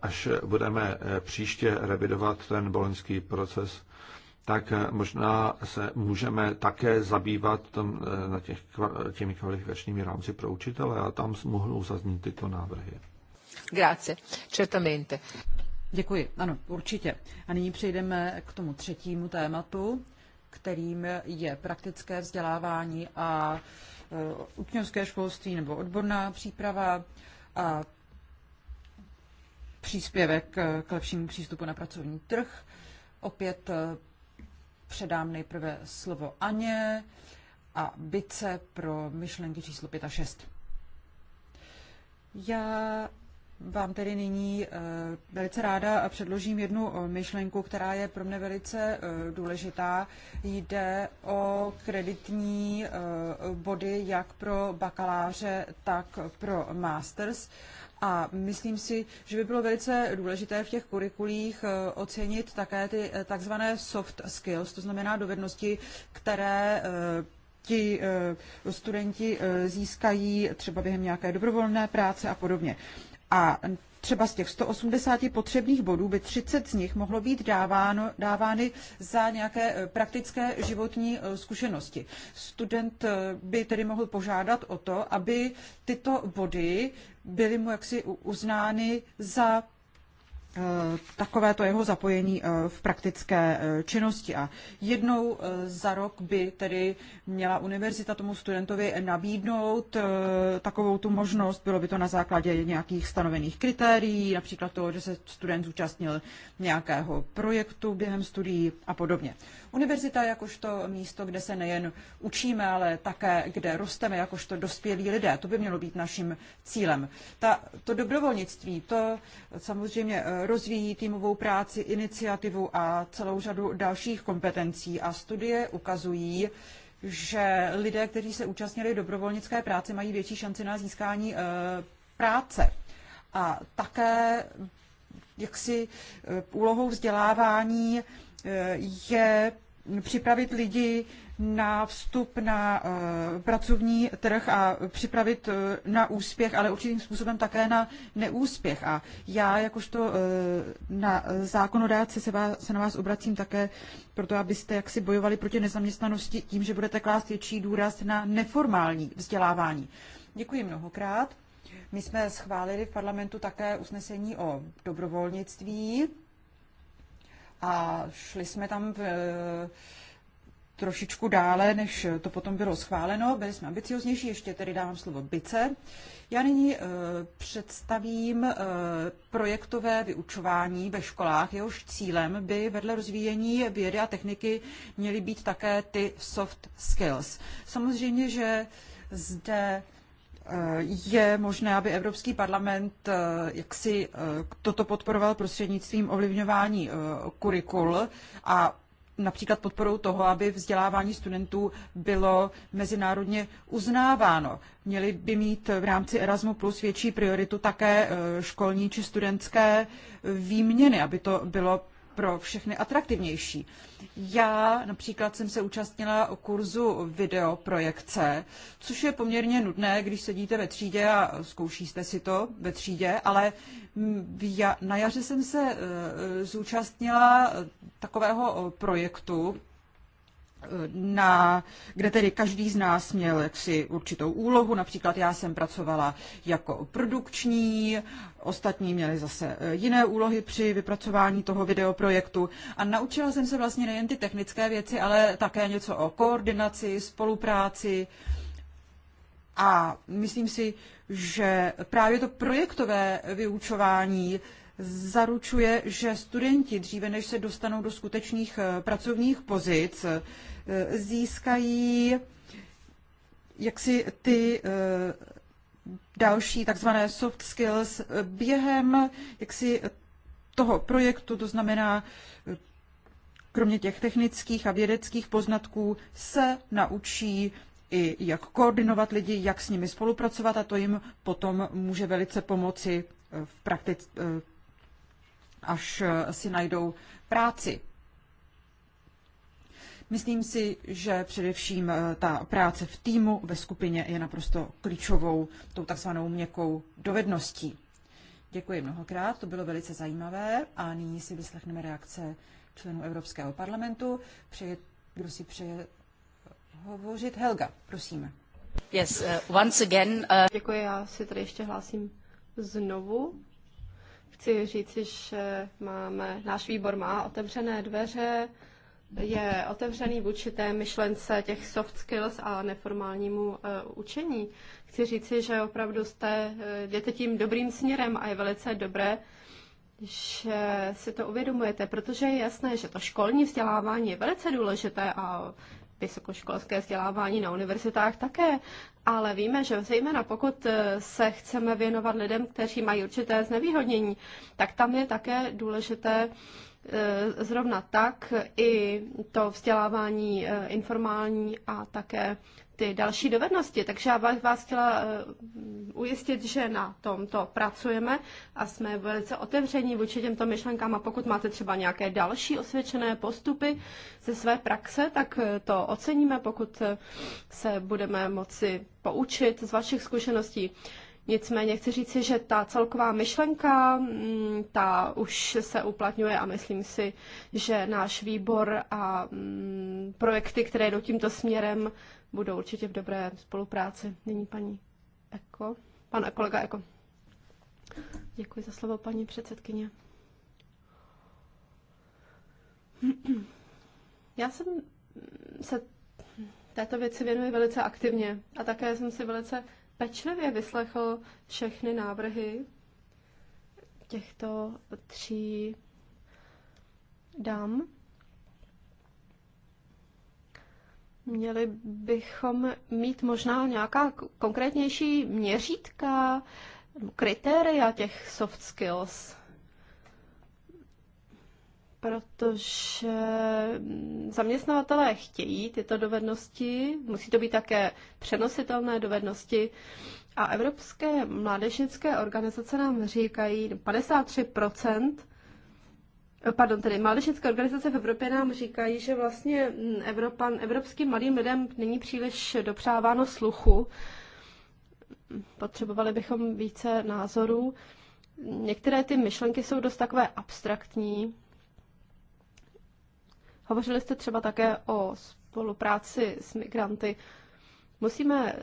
až budeme eh, příště revidovat ten boloňský proces, tak eh, možná se můžeme také zabývat tom, na těch, těmi kvalifikačními rámci pro učitele a tam mohou zaznít tyto návrhy. Grazie, certamente. Děkuji, ano, určitě. A nyní přejdeme k tomu třetímu tématu, kterým je praktické vzdělávání a e, učňovské školství nebo odborná příprava a příspěvek e, k lepšímu přístupu na pracovní trh. Opět e, předám nejprve slovo Aně a Bice pro myšlenky číslo 5 a 6. Já vám tedy nyní eh, velice ráda předložím jednu eh, myšlenku, která je pro mě velice eh, důležitá. Jde o kreditní body jak pro bakaláře, tak pro masters. A myslím si, že by bylo velice důležité v těch kurikulích ocenit také ty takzvané soft skills, to znamená dovednosti, které ti studenti získají třeba během nějaké dobrovolné práce a podobně. A třeba z těch 180 potřebných bodů by 30 z nich mohlo být dáváno, dávány za nějaké eh, praktické životní eh, zkušenosti. Student eh, by tedy mohl požádat o to, aby tyto body byly mu jaksi uznány za Eh, takovéto jeho zapojení eh, v praktické eh, činnosti. A jednou za rok by tedy měla univerzita tomu studentovi nabídnout takovou tu možnost. Bylo by to na základě nějakých stanovených kritérií, například toho, že se student zúčastnil nějakého projektu během studií a podobně. Univerzita jakožto místo, kde se nejen učíme, ale také kde rosteme jakožto dospělí lidé. To by mělo být naším cílem. Ta, to dobrovolnictví, to samozřejmě eh, rozvíjí týmovou práci, iniciativu a celou řadu dalších kompetencí a studie ukazují, že lidé, kteří se účastnili dobrovolnické práce, mají větší šanci na získání e, práce. A také jaksi eh, úlohou vzdělávání je připravit lidi na vstup na eh, pracovní trh a připravit eh, na úspěch, ale určitým způsobem také na neúspěch. A já jakožto eh, na zákonodáci se, vás, se na vás obracím také proto, abyste jaksi bojovali proti nezaměstnanosti tím, že budete klást větší důraz na neformální vzdělávání. Děkuji mnohokrát. My jsme schválili v parlamentu také usnesení o dobrovolnictví a šli jsme tam v, eh, trošičku dále, než to potom bylo schváleno. Byli jsme ambicioznější, ještě tedy dávám slovo BICE. Já nyní e, představím e, projektové vyučování ve školách. Jehož cílem by vedle rozvíjení vědy a techniky měly být také ty soft skills. Samozřejmě, že zde je možné, aby Evropský parlament eh, jaksi eh, toto podporoval prostřednictvím ovlivňování eh, kurikul a například podporou toho, aby vzdělávání studentů bylo mezinárodně uznáváno. Měly by mít v rámci Erasmu Plus větší prioritu také školní či studentské výměny, aby to bylo pro všechny atraktivnější. Já například jsem se účastnila o kurzu videoprojekce, což je poměrně nudné, když sedíte ve třídě a zkoušíte si to ve třídě, ale na jaře jsem se eh, zúčastnila takového eh, projektu, na, kde tedy každý z nás měl jaksi určitou úlohu. Například já jsem pracovala jako produkční, ostatní měli zase eh, jiné úlohy při vypracování toho videoprojektu. A naučila jsem se vlastně nejen ty technické věci, ale také něco o koordinaci, spolupráci. A myslím si, že právě to projektové vyučování zaručuje, že studenti dříve, než se dostanou do skutečných eh, pracovních pozic, eh, získají eh, jaksi ty další takzvané soft skills během jaksi toho projektu, to znamená kromě těch technických a vědeckých poznatků se naučí i jak koordinovat lidi, jak s nimi spolupracovat a to jim potom může velice pomoci v, praktic, až eh, si najdou práci. Myslím si, že především eh, ta práce v týmu, ve skupině je naprosto klíčovou, tou takzvanou měkkou dovedností. Děkuji mnohokrát, to bylo velice zajímavé a nyní si vyslechneme reakce členů Evropského parlamentu. Přeje, kdo si přeje hovořit? Helga, prosím. Yes, uh, once again, uh... Děkuji, já si tady ještě hlásím znovu. Chci říci, že máme, náš výbor má otevřené dveře, je otevřený vůči té myšlence těch soft skills a neformálnímu uh, učení. Chci říci, že opravdu jste, uh, jdete tím dobrým směrem a je velice dobré, že si to uvědomujete, protože je jasné, že to školní vzdělávání je velice důležité a vysokoškolské vzdělávání na univerzitách také, ale víme, že zejména pokud eh, se chceme věnovat lidem, kteří mají určité znevýhodnění, tak tam je také důležité eh, zrovna tak i to vzdělávání eh, informální a také ty další dovednosti. Takže já bych vás chtěla eh, ujistit, že na tomto pracujeme a jsme velice otevření vůči těmto myšlenkám a pokud máte třeba nějaké další osvědčené postupy ze své praxe, tak eh, to oceníme, pokud eh, se budeme moci poučit z vašich zkušeností. Nicméně chci říci, že ta celková myšlenka, mm, ta už se uplatňuje a myslím si, že náš výbor a mm, projekty, které jdou tímto směrem, budou určitě v dobré spolupráci. Nyní paní Eko, pan kolega Eko. Děkuji za slovo, paní předsedkyně. Já jsem se této věci věnuji velice aktivně a také jsem si velice pečlivě vyslechl všechny návrhy těchto tří dám. Měli bychom mít možná nějaká konkrétnější měřítka, kritéria těch soft skills, protože zaměstnavatelé chtějí tyto dovednosti, musí to být také přenositelné dovednosti. A evropské mládežnické organizace nám říkají, 53 Pardon, tedy mládežnické organizace v Evropě nám říkají, že vlastně mm, Evropan, evropským malým lidem není příliš dopřáváno sluchu. Potřebovali bychom více názorů. Některé ty myšlenky jsou dost takové abstraktní. Hovořili jste třeba také o spolupráci s migranty. Musíme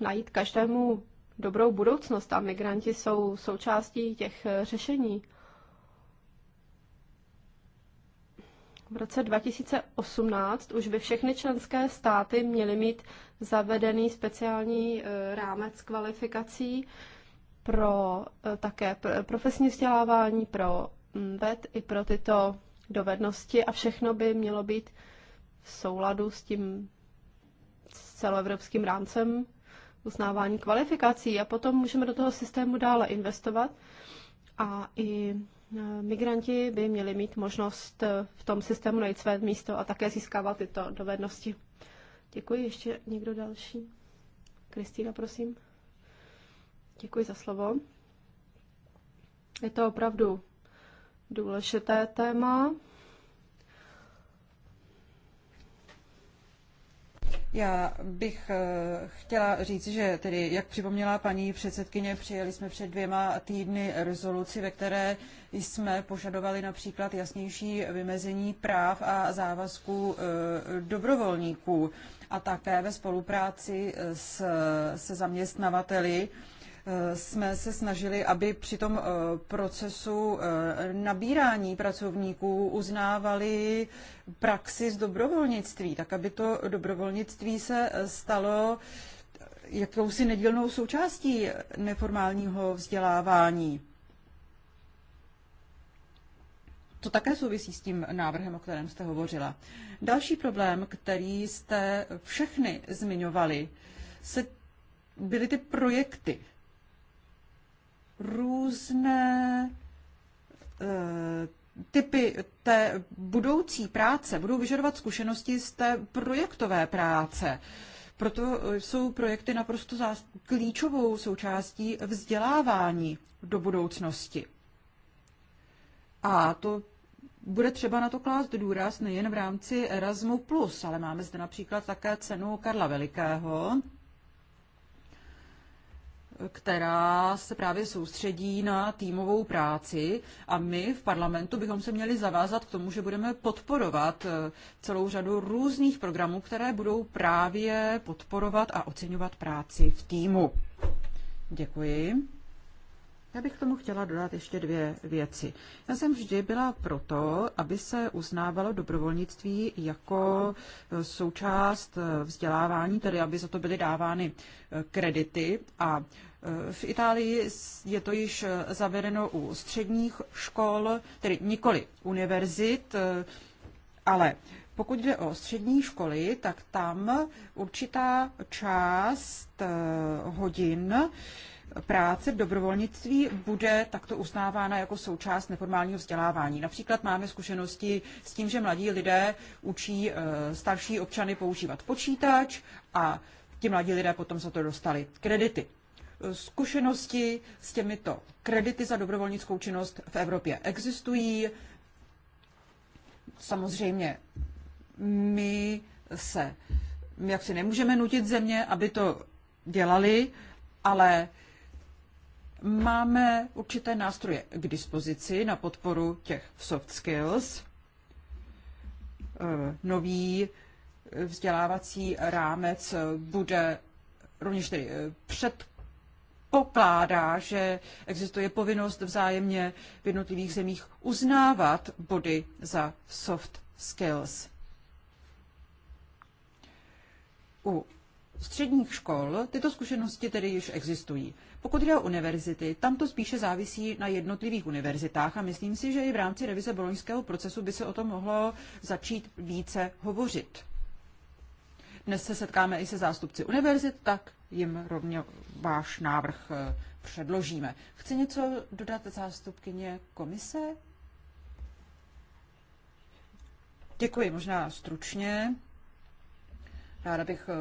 najít každému dobrou budoucnost a migranti jsou součástí těch řešení. V roce 2018 už by všechny členské státy měly mít zavedený speciální e, rámec kvalifikací pro e, také profesní vzdělávání, pro mm, ved i pro tyto dovednosti a všechno by mělo být v souladu s tím s celoevropským rámcem uznávání kvalifikací a potom můžeme do toho systému dále investovat a i Eh, migranti by měli mít možnost eh, v tom systému najít své místo a také získávat tyto dovednosti. Děkuji. Ještě někdo další? Kristýna, prosím. Děkuji za slovo. Je to opravdu důležité téma. Já bych eh, chtěla říct, že tedy, jak připomněla paní předsedkyně, přijeli jsme před dvěma týdny rezoluci, ve které jsme požadovali například jasnější vymezení práv a závazků eh, dobrovolníků a také ve spolupráci s, se zaměstnavateli Eh, jsme se snažili, aby při tom eh, procesu eh, nabírání pracovníků uznávali praxi z dobrovolnictví, tak aby to dobrovolnictví se stalo jakousi nedílnou součástí neformálního vzdělávání. To také souvisí s tím návrhem, o kterém jste hovořila. Další problém, který jste všechny zmiňovali, se byly ty projekty různé eh, typy té budoucí práce budou vyžadovat zkušenosti z té projektové práce. Proto jsou projekty naprosto klíčovou součástí vzdělávání do budoucnosti. A to bude třeba na to klást důraz nejen v rámci Erasmu+, ale máme zde například také cenu Karla Velikého, která se právě soustředí na týmovou práci a my v parlamentu bychom se měli zavázat k tomu, že budeme podporovat eh, celou řadu různých programů, které budou právě podporovat a oceňovat práci v týmu. Děkuji. Já bych tomu chtěla dodat ještě dvě věci. Já jsem vždy byla proto, aby se uznávalo dobrovolnictví jako eh, součást eh, vzdělávání, tedy aby za to byly dávány eh, kredity a v Itálii je to již zavedeno u středních škol, tedy nikoli univerzit, ale pokud jde o střední školy, tak tam určitá část hodin práce v dobrovolnictví bude takto uznávána jako součást neformálního vzdělávání. Například máme zkušenosti s tím, že mladí lidé učí eh, starší občany používat počítač a ti mladí lidé potom za to dostali kredity. Zkušenosti s těmito kredity za dobrovolnickou činnost v Evropě existují. Samozřejmě my se, jak si nemůžeme nutit země, aby to dělali, ale máme určité nástroje k dispozici na podporu těch soft skills. Eh, nový eh, vzdělávací rámec eh, bude rovněž tedy předpokládá, že existuje povinnost vzájemně v jednotlivých zemích uznávat body za soft skills. U středních škol tyto zkušenosti tedy již existují. Pokud jde o univerzity, tam to spíše závisí na jednotlivých univerzitách a myslím si, že i v rámci revize boloňského procesu by se o tom mohlo začít více hovořit. Dnes se setkáme i se zástupci univerzit, tak jim rovně váš návrh eh, předložíme. Chce něco dodat zástupkyně komise? Děkuji, možná stručně. Ráda bych eh,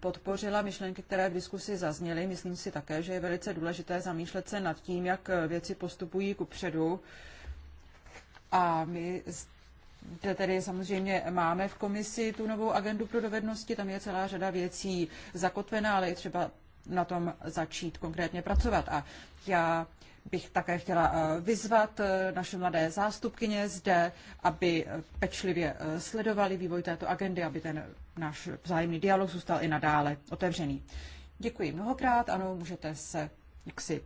podpořila myšlenky, které v diskusi zazněly. Myslím si také, že je velice důležité zamýšlet se nad tím, jak eh, věci postupují předu. A my kde tedy samozřejmě máme v komisi tu novou agendu pro dovednosti, tam je celá řada věcí zakotvená, ale je třeba na tom začít konkrétně pracovat. A já bych také chtěla eh, vyzvat naše mladé zástupkyně zde, aby pečlivě sledovali vývoj této agendy, aby ten náš vzájemný dialog zůstal i nadále otevřený. Děkuji mnohokrát, ano, můžete se jaksi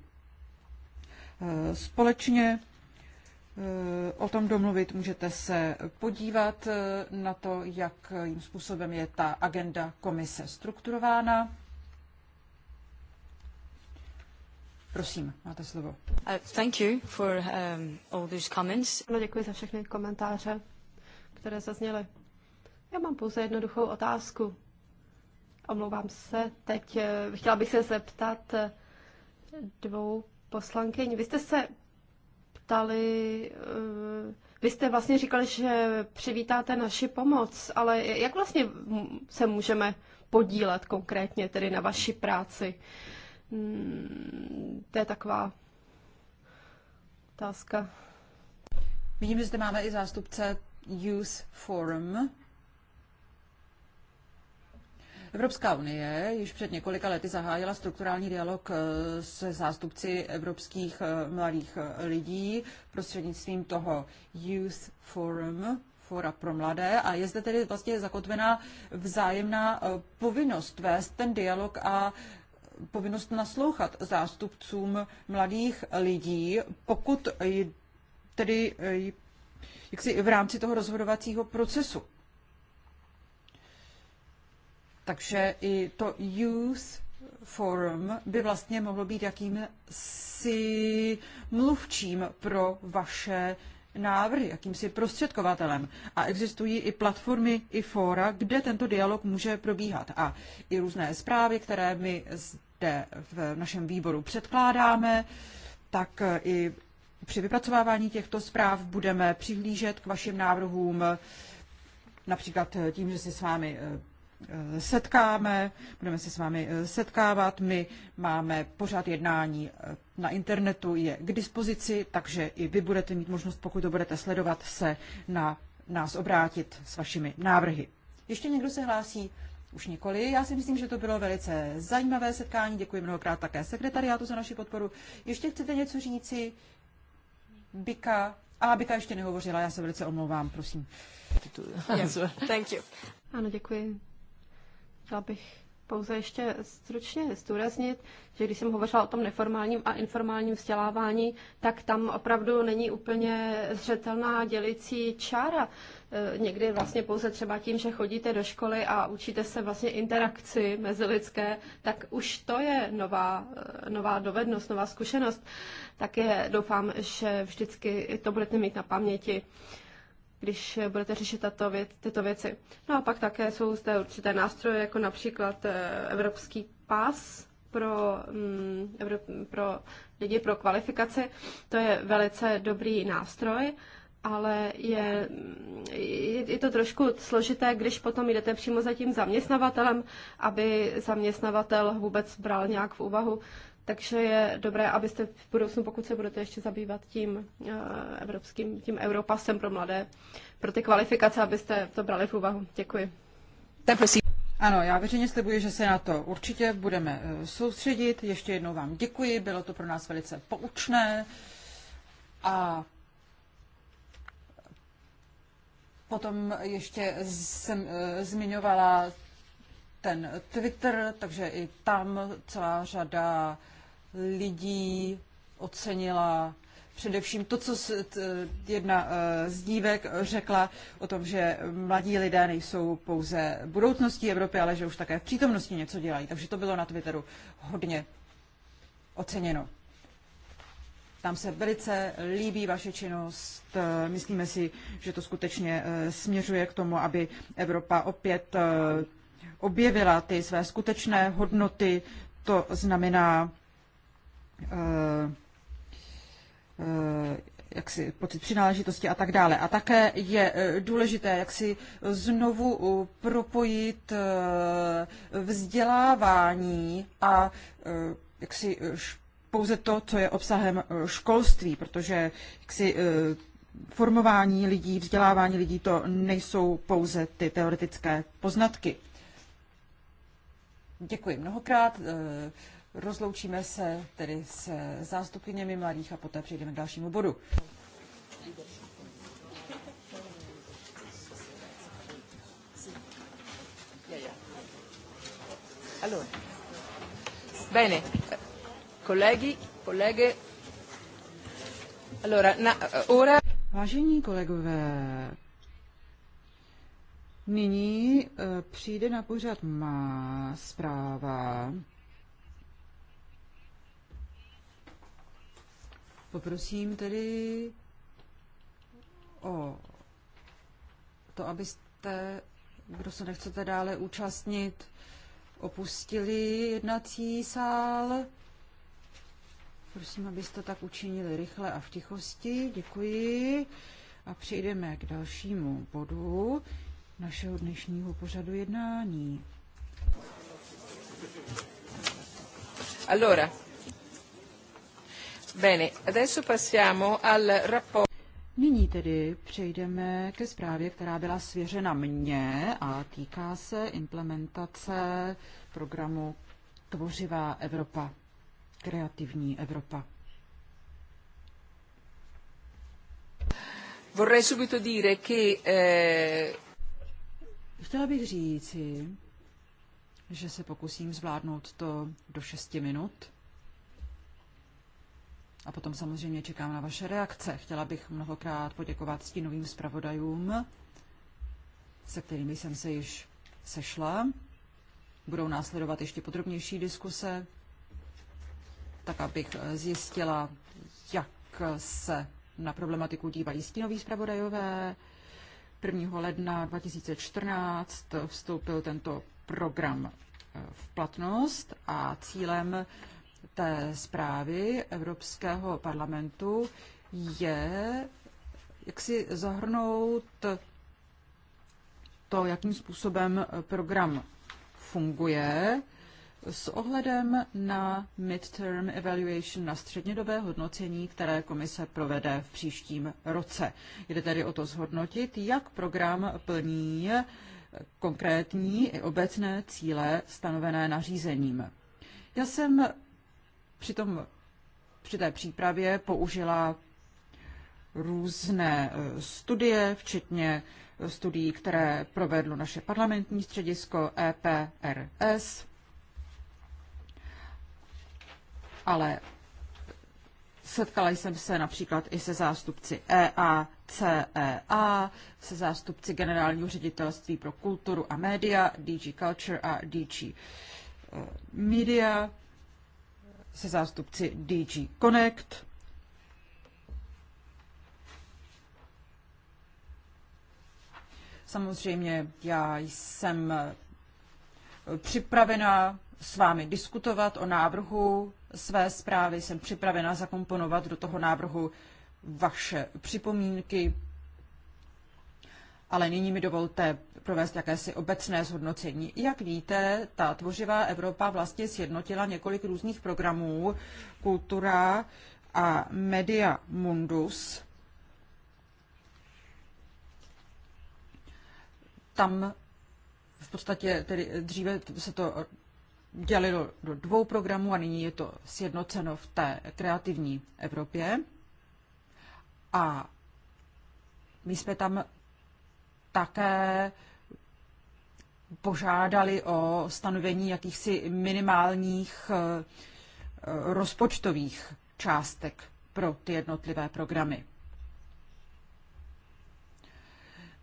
eh, společně eh, o tom domluvit, můžete se podívat eh, na to, jakým způsobem je ta agenda komise strukturována. Prosím, máte slovo. Uh, thank you for um, all these comments. No, děkuji za všechny komentáře, které zazněly. Já mám pouze jednoduchou otázku. Omlouvám se, teď eh, chtěla bych se zeptat eh, dvou poslankyň. Vy jste se ptali, eh, vy jste vlastně říkali, že přivítáte naši pomoc, ale jak vlastně se můžeme podílet konkrétně tedy na vaší práci? Hmm, to je taková otázka. Vidím, že zde máme i zástupce Youth Forum. Evropská unie již před několika lety zahájila strukturální dialog eh, se zástupci evropských eh, mladých eh, lidí prostřednictvím toho Youth Forum, fora pro mladé a je zde tedy vlastně zakotvená vzájemná povinnost vést ten dialog a povinnost naslouchat zástupcům mladých lidí, pokud tedy jaksi v rámci toho rozhodovacího procesu. Takže i to Youth Forum by vlastně mohlo být jakým si mluvčím pro vaše návrhy, jakýmsi prostředkovatelem. A existují i platformy, i fóra, kde tento dialog může probíhat. A i různé zprávy, které my zde v našem výboru předkládáme, tak i při vypracovávání těchto zpráv budeme přihlížet k vašim návrhům, například tím, že si s vámi eh, Eh, setkáme, budeme se s vámi eh, setkávat. My máme pořád jednání eh, na internetu, je k dispozici, takže i vy budete mít možnost, pokud to budete sledovat, se na nás obrátit s vašimi návrhy. Ještě někdo se hlásí? Už nikoli. Já si myslím, že to bylo velice zajímavé setkání. Děkuji mnohokrát také sekretariátu za naši podporu. Ještě chcete něco říci? Bika. A Bika ještě nehovořila, já se velice omlouvám, prosím. Yes. Thank you. Ano, děkuji. Chtěla bych pouze ještě stručně zdůraznit, že když jsem hovořila o tom neformálním a informálním vzdělávání, tak tam opravdu není úplně zřetelná dělicí čára. E, někdy vlastně pouze třeba tím, že chodíte do školy a učíte se vlastně interakci mezilidské, tak už to je nová, e, nová dovednost, nová zkušenost. Tak je, doufám, že vždycky to budete mít na paměti když budete řešit tato věc, tyto věci. No a pak také jsou zde určité nástroje, jako například eh, Evropský pas pro, mm, pro lidi pro kvalifikaci. To je velice dobrý nástroj ale je, je, je to trošku složité, když potom jdete přímo za tím zaměstnavatelem, aby zaměstnavatel vůbec bral nějak v úvahu takže je dobré, abyste v budoucnu, pokud se budete ještě zabývat tím eh, evropským, tím Europasem pro mladé, pro ty kvalifikace, abyste to brali v úvahu. Děkuji. Ano, já veřejně slibuji, že se na to určitě budeme eh, soustředit. Ještě jednou vám děkuji, bylo to pro nás velice poučné. A potom ještě jsem eh, zmiňovala ten Twitter, takže i tam celá řada lidí ocenila především to, co jedna eh, z dívek řekla o tom, že mladí lidé nejsou pouze budoucností Evropy, ale že už také v přítomnosti něco dělají. Takže to bylo na Twitteru hodně oceněno. Tam se velice líbí vaše činnost. Eh, myslíme si, že to skutečně eh, směřuje k tomu, aby Evropa opět objevila ty své skutečné hodnoty. To znamená Eh, eh, jak si pocit přináležitosti a tak dále. A také je eh, důležité, jak si znovu propojit vzdělávání a jak si pouze to, co je obsahem školství, protože jak si formování lidí, vzdělávání lidí, to nejsou pouze ty teoretické poznatky. Děkuji mnohokrát. Rozloučíme se tedy s zástupkyněmi mladých a poté přejdeme k dalšímu bodu. Allora. Bene, colleghi, colleghe. Allora, na, ora... Vážení kolegové, nyní eh, přijde na pořad má zpráva Poprosím tedy o to, abyste, kdo se nechcete dále účastnit, opustili jednací sál. Prosím, abyste tak učinili rychle a v tichosti. Děkuji. A přejdeme k dalšímu bodu našeho dnešního pořadu jednání. Allora, Nyní tedy přejdeme ke zprávě, která byla svěřena mně a týká se implementace programu Tvořivá Evropa, kreativní Evropa. Vorrei subito dire che... Eh... Chtěla bych říci, že se pokusím zvládnout to do šesti minut. A potom samozřejmě čekám na vaše reakce. Chtěla bych mnohokrát poděkovat stínovým zpravodajům, se kterými jsem se již sešla. Budou následovat ještě podrobnější diskuse, tak abych zjistila, jak se na problematiku dívají stínoví zpravodajové. 1. ledna 2014 vstoupil tento program v platnost a cílem té zprávy Evropského parlamentu je jak si zahrnout to, jakým způsobem program funguje s ohledem na midterm evaluation, na střednědobé hodnocení, které komise provede v příštím roce. Jde tedy o to zhodnotit, jak program plní konkrétní i obecné cíle stanovené nařízením. Já jsem při tom při té přípravě použila různé e, studie, včetně studií, které provedlo naše parlamentní středisko EPRS. Ale setkala jsem se například i se zástupci EACEA, e se zástupci Generálního ředitelství pro kulturu a média, DG Culture a DG e, Media se zástupci DG Connect. Samozřejmě já jsem připravena s vámi diskutovat o návrhu své zprávy, jsem připravena zakomponovat do toho návrhu vaše připomínky, ale nyní mi dovolte provést jakési obecné zhodnocení. Jak víte, ta tvořivá Evropa vlastně sjednotila několik různých programů, kultura a media mundus. Tam v podstatě tedy dříve se to dělilo do dvou programů a nyní je to sjednoceno v té kreativní Evropě. A my jsme tam také požádali o stanovení jakýchsi minimálních eh, eh, rozpočtových částek pro ty jednotlivé programy.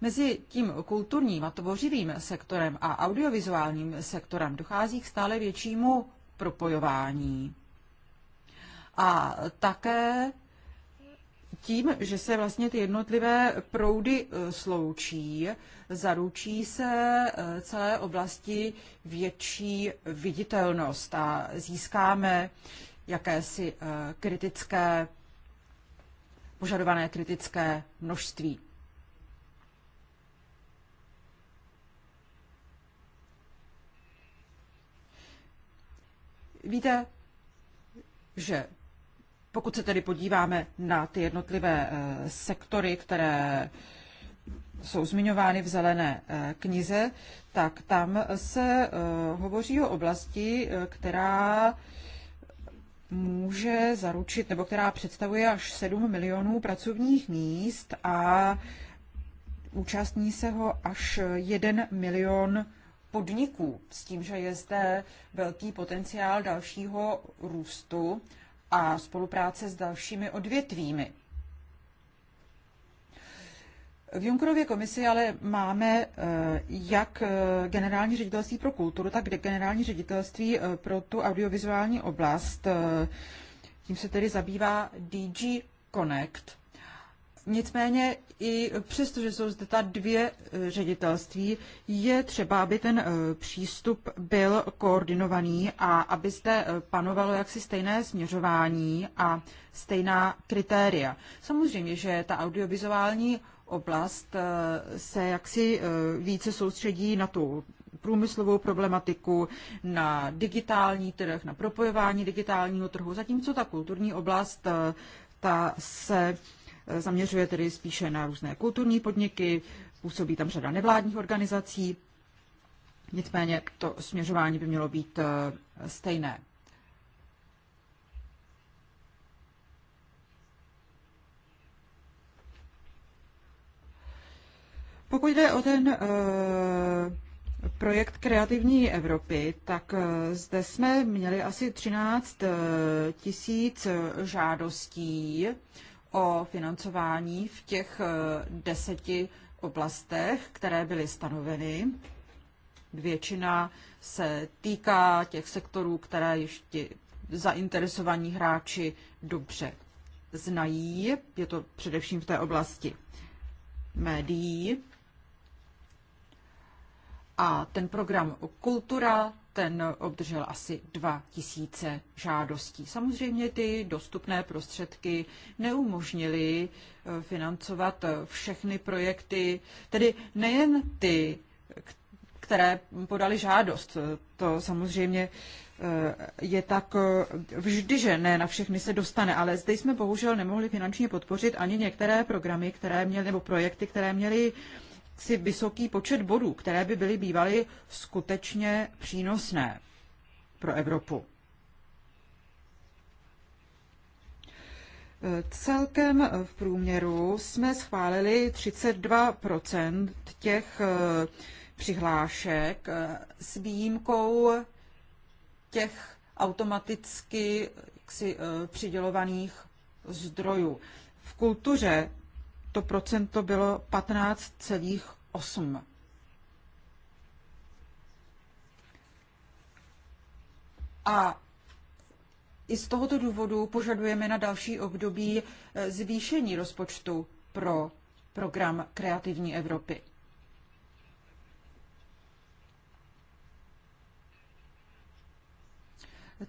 Mezi tím kulturním a tvořivým sektorem a audiovizuálním sektorem dochází k stále většímu propojování. A také tím, že se vlastně ty jednotlivé proudy e, sloučí, zaručí se e, celé oblasti větší viditelnost a získáme jakési e, kritické, požadované kritické množství. Víte, že pokud se tedy podíváme na ty jednotlivé eh, sektory, které jsou zmiňovány v zelené eh, knize, tak tam se eh, hovoří o oblasti, která může zaručit, nebo která představuje až 7 milionů pracovních míst a účastní se ho až 1 milion podniků, s tím, že je zde velký potenciál dalšího růstu a spolupráce s dalšími odvětvími. V Junkerově komisi ale máme eh, jak eh, generální ředitelství pro kulturu, tak generální ředitelství eh, pro tu audiovizuální oblast. Tím se tedy zabývá DG Connect. Nicméně i přesto, že jsou zde ta dvě e, ředitelství, je třeba, aby ten e, přístup byl koordinovaný a aby zde e, panovalo jaksi stejné směřování a stejná kritéria. Samozřejmě, že ta audiovizuální oblast se jaksi více soustředí na tu průmyslovou problematiku, na digitální trh, na propojování digitálního trhu, zatímco ta kulturní oblast ta se zaměřuje tedy spíše na různé kulturní podniky, působí tam řada nevládních organizací, nicméně to směřování by mělo být eh, stejné. Pokud jde o ten eh, projekt Kreativní Evropy, tak eh, zde jsme měli asi 13 tisíc žádostí o financování v těch eh, deseti oblastech, které byly stanoveny. Většina se týká těch sektorů, které ještě zainteresovaní hráči dobře znají. Je to především v té oblasti médií. A ten program Kultura ten obdržel asi 2000 žádostí. Samozřejmě ty dostupné prostředky neumožnily eh, financovat eh, všechny projekty, tedy nejen ty, které podali žádost. To samozřejmě eh, je tak vždy, že ne na všechny se dostane, ale zde jsme bohužel nemohli finančně podpořit ani některé programy, které měly, nebo projekty, které měly si vysoký počet bodů, které by byly bývaly skutečně přínosné pro Evropu. E, celkem v průměru jsme schválili 32 těch e, přihlášek e, s výjimkou těch automaticky jaksi, přidělovaných zdrojů. V kultuře to procento bylo 15,8. A i z tohoto důvodu požadujeme na další období eh, zvýšení rozpočtu pro program Kreativní Evropy.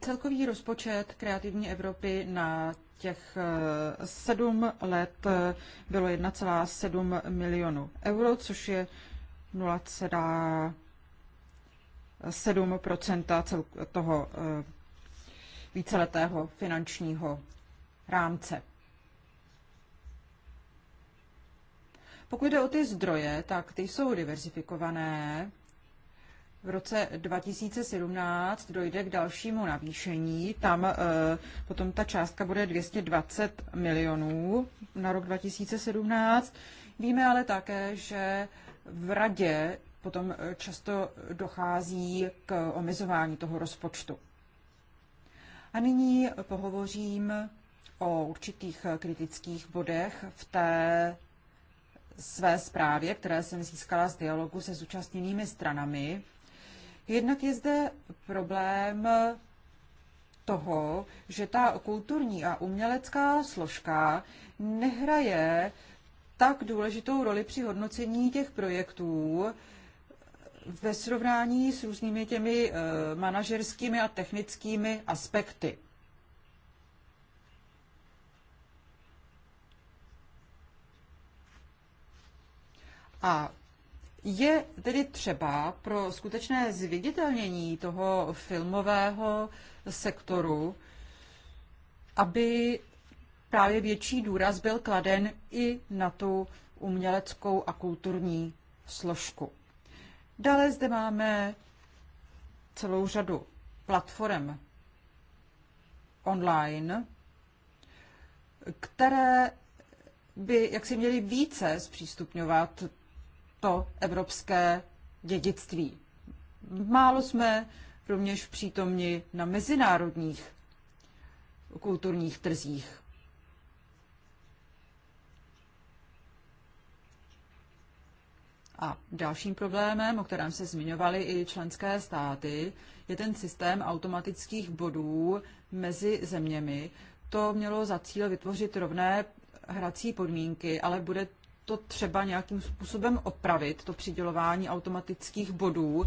Celkový rozpočet Kreativní Evropy na těch eh, sedm let eh, bylo 1,7 milionu euro, což je 0,7 toho eh, víceletého finančního rámce. Pokud jde o ty zdroje, tak ty jsou diverzifikované v roce 2017 dojde k dalšímu navýšení. Tam eh, potom ta částka bude 220 milionů na rok 2017. Víme ale také, že v radě potom eh, často dochází k omezování toho rozpočtu. A nyní pohovořím o určitých eh, kritických bodech v té své zprávě, které jsem získala z dialogu se zúčastněnými stranami Jednak je zde problém toho, že ta kulturní a umělecká složka nehraje tak důležitou roli při hodnocení těch projektů ve srovnání s různými těmi eh, manažerskými a technickými aspekty. A je tedy třeba pro skutečné zviditelnění toho filmového sektoru, aby právě větší důraz byl kladen i na tu uměleckou a kulturní složku. Dále zde máme celou řadu platform online, které by jaksi měly více zpřístupňovat to evropské dědictví. Málo jsme rovněž přítomni na mezinárodních kulturních trzích. A dalším problémem, o kterém se zmiňovaly i členské státy, je ten systém automatických bodů mezi zeměmi. To mělo za cíl vytvořit rovné hrací podmínky, ale bude to třeba nějakým způsobem opravit, to přidělování automatických bodů,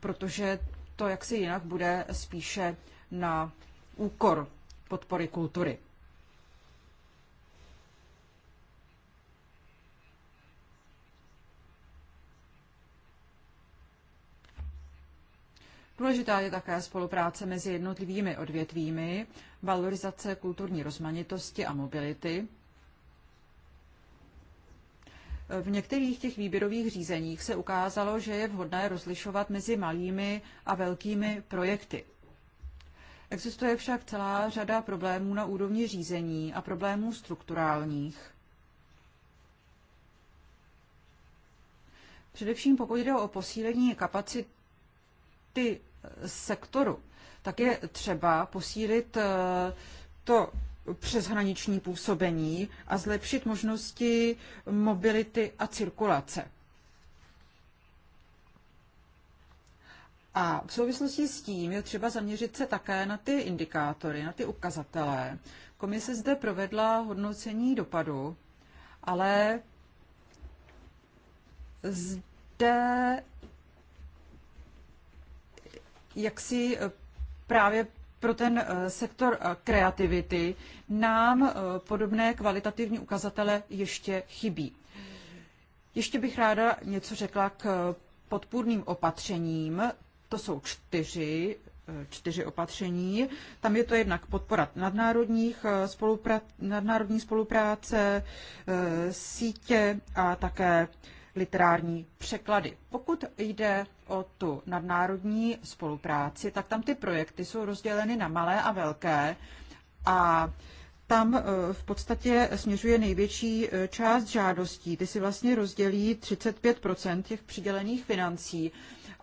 protože to jaksi jinak bude spíše na úkor podpory kultury. Důležitá je také spolupráce mezi jednotlivými odvětvími, valorizace kulturní rozmanitosti a mobility, v některých těch výběrových řízeních se ukázalo, že je vhodné rozlišovat mezi malými a velkými projekty. Existuje však celá řada problémů na úrovni řízení a problémů strukturálních. Především pokud jde o posílení kapacity sektoru, tak je třeba posílit eh, to přeshraniční působení a zlepšit možnosti mobility a cirkulace. A v souvislosti s tím je třeba zaměřit se také na ty indikátory, na ty ukazatele. Komise zde provedla hodnocení dopadu, ale zde jak si právě pro ten eh, sektor eh, kreativity nám eh, podobné kvalitativní ukazatele ještě chybí. Ještě bych ráda něco řekla k podpůrným opatřením. To jsou čtyři, čtyři opatření. Tam je to jednak podpora nadnárodních spolupra- nadnárodní spolupráce, sítě a také literární překlady. Pokud jde o tu nadnárodní spolupráci, tak tam ty projekty jsou rozděleny na malé a velké a tam eh, v podstatě směřuje největší eh, část žádostí. Ty si vlastně rozdělí 35 těch přidělených financí.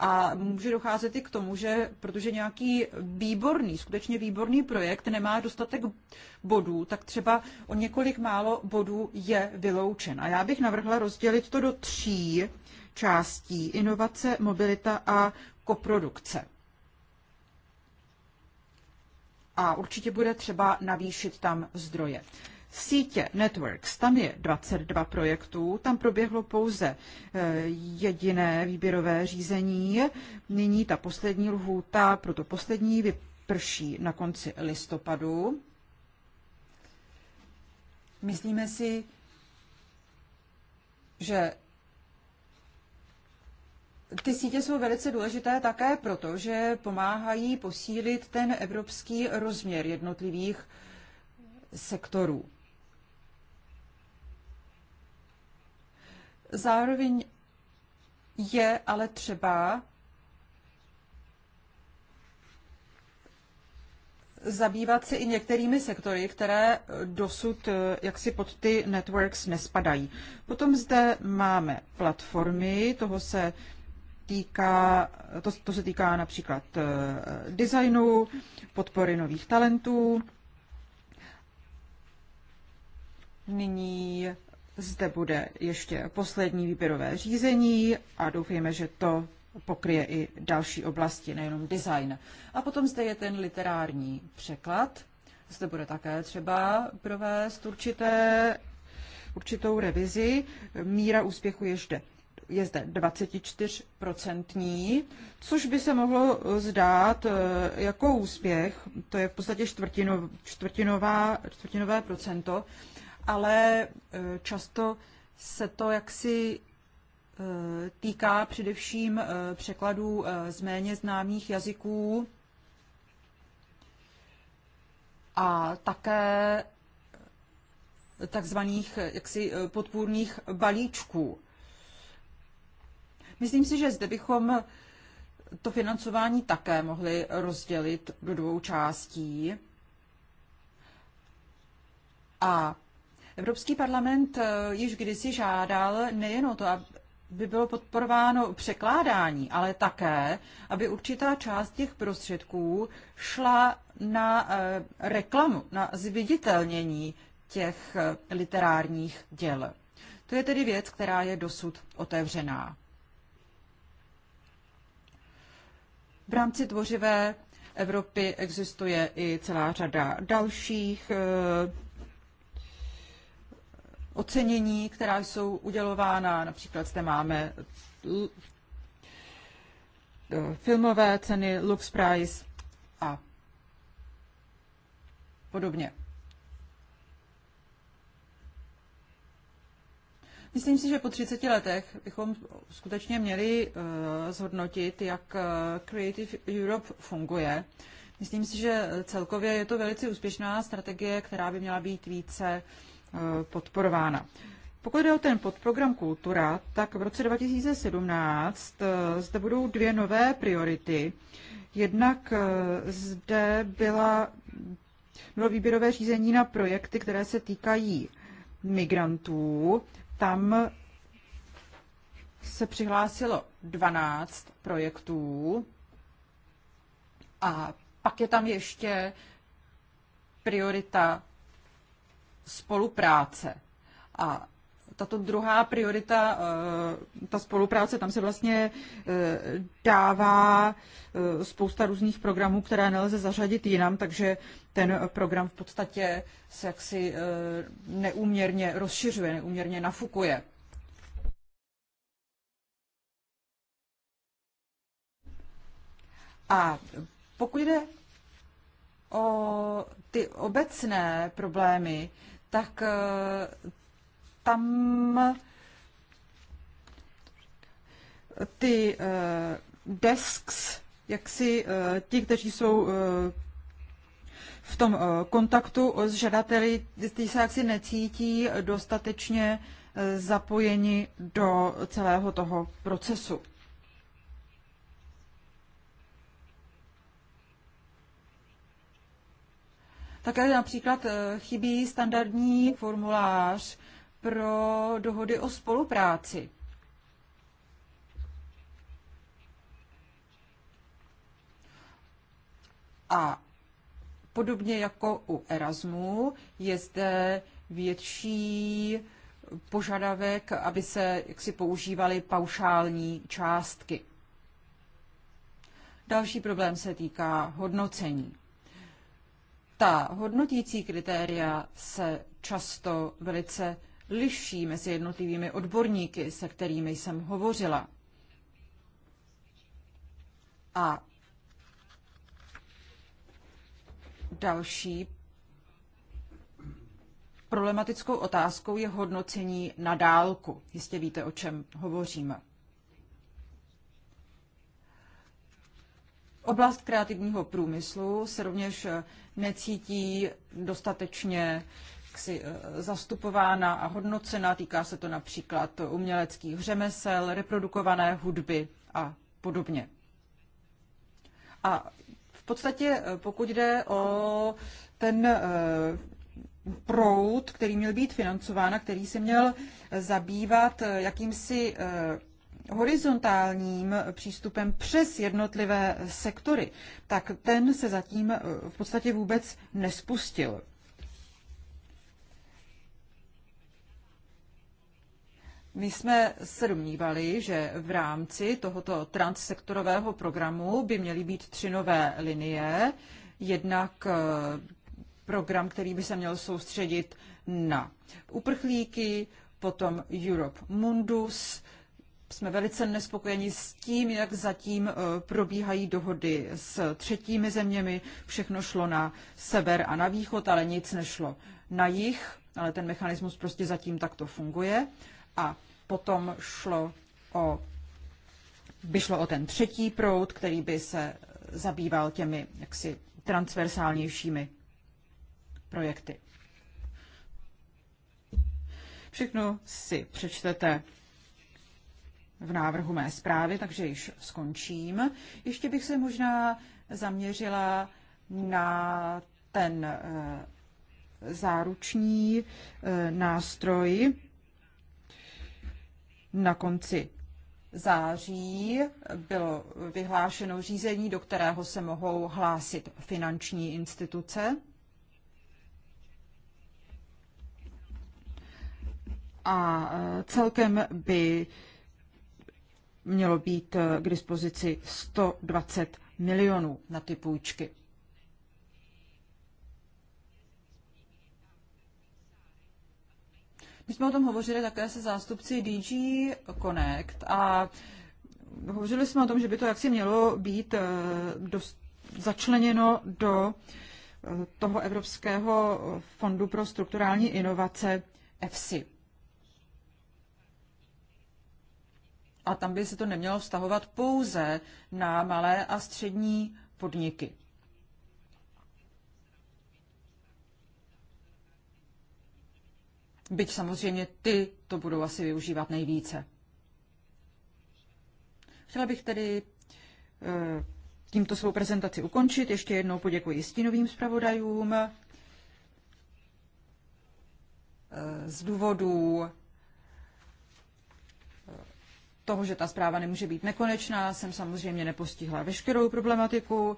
A může docházet i k tomu, že protože nějaký výborný, skutečně výborný projekt nemá dostatek bodů, tak třeba o několik málo bodů je vyloučen. A já bych navrhla rozdělit to do tří částí. Inovace, mobilita a koprodukce. A určitě bude třeba navýšit tam zdroje sítě Networks, tam je 22 projektů, tam proběhlo pouze eh, jediné výběrové řízení. Nyní ta poslední lhůta pro to poslední vyprší na konci listopadu. Myslíme si, že ty sítě jsou velice důležité také proto, že pomáhají posílit ten evropský rozměr jednotlivých sektorů. Zároveň je ale třeba zabývat se i některými sektory, které dosud eh, jaksi pod ty networks nespadají. Potom zde máme platformy, toho se týká, to, to se týká například eh, designu, podpory nových talentů. Nyní zde bude ještě poslední výběrové řízení a doufejme, že to pokryje i další oblasti, nejenom design. A potom zde je ten literární překlad. Zde bude také třeba provést určité, určitou revizi. Míra úspěchu je zde, je zde 24%, což by se mohlo zdát eh, jako úspěch. To je v podstatě čtvrtinová, čtvrtinová, čtvrtinové procento, ale eh, často se to jaksi eh, týká především eh, překladů z méně známých jazyků a také takzvaných jaksi podpůrných balíčků. Myslím si, že zde bychom to financování také mohli rozdělit do dvou částí. A Evropský parlament eh, již kdysi žádal nejen o to, aby bylo podporováno překládání, ale také, aby určitá část těch prostředků šla na eh, reklamu, na zviditelnění těch eh, literárních děl. To je tedy věc, která je dosud otevřená. V rámci tvořivé Evropy existuje i celá řada dalších ocenění, která jsou udělována. Například zde máme e, filmové ceny, Lux Prize a podobně. Myslím si, že po 30 letech bychom skutečně měli uh, zhodnotit, jak e, Creative Europe funguje. Myslím si, že celkově je to velice úspěšná strategie, která by měla být více uh, Eh, podporována. Pokud jde o ten podprogram Kultura, tak v roce 2017 eh, zde budou dvě nové priority. Jednak eh, zde byla, bylo výběrové řízení na projekty, které se týkají migrantů. Tam se přihlásilo 12 projektů a pak je tam ještě priorita spolupráce. A tato druhá priorita, eh, ta spolupráce, tam se vlastně eh, dává eh, spousta různých programů, které nelze zařadit jinam, takže ten program v podstatě se jaksi neúměrně rozšiřuje, neúměrně nafukuje. A pokud jde o ty obecné problémy, tak eh, tam ty eh, desks, jak si eh, ti, kteří jsou v tom kontaktu s žadateli, ty se jaksi necítí dostatečně zapojeni do celého toho procesu. Také například eh, chybí standardní formulář pro dohody o spolupráci. A podobně jako u Erasmu je zde větší požadavek, aby se jaksi používaly paušální částky. Další problém se týká hodnocení. Ta hodnotící kritéria se často velice liší mezi jednotlivými odborníky, se kterými jsem hovořila. A další problematickou otázkou je hodnocení na dálku. Jistě víte, o čem hovoříme. Oblast kreativního průmyslu se rovněž necítí dostatečně ksi, eh, zastupována a hodnocena. Týká se to například uměleckých řemesel, reprodukované hudby a podobně. A v podstatě, eh, pokud jde o ten eh, proud, který měl být financován a který se měl zabývat jakýmsi horizontálním přístupem přes jednotlivé sektory, tak ten se zatím eh, v podstatě vůbec nespustil. My jsme se domnívali, že v rámci tohoto transsektorového programu by měly být tři nové linie. Jednak eh, program, který by se měl soustředit na uprchlíky, potom Europe Mundus jsme velice nespokojeni s tím, jak zatím eh, probíhají dohody s třetími zeměmi. Všechno šlo na sever a na východ, ale nic nešlo na jih, ale ten mechanismus prostě zatím takto funguje. A potom šlo o, by šlo o ten třetí proud, který by se zabýval těmi jaksi transversálnějšími projekty. Všechno si přečtete v návrhu mé zprávy, takže již skončím. Ještě bych se možná zaměřila na ten eh, záruční eh, nástroj na konci září bylo vyhlášeno řízení, do kterého se mohou hlásit finanční instituce. A eh, celkem by mělo být eh, k dispozici 120 milionů na ty půjčky. My jsme o tom hovořili také se zástupci DG Connect a hovořili jsme o tom, že by to jaksi mělo být eh, dost začleněno do eh, toho Evropského fondu pro strukturální inovace EFSI. a tam by se to nemělo vztahovat pouze na malé a střední podniky. Byť samozřejmě ty to budou asi využívat nejvíce. Chtěla bych tedy eh, tímto svou prezentaci ukončit. Ještě jednou poděkuji stínovým zpravodajům eh, z důvodu toho, že ta zpráva nemůže být nekonečná, jsem samozřejmě nepostihla veškerou problematiku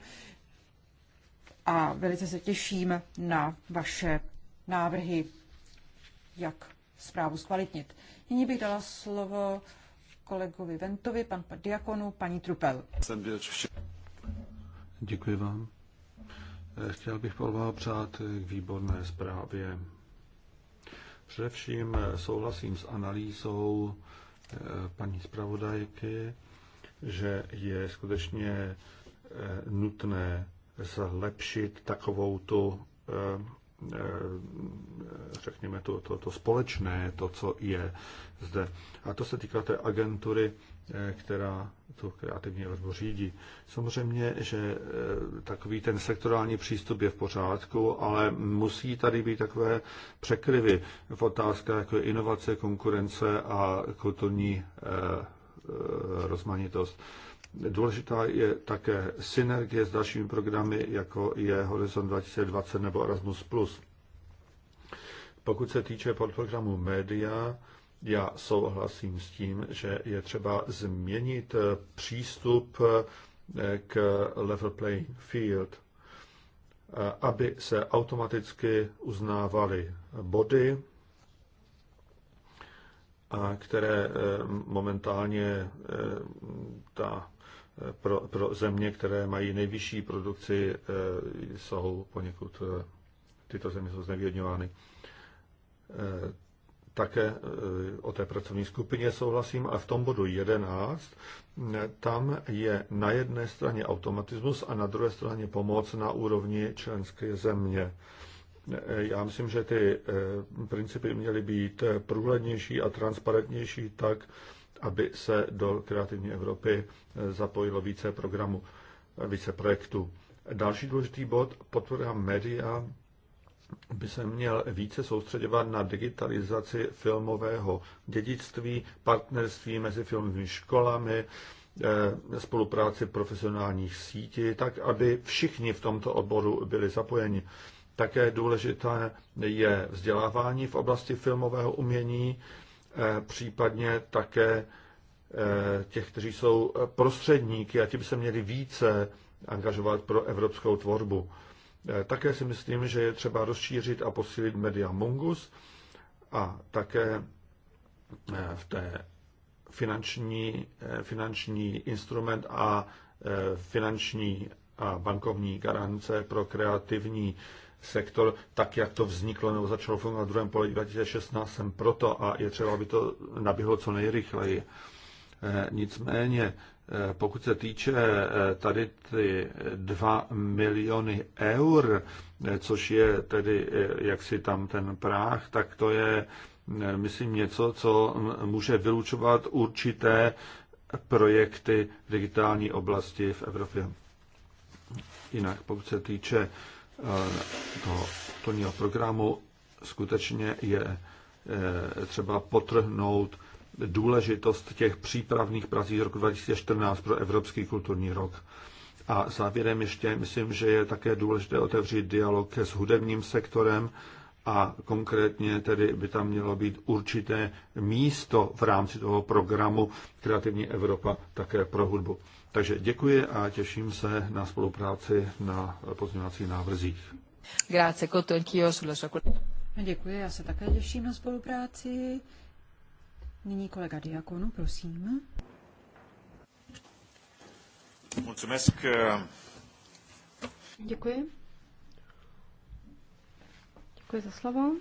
a velice se těším na vaše návrhy, jak zprávu zkvalitnit. Nyní bych dala slovo kolegovi Ventovi, pan Diakonu, paní Trupel. Děkuji vám. Chtěl bych přát k výborné zprávě. Především souhlasím s analýzou Eh, paní zpravodajky, že je skutečně eh, nutné zlepšit takovou tu, eh, řekněme, to, to, to společné, to, co je zde. A to se týká té agentury Eh, která to kreativní Evropu řídí. Samozřejmě, že eh, takový ten sektorální přístup je v pořádku, ale musí tady být takové překryvy v otázkách jako inovace, konkurence a kulturní eh, rozmanitost. Důležitá je také synergie s dalšími programy, jako je Horizon 2020 nebo Erasmus+. Pokud se týče podprogramu média, já souhlasím s tím, že je třeba změnit eh, přístup eh, k level playing field, eh, aby se automaticky uznávaly body, a které momentálně ta, pro, pro země, které mají nejvyšší produkci, jsou poněkud, tyto země jsou znevýhodňovány také e, o té pracovní skupině souhlasím, a v tom bodu 11 e, tam je na jedné straně automatismus a na druhé straně pomoc na úrovni členské země. E, já myslím, že ty principy měly být průhlednější a transparentnější tak, aby se do kreativní Evropy zapojilo více programů, více projektů. Další důležitý bod, podpora média by se měl více soustředovat na digitalizaci filmového dědictví, partnerství mezi filmovými školami, eh, spolupráci profesionálních sítí, tak aby všichni v tomto oboru byli zapojeni. Také důležité je vzdělávání v oblasti filmového umění, eh, případně také eh, těch, kteří jsou prostředníky a ti by se měli více angažovat pro evropskou tvorbu. Eh, také si myslím, že je třeba rozšířit a posílit media Mongus a také eh, v té finanční, eh, finanční instrument a finanční a bankovní garance pro kreativní sektor, tak jak to vzniklo nebo začalo fungovat v druhém poli 2016, jsem proto a je třeba, aby to nabihlo co nejrychleji. Nicméně Eh, pokud se týče eh, tady ty 2 miliony eur, eh, což je tedy, jak si tam ten práh, tak to je, myslím, něco, co může vylučovat určité projekty v digitální oblasti v Evropě. Jinak, pokud se týče toho plního programu, skutečně je třeba potrhnout důležitost těch přípravných prací z roku 2014 pro Evropský kulturní rok. A závěrem ještě myslím, že je také důležité otevřít dialog s hudebním sektorem a konkrétně tedy by tam mělo být určité místo v rámci toho programu Kreativní Evropa také pro hudbu. Takže děkuji a těším se na spolupráci na pozměňovacích návrzích. Grazie, Děkuji, já se také těším na spolupráci. Nyní kolega Diakonu, prosím. Mulțumesc. Děkuji. Děkuji za slovo.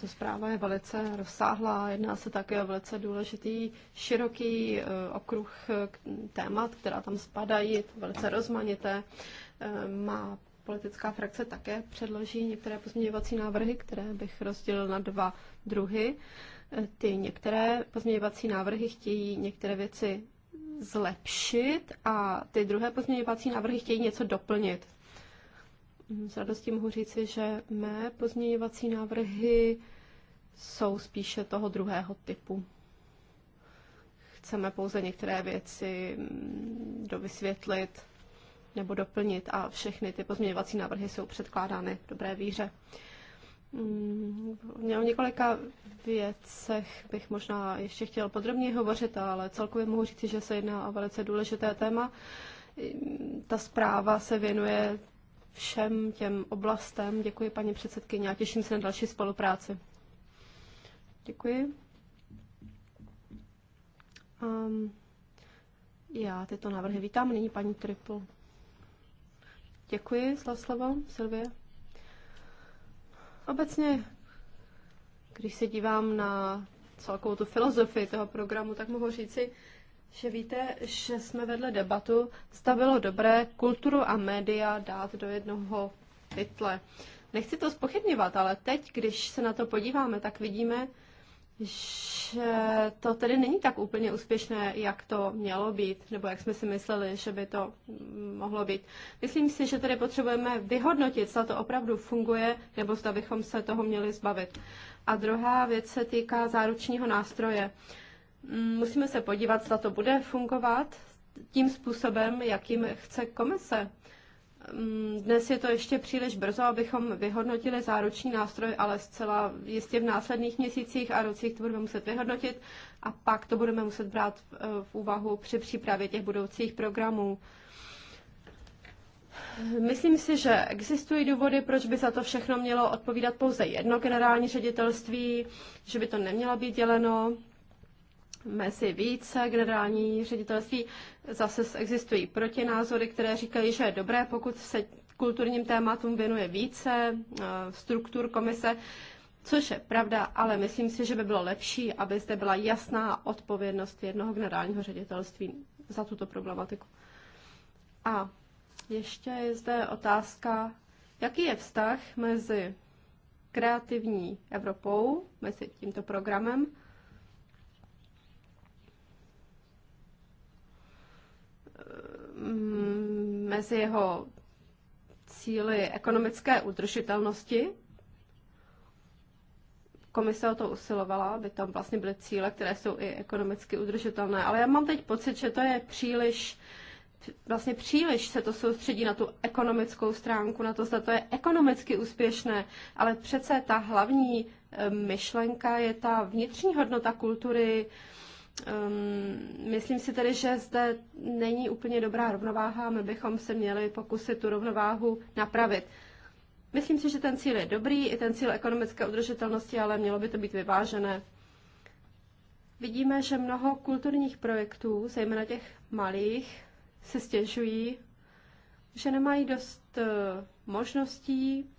to zpráva je velice rozsáhlá, jedná se také o velice důležitý, široký eh, okruh eh, témat, která tam spadají, je to velice rozmanité, eh, má politická frakce také předloží některé pozměňovací návrhy, které bych rozdělil na dva druhy. E, ty některé pozměňovací návrhy chtějí některé věci zlepšit a ty druhé pozměňovací návrhy chtějí něco doplnit. Mm, s radostí mohu říci, že mé pozměňovací návrhy jsou spíše toho druhého typu. Chceme pouze některé věci mm, dovysvětlit, nebo doplnit a všechny ty pozměňovací návrhy jsou předkládány v dobré víře. Mm, o několika věcech bych možná ještě chtěl podrobně hovořit, ale celkově mohu říct, že se jedná o velice důležité téma. Ta zpráva se věnuje všem těm oblastem. Děkuji, paní předsedkyně, a těším se na další spolupráci. Děkuji. Um, já tyto návrhy vítám. Nyní paní Triple. Děkuji za Silvie. Obecně, když se dívám na celkovou tu filozofii toho programu, tak mohu říci, že víte, že jsme vedle debatu, zda bylo dobré kulturu a média dát do jednoho pytle. Nechci to spochybňovat, ale teď, když se na to podíváme, tak vidíme, že to tedy není tak úplně úspěšné, jak to mělo být, nebo jak jsme si mysleli, že by to mohlo být. Myslím si, že tedy potřebujeme vyhodnotit, zda to opravdu funguje, nebo zda bychom se toho měli zbavit. A druhá věc se týká záručního nástroje. Musíme se podívat, zda to bude fungovat tím způsobem, jakým chce komise. Mm, dnes je to ještě příliš brzo, abychom vyhodnotili záruční nástroj, ale zcela jistě v následných měsících a rocích to budeme muset vyhodnotit a pak to budeme muset brát eh, v úvahu při přípravě těch budoucích programů. Myslím si, že existují důvody, proč by za to všechno mělo odpovídat pouze jedno generální ředitelství, že by to nemělo být děleno mezi více generální ředitelství. Zase existují protinázory, které říkají, že je dobré, pokud se kulturním tématům věnuje více eh, struktur komise, což je pravda, ale myslím si, že by bylo lepší, aby zde byla jasná odpovědnost jednoho generálního ředitelství za tuto problematiku. A ještě je zde otázka, jaký je vztah mezi kreativní Evropou, mezi tímto programem Mm, mezi jeho cíly ekonomické udržitelnosti. Komise o to usilovala, aby tam vlastně byly cíle, které jsou i ekonomicky udržitelné, ale já mám teď pocit, že to je příliš vlastně příliš se to soustředí na tu ekonomickou stránku, na to, zda to je ekonomicky úspěšné, ale přece ta hlavní eh, myšlenka je ta vnitřní hodnota kultury, Um, myslím si tedy, že zde není úplně dobrá rovnováha a my bychom se měli pokusit tu rovnováhu napravit. Myslím si, že ten cíl je dobrý, i ten cíl ekonomické udržitelnosti, ale mělo by to být vyvážené. Vidíme, že mnoho kulturních projektů, zejména těch malých, se stěžují, že nemají dost eh, možností,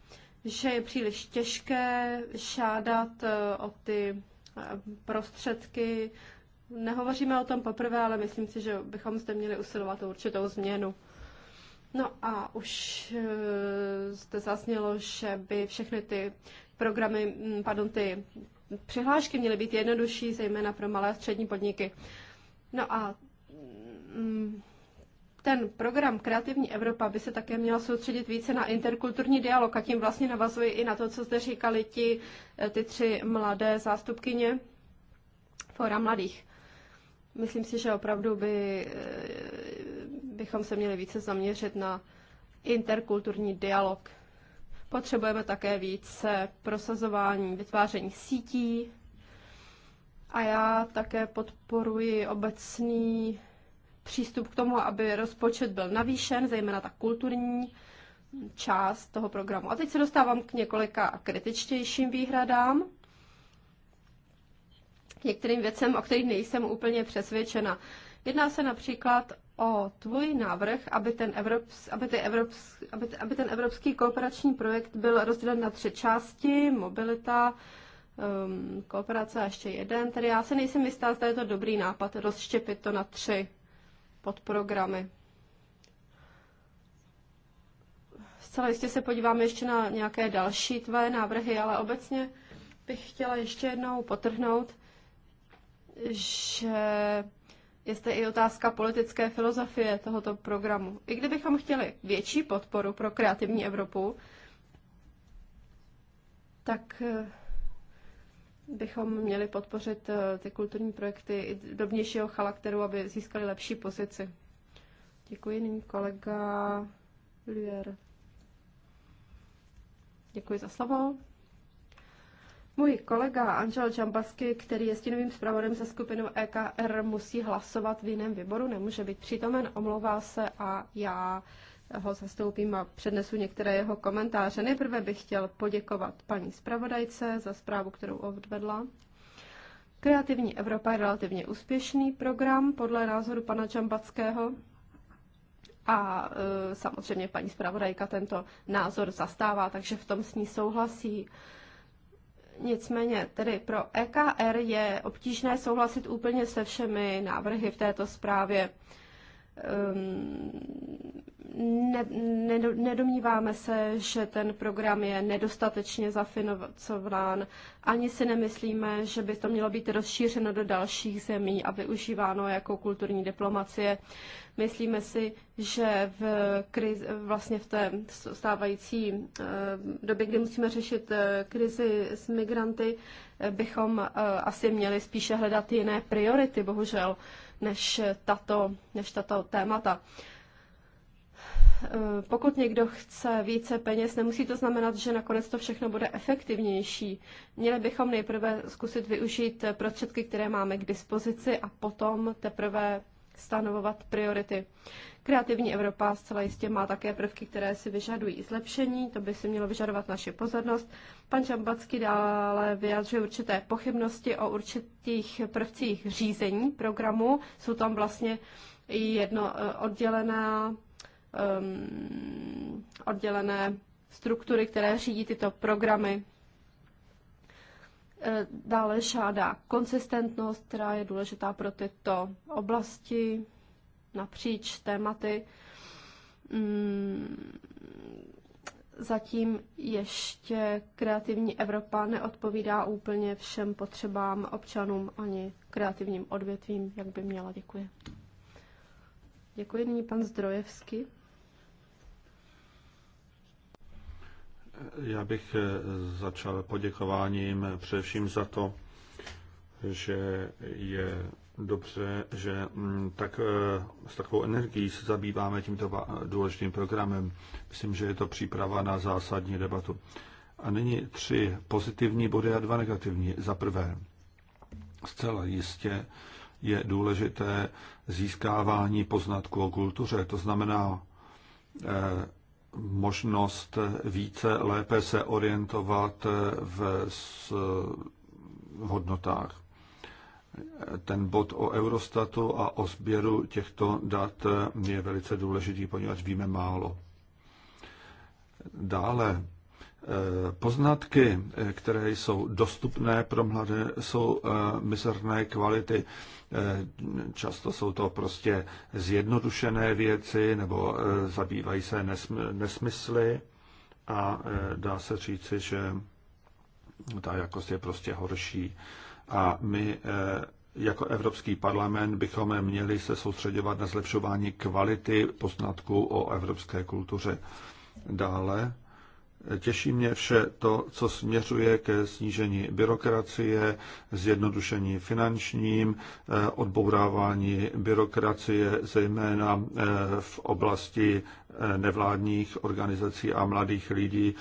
že je příliš těžké žádat eh, o ty eh, prostředky, Nehovoříme o tom poprvé, ale myslím si, že bychom zde měli usilovat o určitou změnu. No a už eh, zde zasnělo, že by všechny ty programy, mm, pardon, ty přihlášky měly být jednodušší, zejména pro malé a střední podniky. No a mm, ten program Kreativní Evropa by se také měl soustředit více na interkulturní dialog a tím vlastně navazuje i na to, co zde říkali ti, eh, ty tři mladé zástupkyně Fora mladých. Myslím si, že opravdu by, eh, bychom se měli více zaměřit na interkulturní dialog. Potřebujeme také více prosazování, vytváření sítí. A já také podporuji obecný přístup k tomu, aby rozpočet byl navýšen, zejména ta kulturní část toho programu. A teď se dostávám k několika kritičtějším výhradám některým věcem, o kterých nejsem úplně přesvědčena. Jedná se například o tvůj návrh, aby ten, Evrops, aby, ty Evrops, aby, aby ten evropský kooperační projekt byl rozdělen na tři části, mobilita, um, kooperace a ještě jeden. Tedy já se nejsem jistá, zda je to dobrý nápad rozštěpit to na tři podprogramy. Zcela jistě se podíváme ještě na nějaké další tvé návrhy, ale obecně bych chtěla ještě jednou potrhnout, že je zde i otázka politické filozofie tohoto programu. I kdybychom chtěli větší podporu pro kreativní Evropu, tak eh, bychom měli podpořit eh, ty kulturní projekty i dobnějšího charakteru, aby získali lepší pozici. Děkuji, nyní kolega Lier. Děkuji za slovo. Můj kolega Angel Čambasky, který je stínovým zpravodem za skupinu EKR, musí hlasovat v jiném výboru, nemůže být přítomen, omlouvá se a já ho zastoupím a přednesu některé jeho komentáře. Nejprve bych chtěl poděkovat paní zpravodajce za zprávu, kterou odvedla. Kreativní Evropa je relativně úspěšný program, podle názoru pana Čambackého. A e, samozřejmě paní zpravodajka tento názor zastává, takže v tom s ní souhlasí. E, Nicméně tedy pro EKR je obtížné souhlasit úplně se všemi návrhy v této zprávě. Ehm, ne, ne, nedomníváme se, že ten program je nedostatečně zafinancován. Ani si nemyslíme, že by to mělo být rozšířeno do dalších zemí a využíváno jako kulturní diplomacie. Myslíme si, že v, krizi, vlastně v té stávající eh, době, kdy musíme řešit eh, krizi s migranty, eh, bychom asi měli spíše hledat jiné priority, bohužel než tato, než tato témata. Eh, pokud někdo chce více peněz, nemusí to znamenat, že nakonec to všechno bude efektivnější. Měli bychom nejprve zkusit využít prostředky, které máme k dispozici a potom teprve stanovovat priority. Kreativní Evropa zcela jistě má také prvky, které si vyžadují zlepšení, to by si mělo vyžadovat naše pozornost. Pan Čambacký dále vyjadřuje určité pochybnosti o určitých prvcích řízení programu. Jsou tam vlastně jedno eh, oddělená, um, oddělené struktury, které řídí tyto programy. Eh, dále šádá konsistentnost, která je důležitá pro tyto oblasti napříč tématy. Mm, zatím ještě kreativní Evropa neodpovídá úplně všem potřebám občanům ani kreativním odvětvím, jak by měla. Děkuji. Děkuji nyní pan Zdrojevský. Já bych eh, začal poděkováním především za to, že je dobře, že mm, tak, eh, s takovou energií se zabýváme tímto důležitým programem. Myslím, že je to příprava na zásadní debatu. A nyní tři pozitivní body a dva negativní. Za prvé, zcela jistě je důležité získávání poznatků o kultuře, to znamená eh, možnost více, lépe se orientovat v hodnotách. Ten bod o Eurostatu a o sběru těchto dat je velice důležitý, poněvadž víme málo. Dále Eh, poznatky, eh, které jsou dostupné pro mladé, jsou eh, mizerné kvality. Často jsou to prostě zjednodušené věci nebo zabývají se nesmysly a dá se říci, že ta jakost je prostě horší. A my jako Evropský parlament bychom měli se soustředovat na zlepšování kvality poznatků o evropské kultuře. Dále Těší mě vše to, co směřuje ke snížení byrokracie, zjednodušení finančním, eh, odbourávání byrokracie, zejména eh, v oblasti eh, nevládních organizací a mladých lidí,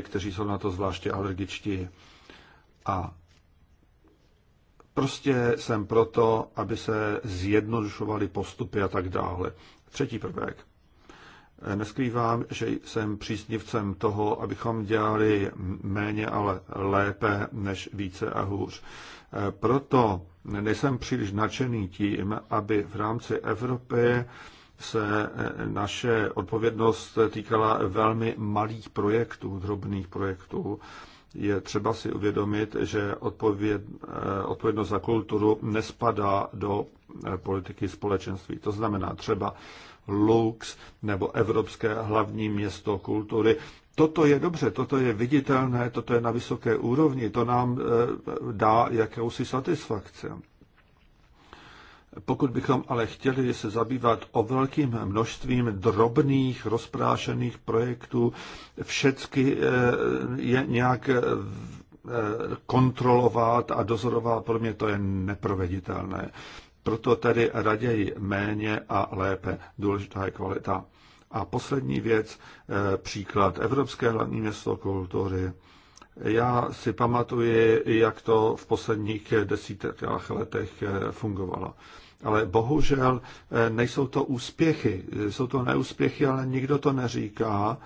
kteří jsou na to zvláště alergičtí. A prostě jsem proto, aby se zjednodušovaly postupy a tak dále. Třetí prvek. Neskrývám, že jsem příznivcem toho, abychom dělali méně, ale lépe než více a hůř. Proto nejsem příliš nadšený tím, aby v rámci Evropy se naše odpovědnost týkala velmi malých projektů, drobných projektů. Je třeba si uvědomit, že odpověd, odpovědnost za kulturu nespadá do politiky společenství. To znamená třeba Lux nebo Evropské hlavní město kultury. Toto je dobře, toto je viditelné, toto je na vysoké úrovni, to nám eh, dá jakousi satisfakci. Pokud bychom ale chtěli se zabývat o velkým množstvím drobných, rozprášených projektů, všecky eh, je nějak eh, kontrolovat a dozorovat, pro mě to je neproveditelné. Proto tedy raději méně a lépe. Důležitá je kvalita. A poslední věc, eh, příklad Evropské hlavní město kultury. Já si pamatuji, jak to v posledních desítkách letech eh, fungovalo. Ale bohužel eh, nejsou to úspěchy. Jsou to neúspěchy, ale nikdo to neříká,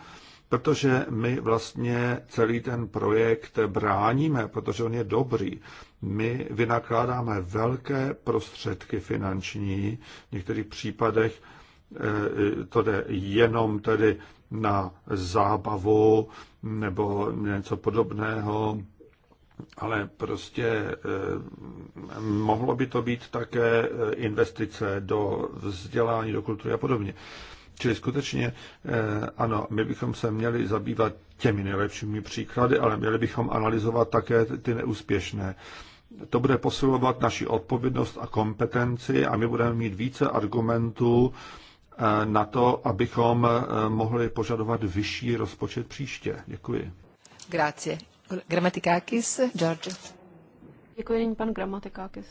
protože my vlastně celý ten projekt bráníme, protože on je dobrý my vynakládáme velké prostředky finanční, v některých případech eh, to jde jenom tedy na zábavu nebo něco podobného, ale prostě eh, mohlo by to být také eh, investice do vzdělání, do kultury a podobně. Čili skutečně, ano, my bychom se měli zabývat těmi nejlepšími příklady, ale měli bychom analyzovat také ty neúspěšné. To bude posilovat naši odpovědnost a kompetenci a my budeme mít více argumentů eh, na to, abychom eh, mohli požadovat vyšší rozpočet příště. Děkuji. Grazie. Gramatikakis, George. Děkuji, nyní pan Gramatikakis.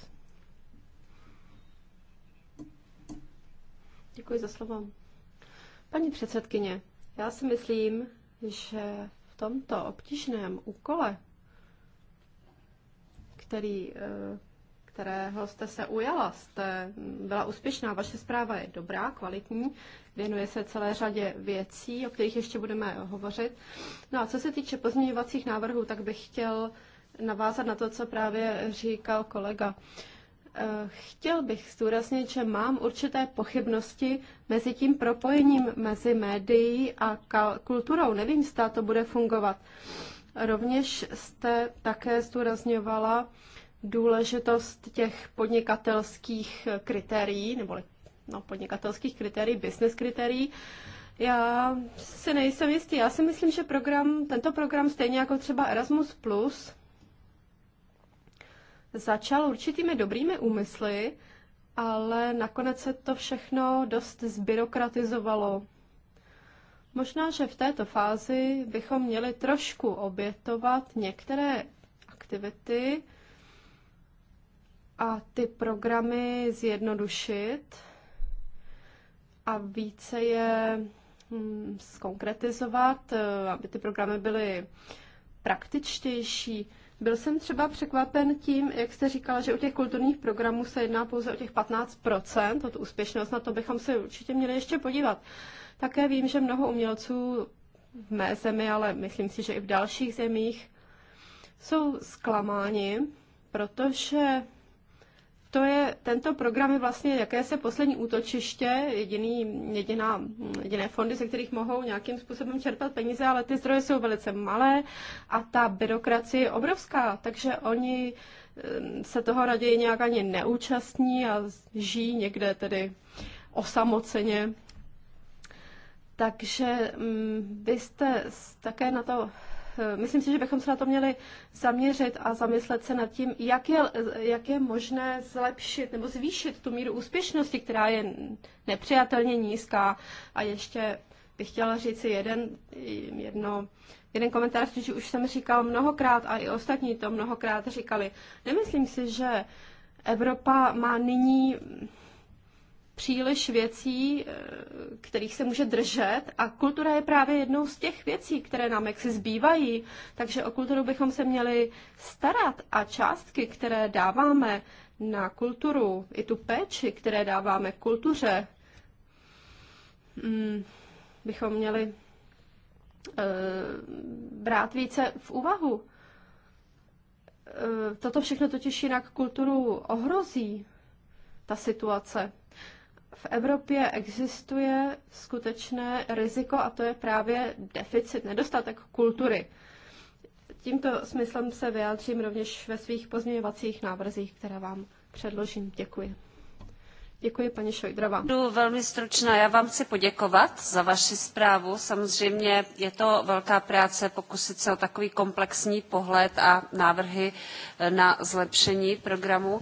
Děkuji za slovo. Paní předsedkyně, já si myslím, že v tomto obtížném úkole který, eh, kterého jste se ujala. Jste byla úspěšná, vaše zpráva je dobrá, kvalitní, věnuje se celé řadě věcí, o kterých ještě budeme hovořit. No a co se týče pozměňovacích návrhů, tak bych chtěl navázat na to, co právě říkal kolega. Eh, chtěl bych zdůraznit, že mám určité pochybnosti mezi tím propojením mezi médií a kulturou. Nevím, zda to bude fungovat. Rovněž jste také zdůrazňovala důležitost těch podnikatelských kritérií, nebo no, podnikatelských kritérií, business kritérií. Já si nejsem jistý. Já si myslím, že program, tento program, stejně jako třeba Erasmus+, Plus, začal určitými dobrými úmysly, ale nakonec se to všechno dost zbyrokratizovalo. Možná, že v této fázi bychom měli trošku obětovat některé aktivity a ty programy zjednodušit a více je mm, skonkretizovat, eh, aby ty programy byly praktičtější. Byl jsem třeba překvapen tím, jak jste říkala, že u těch kulturních programů se jedná pouze o těch 15%, o tu úspěšnost, na to bychom se určitě měli ještě podívat. Také vím, že mnoho umělců v mé zemi, ale myslím si, že i v dalších zemích jsou zklamáni, protože to je, tento program je vlastně jakési poslední útočiště, jediný, jediná, jediné fondy, ze kterých mohou nějakým způsobem čerpat peníze, ale ty zdroje jsou velice malé a ta byrokracie je obrovská, takže oni ehm, se toho raději nějak ani neúčastní a žijí někde tedy osamoceně takže byste mm, také na to, eh, myslím si, že bychom se na to měli zaměřit a zamyslet se nad tím, jak je, jak je možné zlepšit nebo zvýšit tu míru úspěšnosti, která je nepřijatelně nízká. A ještě bych chtěla říct si jeden, jedno, jeden komentář, protože už jsem říkal mnohokrát a i ostatní to mnohokrát říkali. Nemyslím si, že Evropa má nyní příliš věcí, eh, kterých se může držet a kultura je právě jednou z těch věcí, které nám jaksi zbývají, takže o kulturu bychom se měli starat a částky, které dáváme na kulturu, i tu péči, které dáváme kultuře, mm, bychom měli eh, brát více v úvahu. Eh, toto všechno totiž jinak kulturu ohrozí, ta situace v Evropě existuje skutečné riziko a to je právě deficit, nedostatek kultury. Tímto smyslem se vyjádřím rovněž ve svých pozměňovacích návrzích, které vám předložím. Děkuji. Děkuji, paní Šojdrova. Budu velmi stručná. Já vám chci poděkovat za vaši zprávu. Samozřejmě je to velká práce pokusit se o takový komplexní pohled a návrhy eh, na zlepšení programu.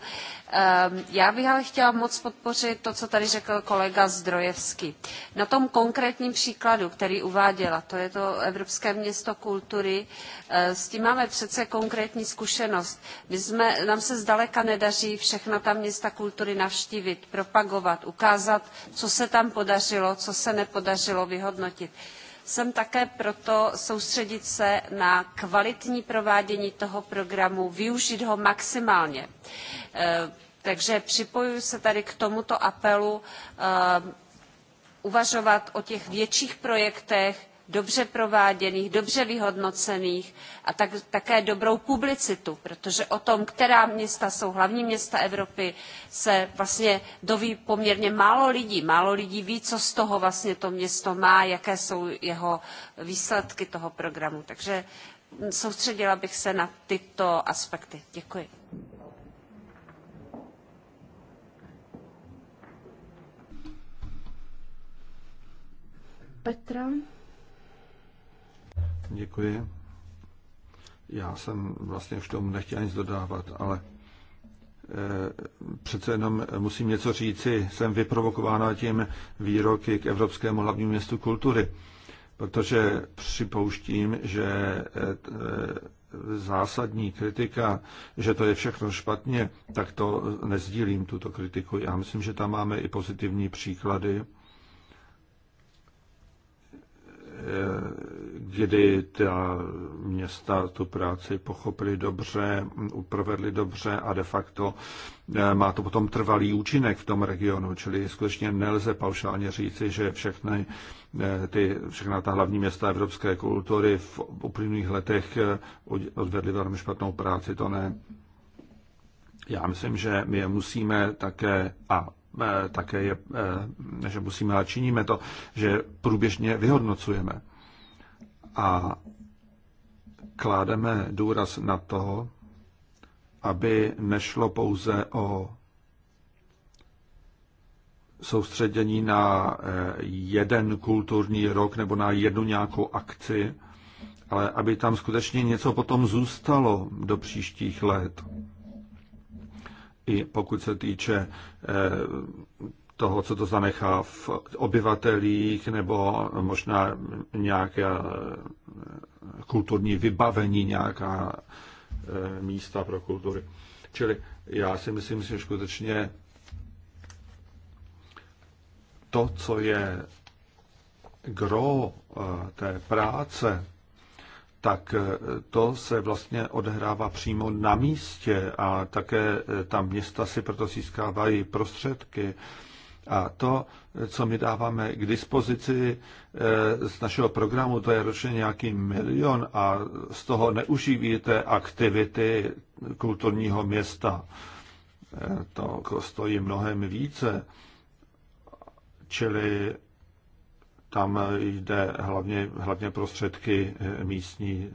Ehm, já bych ale chtěla moc podpořit to, co tady řekl kolega Zdrojevský. Na tom konkrétním příkladu, který uváděla, to je to Evropské město kultury, eh, s tím máme přece konkrétní zkušenost. My jsme, nám se zdaleka nedaří všechna ta města kultury navštívit propagovat, ukázat, co se tam podařilo, co se nepodařilo vyhodnotit. Jsem také proto soustředit se na kvalitní provádění toho programu, využít ho maximálně. Eh, takže připojuji se tady k tomuto apelu eh, uvažovat o těch větších projektech, dobře prováděných, dobře vyhodnocených a tak, také dobrou publicitu, protože o tom, která města jsou hlavní města Evropy, se vlastně doví poměrně málo lidí. Málo lidí ví, co z toho vlastně to město má, jaké jsou jeho výsledky toho programu. Takže soustředila bych se na tyto aspekty. Děkuji. Petra. Děkuji. Já jsem vlastně už tomu nechtěl nic dodávat, ale eh, přece jenom musím něco říci. Jsem vyprovokována tím výroky k Evropskému hlavnímu městu kultury, protože připouštím, že eh, zásadní kritika, že to je všechno špatně, tak to nezdílím, tuto kritiku. Já myslím, že tam máme i pozitivní příklady kdy ta města tu práci pochopili dobře, provedli dobře a de facto eh, má to potom trvalý účinek v tom regionu, čili skutečně nelze paušálně říci, že všechny eh, ty, všechna ta hlavní města evropské kultury v uplynulých letech eh, odvedly velmi špatnou práci, to ne. Já myslím, že my je musíme také a Eh, také je, eh, že musíme a činíme to, že průběžně vyhodnocujeme. A kládeme důraz na to, aby nešlo pouze o soustředění na eh, jeden kulturní rok nebo na jednu nějakou akci, ale aby tam skutečně něco potom zůstalo do příštích let i pokud se týče eh, toho, co to zanechá v obyvatelích nebo možná nějaké eh, kulturní vybavení, nějaká eh, místa pro kultury. Čili já si myslím, že skutečně to, co je gro té práce tak eh, to se vlastně odehrává přímo na místě a také eh, tam města si proto získávají prostředky. A to, eh, co my dáváme k dispozici z našeho programu, to je ročně nějaký milion a z toho neužívíte aktivity kulturního města. To jako stojí mnohem více. Čili tam jde hlavně, hlavně prostředky eh, místní.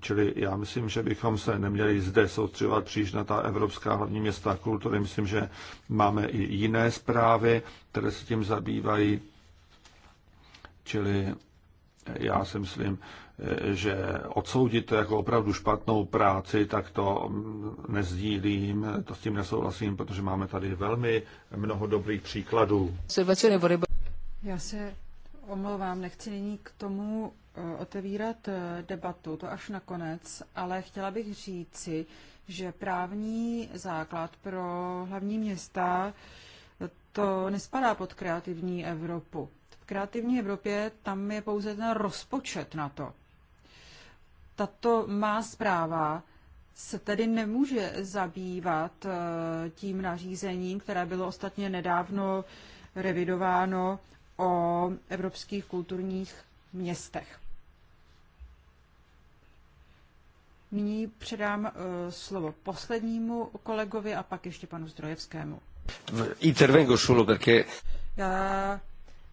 Čili já myslím, že bychom se neměli zde soustředovat příliš na ta evropská hlavní města kultury. Myslím, že máme i jiné zprávy, které se tím zabývají. Čili já si myslím, eh, že odsoudit to jako opravdu špatnou práci, tak to mm, nezdílím, to s tím nesouhlasím, protože máme tady velmi mnoho dobrých příkladů. Já se omlouvám, nechci nyní k tomu eh, otevírat eh, debatu, to až nakonec, ale chtěla bych říci, že právní základ pro hlavní města eh, to nespadá pod kreativní Evropu. V kreativní Evropě tam je pouze ten rozpočet na to. Tato má zpráva se tedy nemůže zabývat tím nařízením, které bylo ostatně nedávno revidováno o evropských kulturních městech. Nyní předám eh, slovo poslednímu kolegovi a pak ještě panu Zdrojevskému. Intervengo solo perché... Já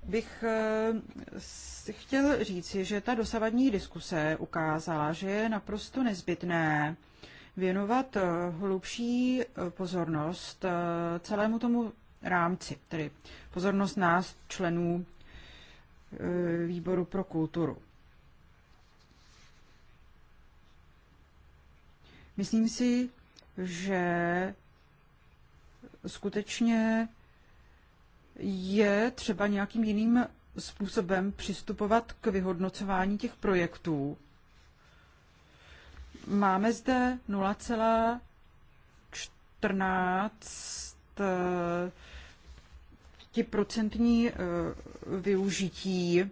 bych eh, chtěl říci, že ta dosavadní diskuse ukázala, že je naprosto nezbytné věnovat eh, hlubší pozornost celému tomu rámci, tedy pozornost nás, členů e, výboru pro kulturu. Myslím si, že skutečně je třeba nějakým jiným způsobem přistupovat k vyhodnocování těch projektů. Máme zde 0,14 procentní eh, využití eh,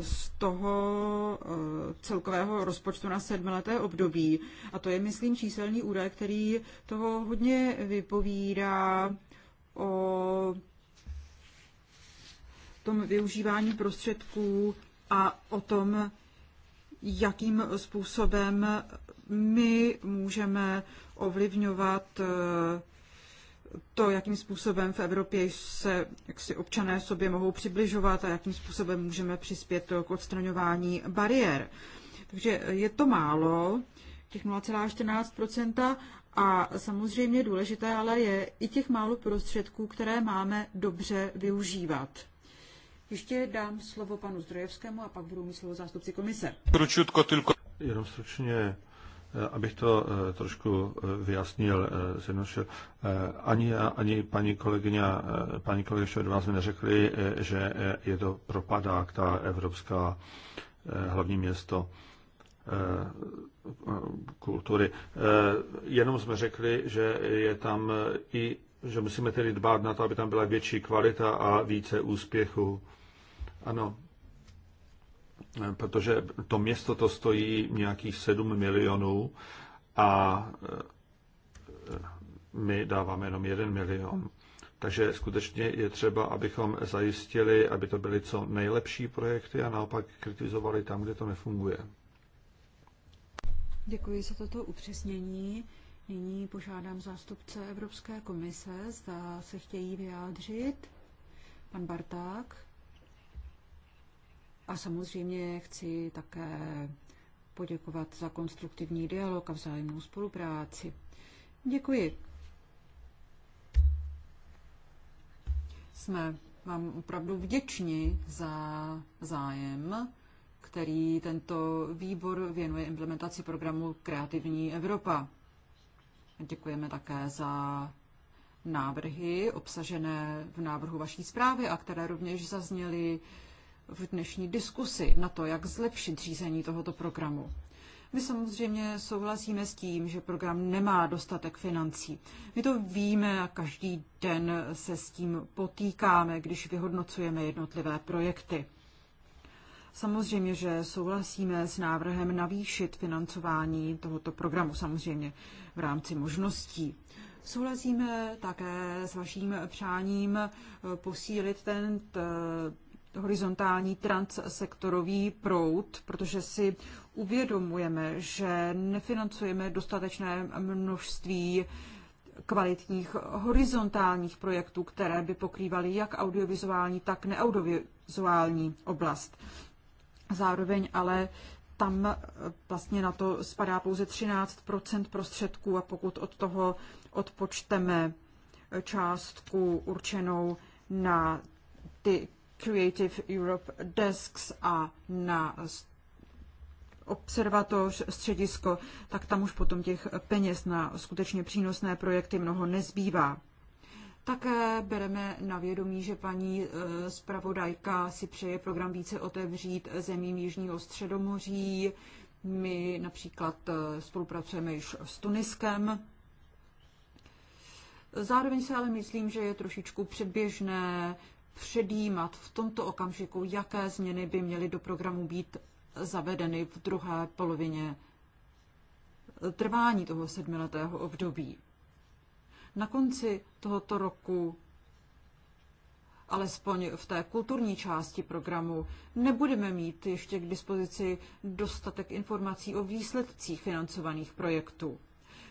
z toho eh, celkového rozpočtu na sedmileté období. A to je, myslím, číselný údaj, který toho hodně vypovídá o tom využívání prostředků a o tom, jakým způsobem my můžeme ovlivňovat to, jakým způsobem v Evropě se jak si občané sobě mohou přibližovat a jakým způsobem můžeme přispět k odstraňování bariér. Takže je to málo, těch 0,14%, a samozřejmě důležité ale je i těch málo prostředků, které máme dobře využívat. Ještě dám slovo panu Zdrojevskému a pak budou mít slovo zástupci komise. Jenom stručně Eh, abych to eh, trošku eh, vyjasnil, zjednodušil, ani já, ani paní kolegyně, paní kolegyně Švedová jsme neřekli, že je to propadák, ta evropská hlavní město kultury. Jenom jsme řekli, že je tam i že musíme tedy dbát na to, aby tam byla větší kvalita a více úspěchu. Ano, protože to město to stojí nějakých 7 milionů a e, my dáváme jenom 1 milion. Takže skutečně je třeba, abychom zajistili, aby to byly co nejlepší projekty a naopak kritizovali tam, kde to nefunguje. Děkuji za toto upřesnění. Nyní požádám zástupce Evropské komise, zda se chtějí vyjádřit. Pan Barták. A samozřejmě chci také poděkovat za konstruktivní dialog a vzájemnou spolupráci. Děkuji. Jsme vám opravdu vděční za zájem, který tento výbor věnuje implementaci programu Kreativní Evropa. Děkujeme také za návrhy obsažené v návrhu vaší zprávy a které rovněž zazněly v dnešní diskusi na to, jak zlepšit řízení tohoto programu. My samozřejmě souhlasíme s tím, že program nemá dostatek financí. My to víme a každý den se s tím potýkáme, když vyhodnocujeme jednotlivé projekty. Samozřejmě, že souhlasíme s návrhem navýšit financování tohoto programu, samozřejmě v rámci možností. Souhlasíme také s vaším přáním posílit ten horizontální transsektorový proud, protože si uvědomujeme, že nefinancujeme dostatečné množství kvalitních horizontálních projektů, které by pokrývaly jak audiovizuální, tak neaudiovizuální oblast. Zároveň ale tam eh, vlastně na to spadá pouze 13 prostředků a pokud od toho odpočteme eh, částku určenou na ty Creative Europe Desks a na observatoř, středisko, tak tam už potom těch peněz na skutečně přínosné projekty mnoho nezbývá. Také bereme na vědomí, že paní e, zpravodajka si přeje program více otevřít zemím Jižního středomoří. My například e, spolupracujeme již s Tuniskem. Zároveň si ale myslím, že je trošičku předběžné předjímat v tomto okamžiku, jaké změny by měly do programu být zavedeny v druhé polovině trvání toho sedmiletého období. Na konci tohoto roku, alespoň v té kulturní části programu, nebudeme mít ještě k dispozici dostatek informací o výsledcích financovaných projektů.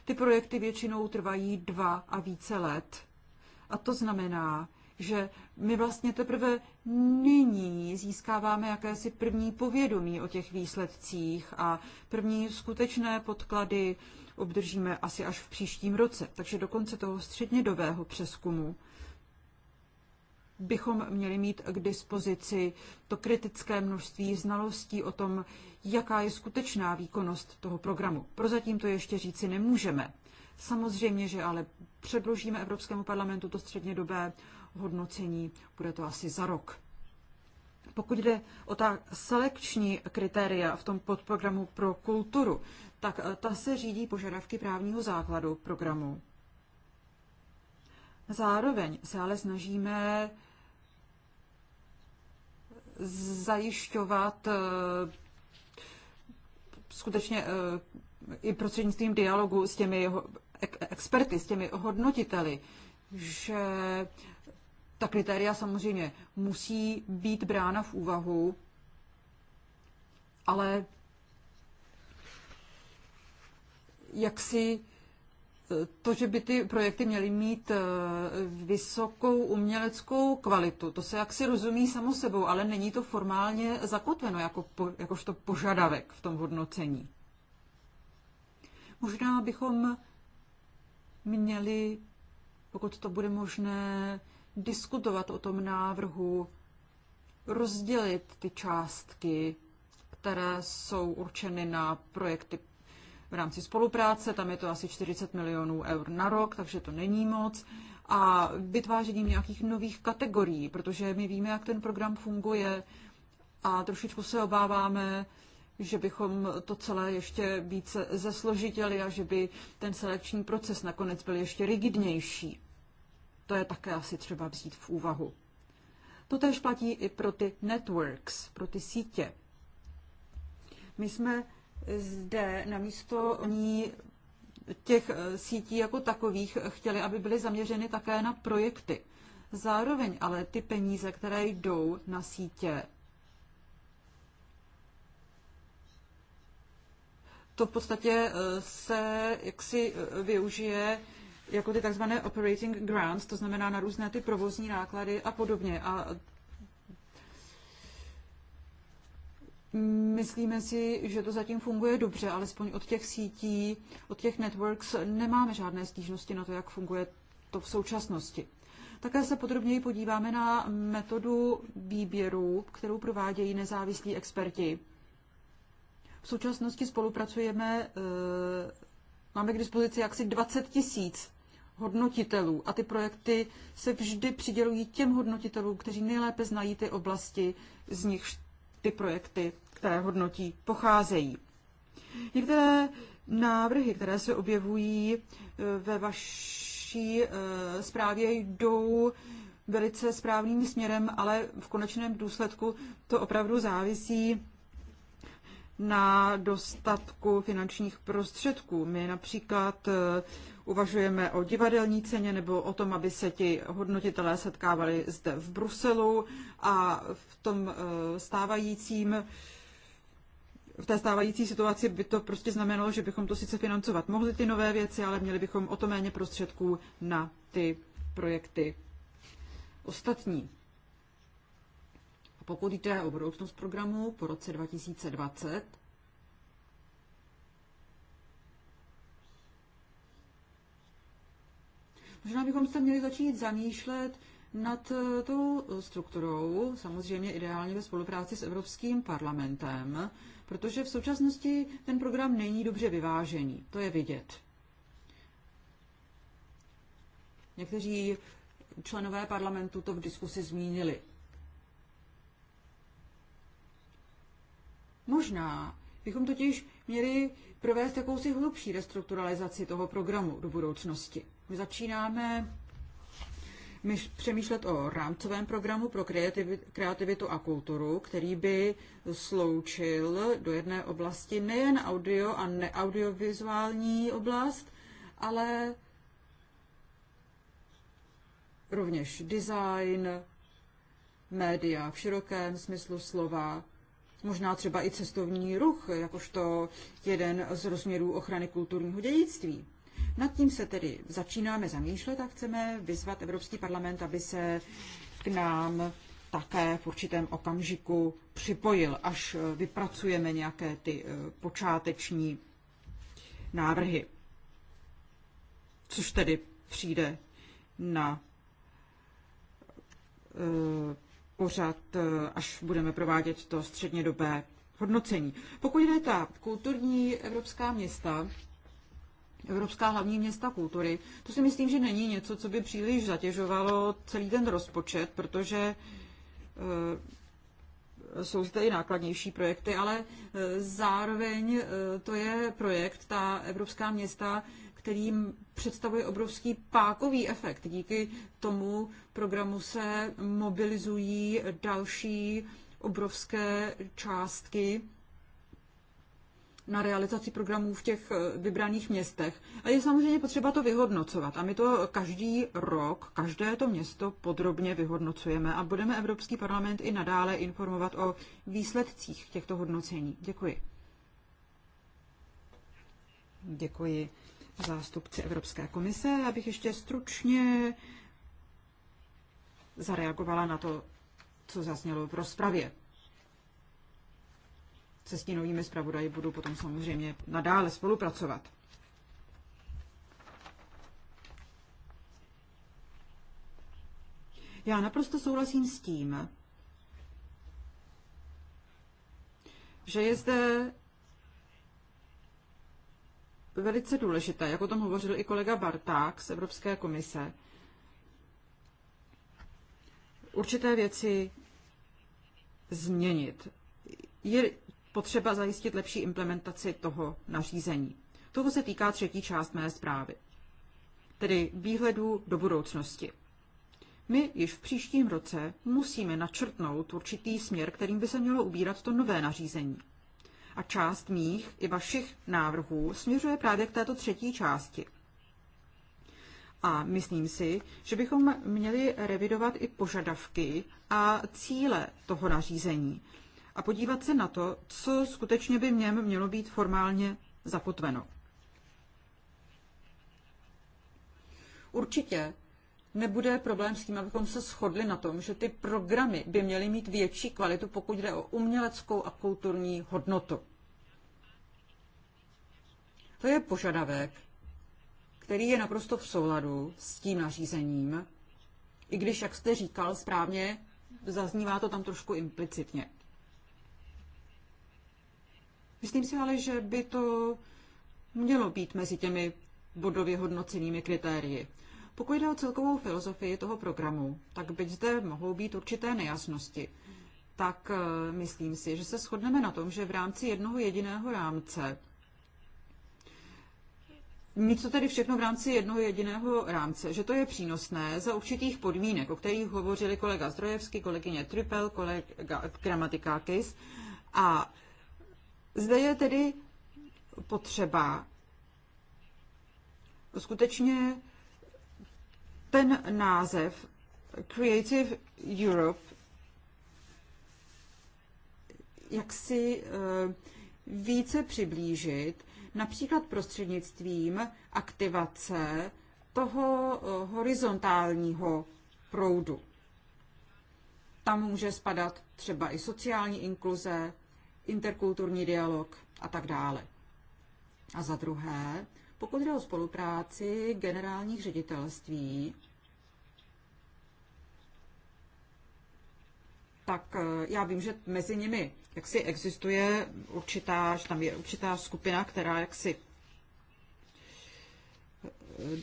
Ty projekty většinou trvají dva a více let. A to znamená, že my vlastně teprve nyní získáváme jakési první povědomí o těch výsledcích a první skutečné podklady obdržíme asi až v příštím roce. Takže do konce toho střednědového přeskumu bychom měli mít k dispozici to kritické množství znalostí o tom, jaká je skutečná výkonnost toho programu. Prozatím to ještě říci nemůžeme. Samozřejmě, že ale předložíme Evropskému parlamentu to střednědobé hodnocení, bude to asi za rok. Pokud jde o ta selekční kritéria v tom podprogramu pro kulturu, tak eh, ta se řídí požadavky právního základu programu. Zároveň se ale snažíme zajišťovat eh, skutečně eh, i prostřednictvím dialogu s těmi experty, s těmi hodnotiteli, že ta kritéria samozřejmě musí být brána v úvahu, ale jak si eh, to, že by ty projekty měly mít eh, vysokou uměleckou kvalitu, to se jaksi rozumí samo sebou, ale není to formálně zakotveno jako, jakožto požadavek v tom hodnocení. Možná bychom měli, pokud to bude možné, diskutovat o tom návrhu, rozdělit ty částky, které jsou určeny na projekty v rámci spolupráce, tam je to asi 40 milionů eur na rok, takže to není moc, a vytvářením nějakých nových kategorií, protože my víme, jak ten program funguje a trošičku se obáváme, že bychom to celé ještě více zesložitili a že by ten selekční proces nakonec byl ještě rigidnější to je také asi třeba vzít v úvahu. To Totež platí i pro ty networks, pro ty sítě. My jsme zde namísto ní těch eh, sítí jako takových chtěli, aby byly zaměřeny také na projekty. Zároveň ale ty peníze, které jdou na sítě, to v podstatě eh, se jaksi eh, využije jako ty takzvané operating grants, to znamená na různé ty provozní náklady a podobně. A Myslíme si, že to zatím funguje dobře, alespoň od těch sítí, od těch networks nemáme žádné stížnosti na to, jak funguje to v současnosti. Také se podrobněji podíváme na metodu výběru, kterou provádějí nezávislí experti. V současnosti spolupracujeme, eh, máme k dispozici jaksi 20 tisíc hodnotitelů a ty projekty se vždy přidělují těm hodnotitelům, kteří nejlépe znají ty oblasti, z nichž ty projekty, které hodnotí, pocházejí. Některé návrhy, které se objevují eh, ve vaší eh, zprávě, jdou velice správným směrem, ale v konečném důsledku to opravdu závisí na dostatku finančních prostředků. My například eh, uvažujeme o divadelní ceně nebo o tom, aby se ti hodnotitelé setkávali zde v Bruselu a v tom eh, stávajícím v té stávající situaci by to prostě znamenalo, že bychom to sice financovat mohli ty nové věci, ale měli bychom o to méně prostředků na ty projekty ostatní. Pokud jde o budoucnost programu po roce 2020, možná bychom se měli začít zamýšlet nad eh, tou strukturou, samozřejmě ideálně ve spolupráci s Evropským parlamentem, protože v současnosti ten program není dobře vyvážený, to je vidět. Někteří členové parlamentu to v diskusi zmínili. Možná bychom totiž měli provést jakousi hlubší restrukturalizaci toho programu do budoucnosti. My začínáme myš, přemýšlet o rámcovém programu pro kreativ, kreativitu a kulturu, který by sloučil do jedné oblasti nejen audio a neaudiovizuální oblast, ale rovněž design, média v širokém smyslu slova, možná třeba i cestovní ruch, jakožto jeden z rozměrů ochrany kulturního dědictví. Nad tím se tedy začínáme zamýšlet a chceme vyzvat Evropský parlament, aby se k nám také v určitém okamžiku připojil, až e, vypracujeme nějaké ty e, počáteční návrhy. Což tedy přijde na e, pořad, eh, až budeme provádět to střednědobé hodnocení. Pokud jde ta kulturní evropská města, Evropská hlavní města kultury, to si myslím, že není něco, co by příliš zatěžovalo celý ten rozpočet, protože eh, jsou zde i nákladnější projekty, ale eh, zároveň to je projekt, ta Evropská města, který představuje obrovský pákový efekt. Díky tomu programu se mobilizují další obrovské částky na realizaci programů v těch eh, vybraných městech. A je samozřejmě potřeba to vyhodnocovat. A my to každý rok, každé to město podrobně vyhodnocujeme a budeme Evropský parlament i nadále informovat o výsledcích těchto hodnocení. Děkuji. Děkuji zástupci Evropské komise. abych ještě stručně zareagovala na to, co zaznělo v rozpravě. Se stínovými zpravodaji budu potom samozřejmě nadále spolupracovat. Já naprosto souhlasím s tím, že je zde velice důležité, jak o tom hovořil i kolega Barták z Evropské komise. Určité věci změnit. Je potřeba zajistit lepší implementaci toho nařízení. Toho se týká třetí část mé zprávy, tedy výhledu do budoucnosti. My již v příštím roce musíme načrtnout určitý směr, kterým by se mělo ubírat to nové nařízení. A část mých i vašich návrhů směřuje právě k této třetí části. A myslím si, že bychom měli revidovat i požadavky a cíle toho nařízení a podívat se na to, co skutečně by v něm mělo být formálně zakotveno. Určitě nebude problém s tím, abychom se shodli na tom, že ty programy by měly mít větší kvalitu, pokud jde o uměleckou a kulturní hodnotu. To je požadavek, který je naprosto v souladu s tím nařízením, i když, jak jste říkal správně, zaznívá to tam trošku implicitně. Myslím si ale, že by to mělo být mezi těmi bodově hodnocenými kritérii. Pokud jde o celkovou filozofii toho programu, tak byť zde mohou být určité nejasnosti, tak eh, myslím si, že se shodneme na tom, že v rámci jednoho jediného rámce mít to tedy všechno v rámci jednoho jediného rámce, že to je přínosné za určitých podmínek, o kterých hovořili kolega Zdrojevský, kolegyně Trypel, kolega Gramatikákis. A zde je tedy potřeba skutečně ten název Creative Europe jak si eh, více přiblížit, například prostřednictvím aktivace toho eh, horizontálního proudu. Tam může spadat třeba i sociální inkluze, interkulturní dialog a tak dále. A za druhé, pokud jde o spolupráci generálních ředitelství, tak eh, já vím, že mezi nimi jaksi existuje určitá, že tam je určitá skupina, která jaksi eh,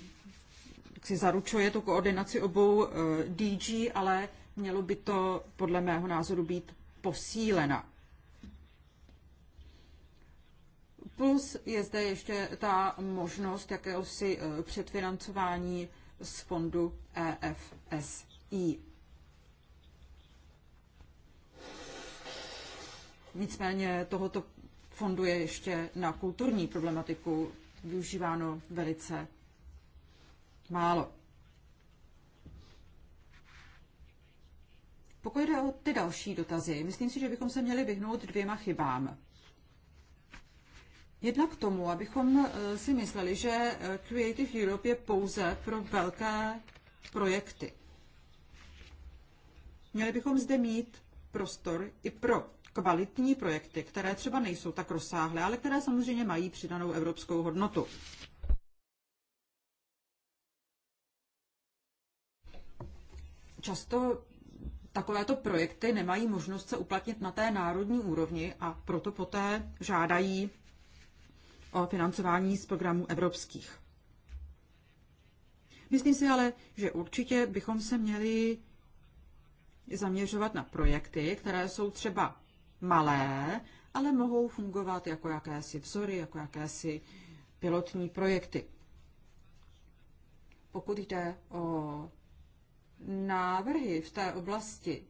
jaksi zaručuje tu koordinaci obou eh, DG, ale mělo by to podle mého názoru být posílena. Plus je zde ještě ta možnost jakéhosi eh, předfinancování z fondu EFSI. Nicméně tohoto fondu je ještě na kulturní problematiku využíváno velice málo. Pokud jde o ty další dotazy, myslím si, že bychom se měli vyhnout dvěma chybám. Jednak tomu, abychom eh, si mysleli, že eh, Creative Europe je pouze pro velké projekty. Měli bychom zde mít prostor i pro kvalitní projekty, které třeba nejsou tak rozsáhlé, ale které samozřejmě mají přidanou evropskou hodnotu. Často takovéto projekty nemají možnost se uplatnit na té národní úrovni a proto poté žádají o financování z programů evropských. Myslím si ale, že určitě bychom se měli zaměřovat na projekty, které jsou třeba malé, ale mohou fungovat jako jakési vzory, jako jakési pilotní projekty. Pokud jde o návrhy v té oblasti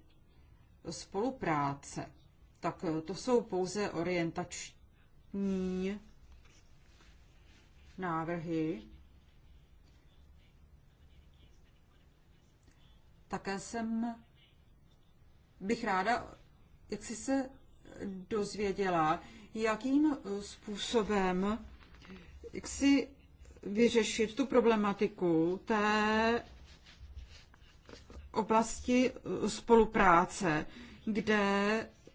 spolupráce, tak to jsou pouze orientační návrhy. Také jsem bych ráda, jak si se dozvěděla, jakým způsobem jak si vyřešit tu problematiku té oblasti spolupráce, kde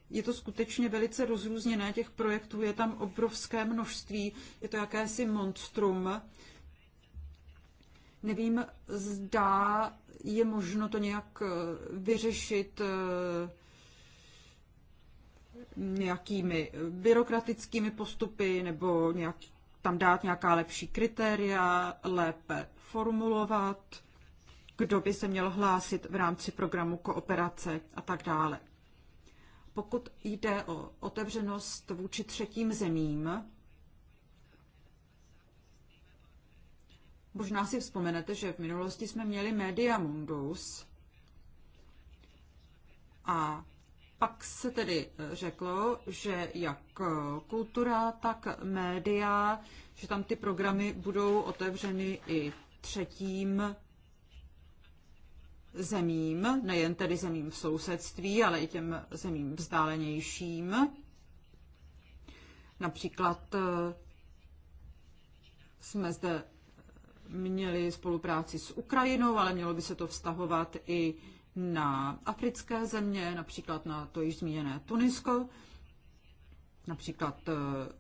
je to skutečně velice rozrůzněné, těch projektů je tam obrovské množství, je to jakési monstrum. Nevím, zda je možno to nějak eh, vyřešit eh, nějakými byrokratickými postupy nebo nějak, tam dát nějaká lepší kritéria, lépe formulovat, kdo by se měl hlásit v rámci programu kooperace a tak dále. Pokud jde o otevřenost vůči třetím zemím, možná si vzpomenete, že v minulosti jsme měli Media Mundus a pak se tedy řeklo, že jak kultura, tak média, že tam ty programy budou otevřeny i třetím zemím, nejen tedy zemím v sousedství, ale i těm zemím vzdálenějším. Například eh, jsme zde měli spolupráci s Ukrajinou, ale mělo by se to vztahovat i na africké země, například na to již zmíněné Tunisko, například eh,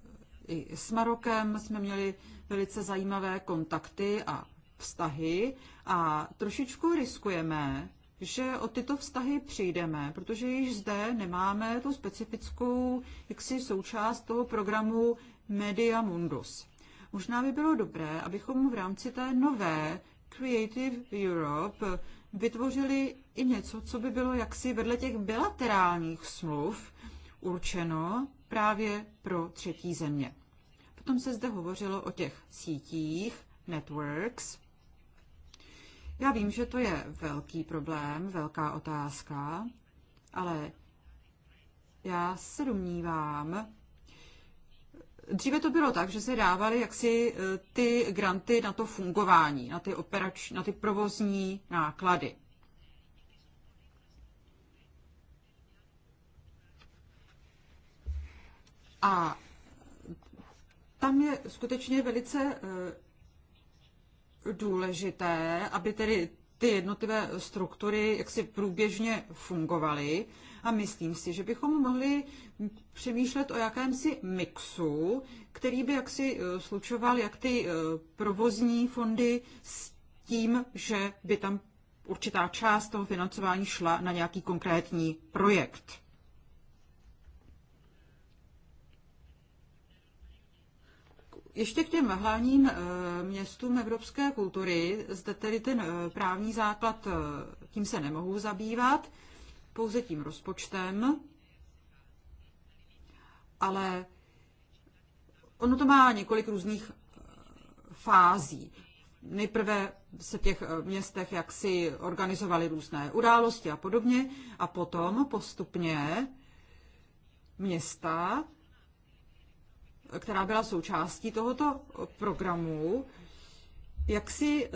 i s Marokem jsme měli velice zajímavé kontakty a vztahy a trošičku riskujeme, že o tyto vztahy přijdeme, protože již zde nemáme tu specifickou jaksi součást toho programu Media Mundus. Možná by bylo dobré, abychom v rámci té nové Creative Europe vytvořili i něco, co by bylo jaksi vedle těch bilaterálních smluv určeno právě pro třetí země. Potom se zde hovořilo o těch sítích, networks, já vím, že to je velký problém, velká otázka, ale já se domnívám, Dříve to bylo tak, že se dávaly jaksi eh, ty granty na to fungování, na ty, operač, na ty provozní náklady. A tam je skutečně velice eh, důležité, aby tedy ty jednotlivé struktury jaksi průběžně fungovaly a myslím si, že bychom mohli přemýšlet o jakémsi mixu, který by jaksi eh, slučoval jak ty eh, provozní fondy s tím, že by tam určitá část toho financování šla na nějaký konkrétní projekt. Ještě k těm hlavním eh, městům evropské kultury, zde tedy ten eh, právní základ, eh, tím se nemohu zabývat, pouze tím rozpočtem, ale ono to má několik různých fází. Nejprve se v těch městech jaksi organizovaly různé události a podobně a potom postupně města která byla součástí tohoto programu, jak si e,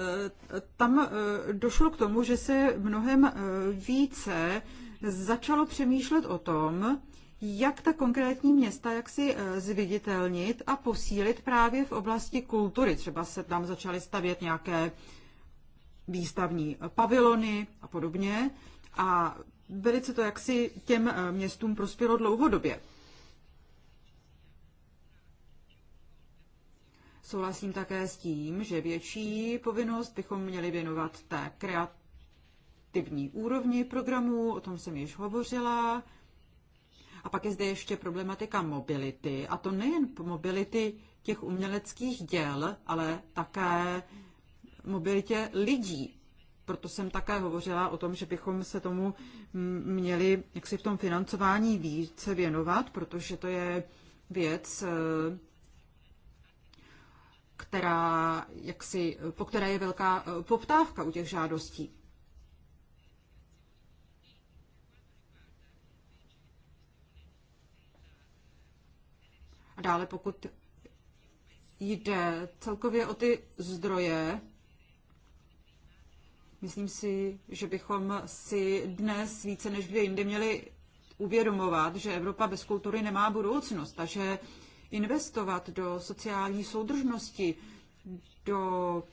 tam e, došlo k tomu, že se mnohem e, více začalo přemýšlet o tom, jak ta konkrétní města jak si zviditelnit a posílit právě v oblasti kultury. Třeba se tam začaly stavět nějaké výstavní pavilony a podobně. A velice to jaksi těm městům prospělo dlouhodobě. Souhlasím také s tím, že větší povinnost bychom měli věnovat té kreativní úrovni programu, o tom jsem již hovořila. A pak je zde ještě problematika mobility, a to nejen mobility těch uměleckých děl, ale také mobilitě lidí. Proto jsem také hovořila o tom, že bychom se tomu mm, měli jaksi v tom financování více věnovat, protože to je věc, eh, která, jaksi, po které je velká eh, poptávka u těch žádostí. A dále, pokud jde celkově o ty zdroje, myslím si, že bychom si dnes více než kdy jindy měli uvědomovat, že Evropa bez kultury nemá budoucnost a že investovat do sociální soudržnosti, do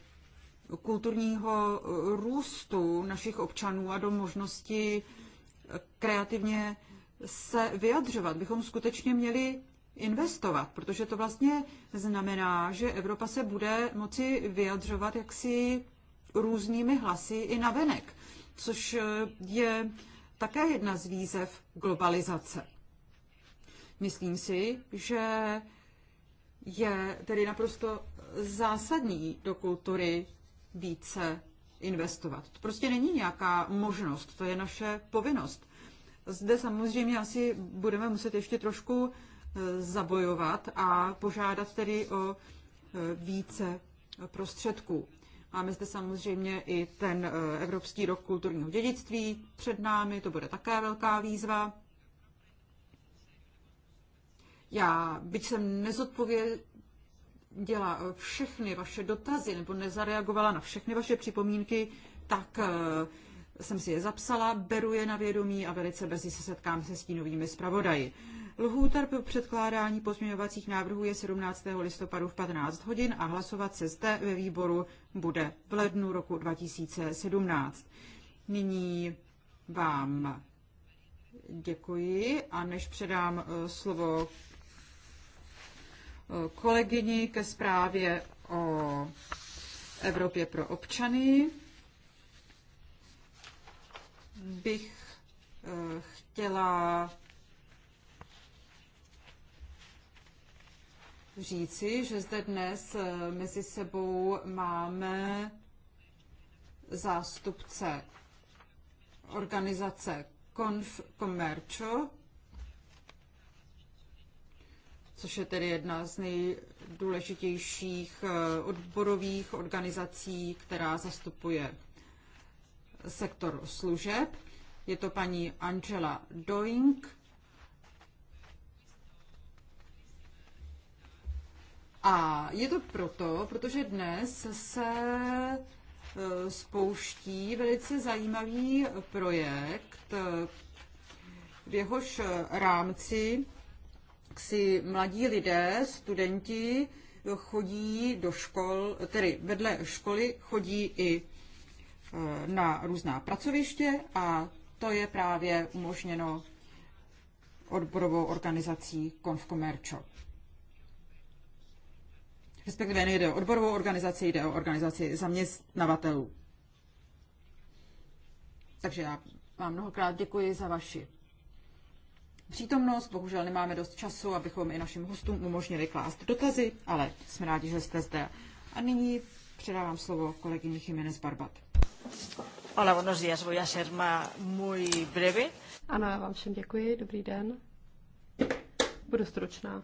kulturního eh, růstu našich občanů a do možnosti eh, kreativně se vyjadřovat, bychom skutečně měli investovat, protože to vlastně znamená, že Evropa se bude moci vyjadřovat jaksi různými hlasy i navenek, což eh, je také jedna z výzev globalizace. Myslím si, že je tedy naprosto zásadní do kultury více investovat. To prostě není nějaká možnost, to je naše povinnost. Zde samozřejmě asi budeme muset ještě trošku e, zabojovat a požádat tedy o e, více prostředků. Máme zde samozřejmě i ten e, Evropský rok kulturního dědictví před námi, to bude také velká výzva. Já, byť jsem nezodpověděla eh, všechny vaše dotazy nebo nezareagovala na všechny vaše připomínky, tak eh, jsem si je zapsala, beru je na vědomí a velice brzy se setkám se stínovými zpravodaji. Lhůta pro předkládání pozměňovacích návrhů je 17. listopadu v 15 hodin a hlasovat se zde ve výboru bude v lednu roku 2017. Nyní vám děkuji a než předám eh, slovo kolegyni ke zprávě o Evropě pro občany bych eh, chtěla říci, že zde dnes eh, mezi sebou máme zástupce organizace Conf Commercio, což je tedy jedna z nejdůležitějších eh, odborových organizací, která zastupuje sektor služeb. Je to paní Angela Doink. A je to proto, protože dnes se eh, spouští velice zajímavý projekt, eh, v jehož rámci si mladí lidé, studenti, chodí do škol, tedy vedle školy chodí i e, na různá pracoviště a to je právě umožněno odborovou organizací Konfkomerčo. Respektive nejde o odborovou organizaci, jde o organizaci zaměstnavatelů. Takže já vám mnohokrát děkuji za vaši přítomnost. Bohužel nemáme dost času, abychom i našim hostům umožnili klást dotazy, ale jsme rádi, že jste zde. A nyní předávám slovo kolegyni Jiménez Barbat. Hola, buenos días. Voy a ser ma muy breve. Ano, já vám všem děkuji. Dobrý den. Budu stručná.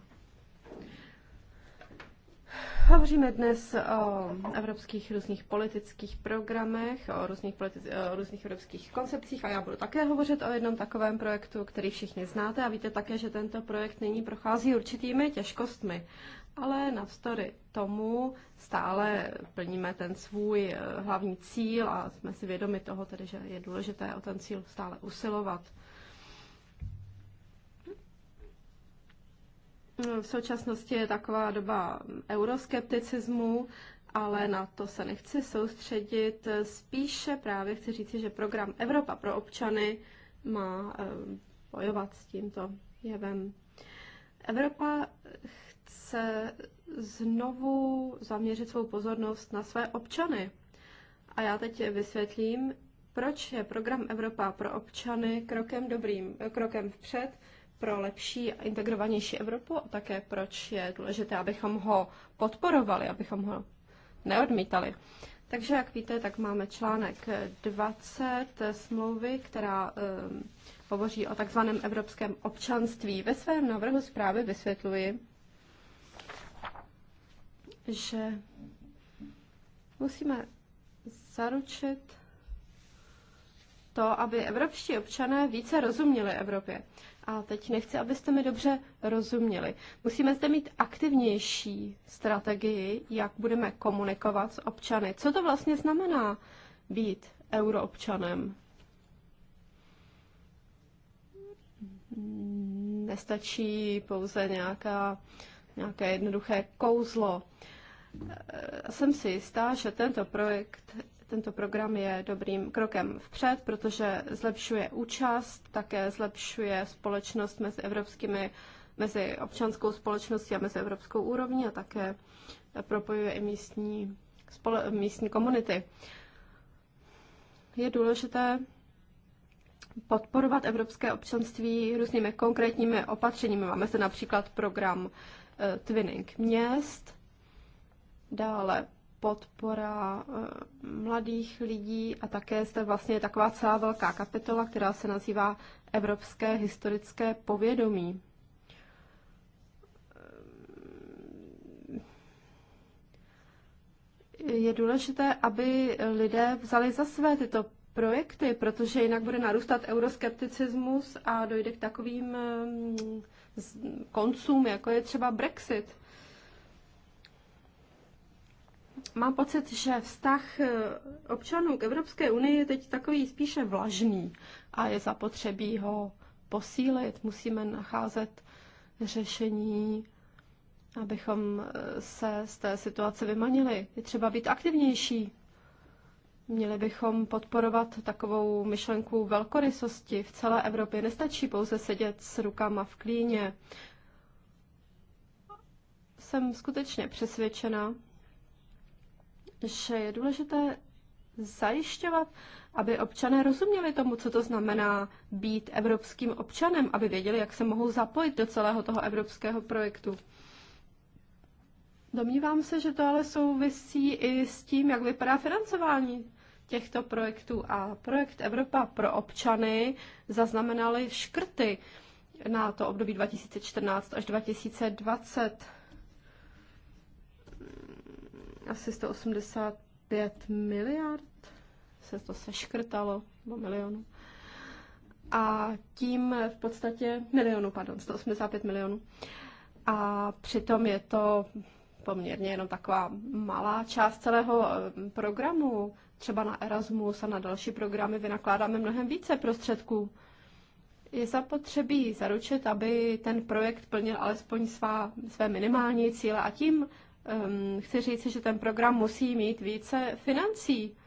Hovoříme dnes o evropských různých politických programech, o různých, politi- o různých evropských koncepcích a já budu také hovořit o jednom takovém projektu, který všichni znáte a víte také, že tento projekt nyní prochází určitými těžkostmi. Ale navzdory tomu stále plníme ten svůj eh, hlavní cíl a jsme si vědomi toho, tedy, že je důležité o ten cíl stále usilovat. V současnosti je taková doba euroskepticismu, ale na to se nechci soustředit. Spíše právě chci říci, že program Evropa pro občany má eh, bojovat s tímto jevem. Evropa chce znovu zaměřit svou pozornost na své občany. A já teď vysvětlím, proč je program Evropa pro občany krokem dobrým, krokem vpřed, pro lepší a integrovanější Evropu a také proč je důležité, abychom ho podporovali, abychom ho neodmítali. Takže, jak víte, tak máme článek 20 smlouvy, která um, hovoří o takzvaném evropském občanství. Ve svém návrhu zprávy vysvětluji, že musíme zaručit to, aby evropští občané více rozuměli Evropě. A teď nechci, abyste mi dobře rozuměli. Musíme zde mít aktivnější strategii, jak budeme komunikovat s občany. Co to vlastně znamená být euroobčanem? Nestačí pouze nějaká, nějaké jednoduché kouzlo. Jsem si jistá, že tento projekt tento program je dobrým krokem vpřed, protože zlepšuje účast, také zlepšuje společnost mezi evropskými, mezi občanskou společností a mezi evropskou úrovní a také propojuje i místní, spole, místní komunity. Je důležité podporovat evropské občanství různými konkrétními opatřeními. Máme se například program eh, Twinning měst, dále podpora eh, mladých lidí a také zde vlastně taková celá velká kapitola, která se nazývá Evropské historické povědomí. Eh, je důležité, aby lidé vzali za své tyto projekty, protože jinak bude narůstat euroskepticismus a dojde k takovým eh, koncům, jako je třeba Brexit. Mám pocit, že vztah eh, občanů k Evropské unii je teď takový spíše vlažný a je zapotřebí ho posílit. Musíme nacházet řešení, abychom eh, se z té situace vymanili. Je třeba být aktivnější. Měli bychom podporovat takovou myšlenku velkorysosti v celé Evropě. Nestačí pouze sedět s rukama v klíně. Jsem skutečně přesvědčena, že je důležité zajišťovat, aby občané rozuměli tomu, co to znamená být evropským občanem, aby věděli, jak se mohou zapojit do celého toho evropského projektu. Domnívám se, že to ale souvisí i s tím, jak vypadá financování těchto projektů. A projekt Evropa pro občany zaznamenaly škrty na to období 2014 až 2020 asi 185 miliard se to seškrtalo, nebo milionů. A tím v podstatě milionů, pardon, 185 milionů. A přitom je to poměrně jenom taková malá část celého eh, programu. Třeba na Erasmus a na další programy vynakládáme mnohem více prostředků. Je zapotřebí zaručit, aby ten projekt plnil alespoň svá, své minimální cíle a tím um, chci říct, že ten program musí mít více financí.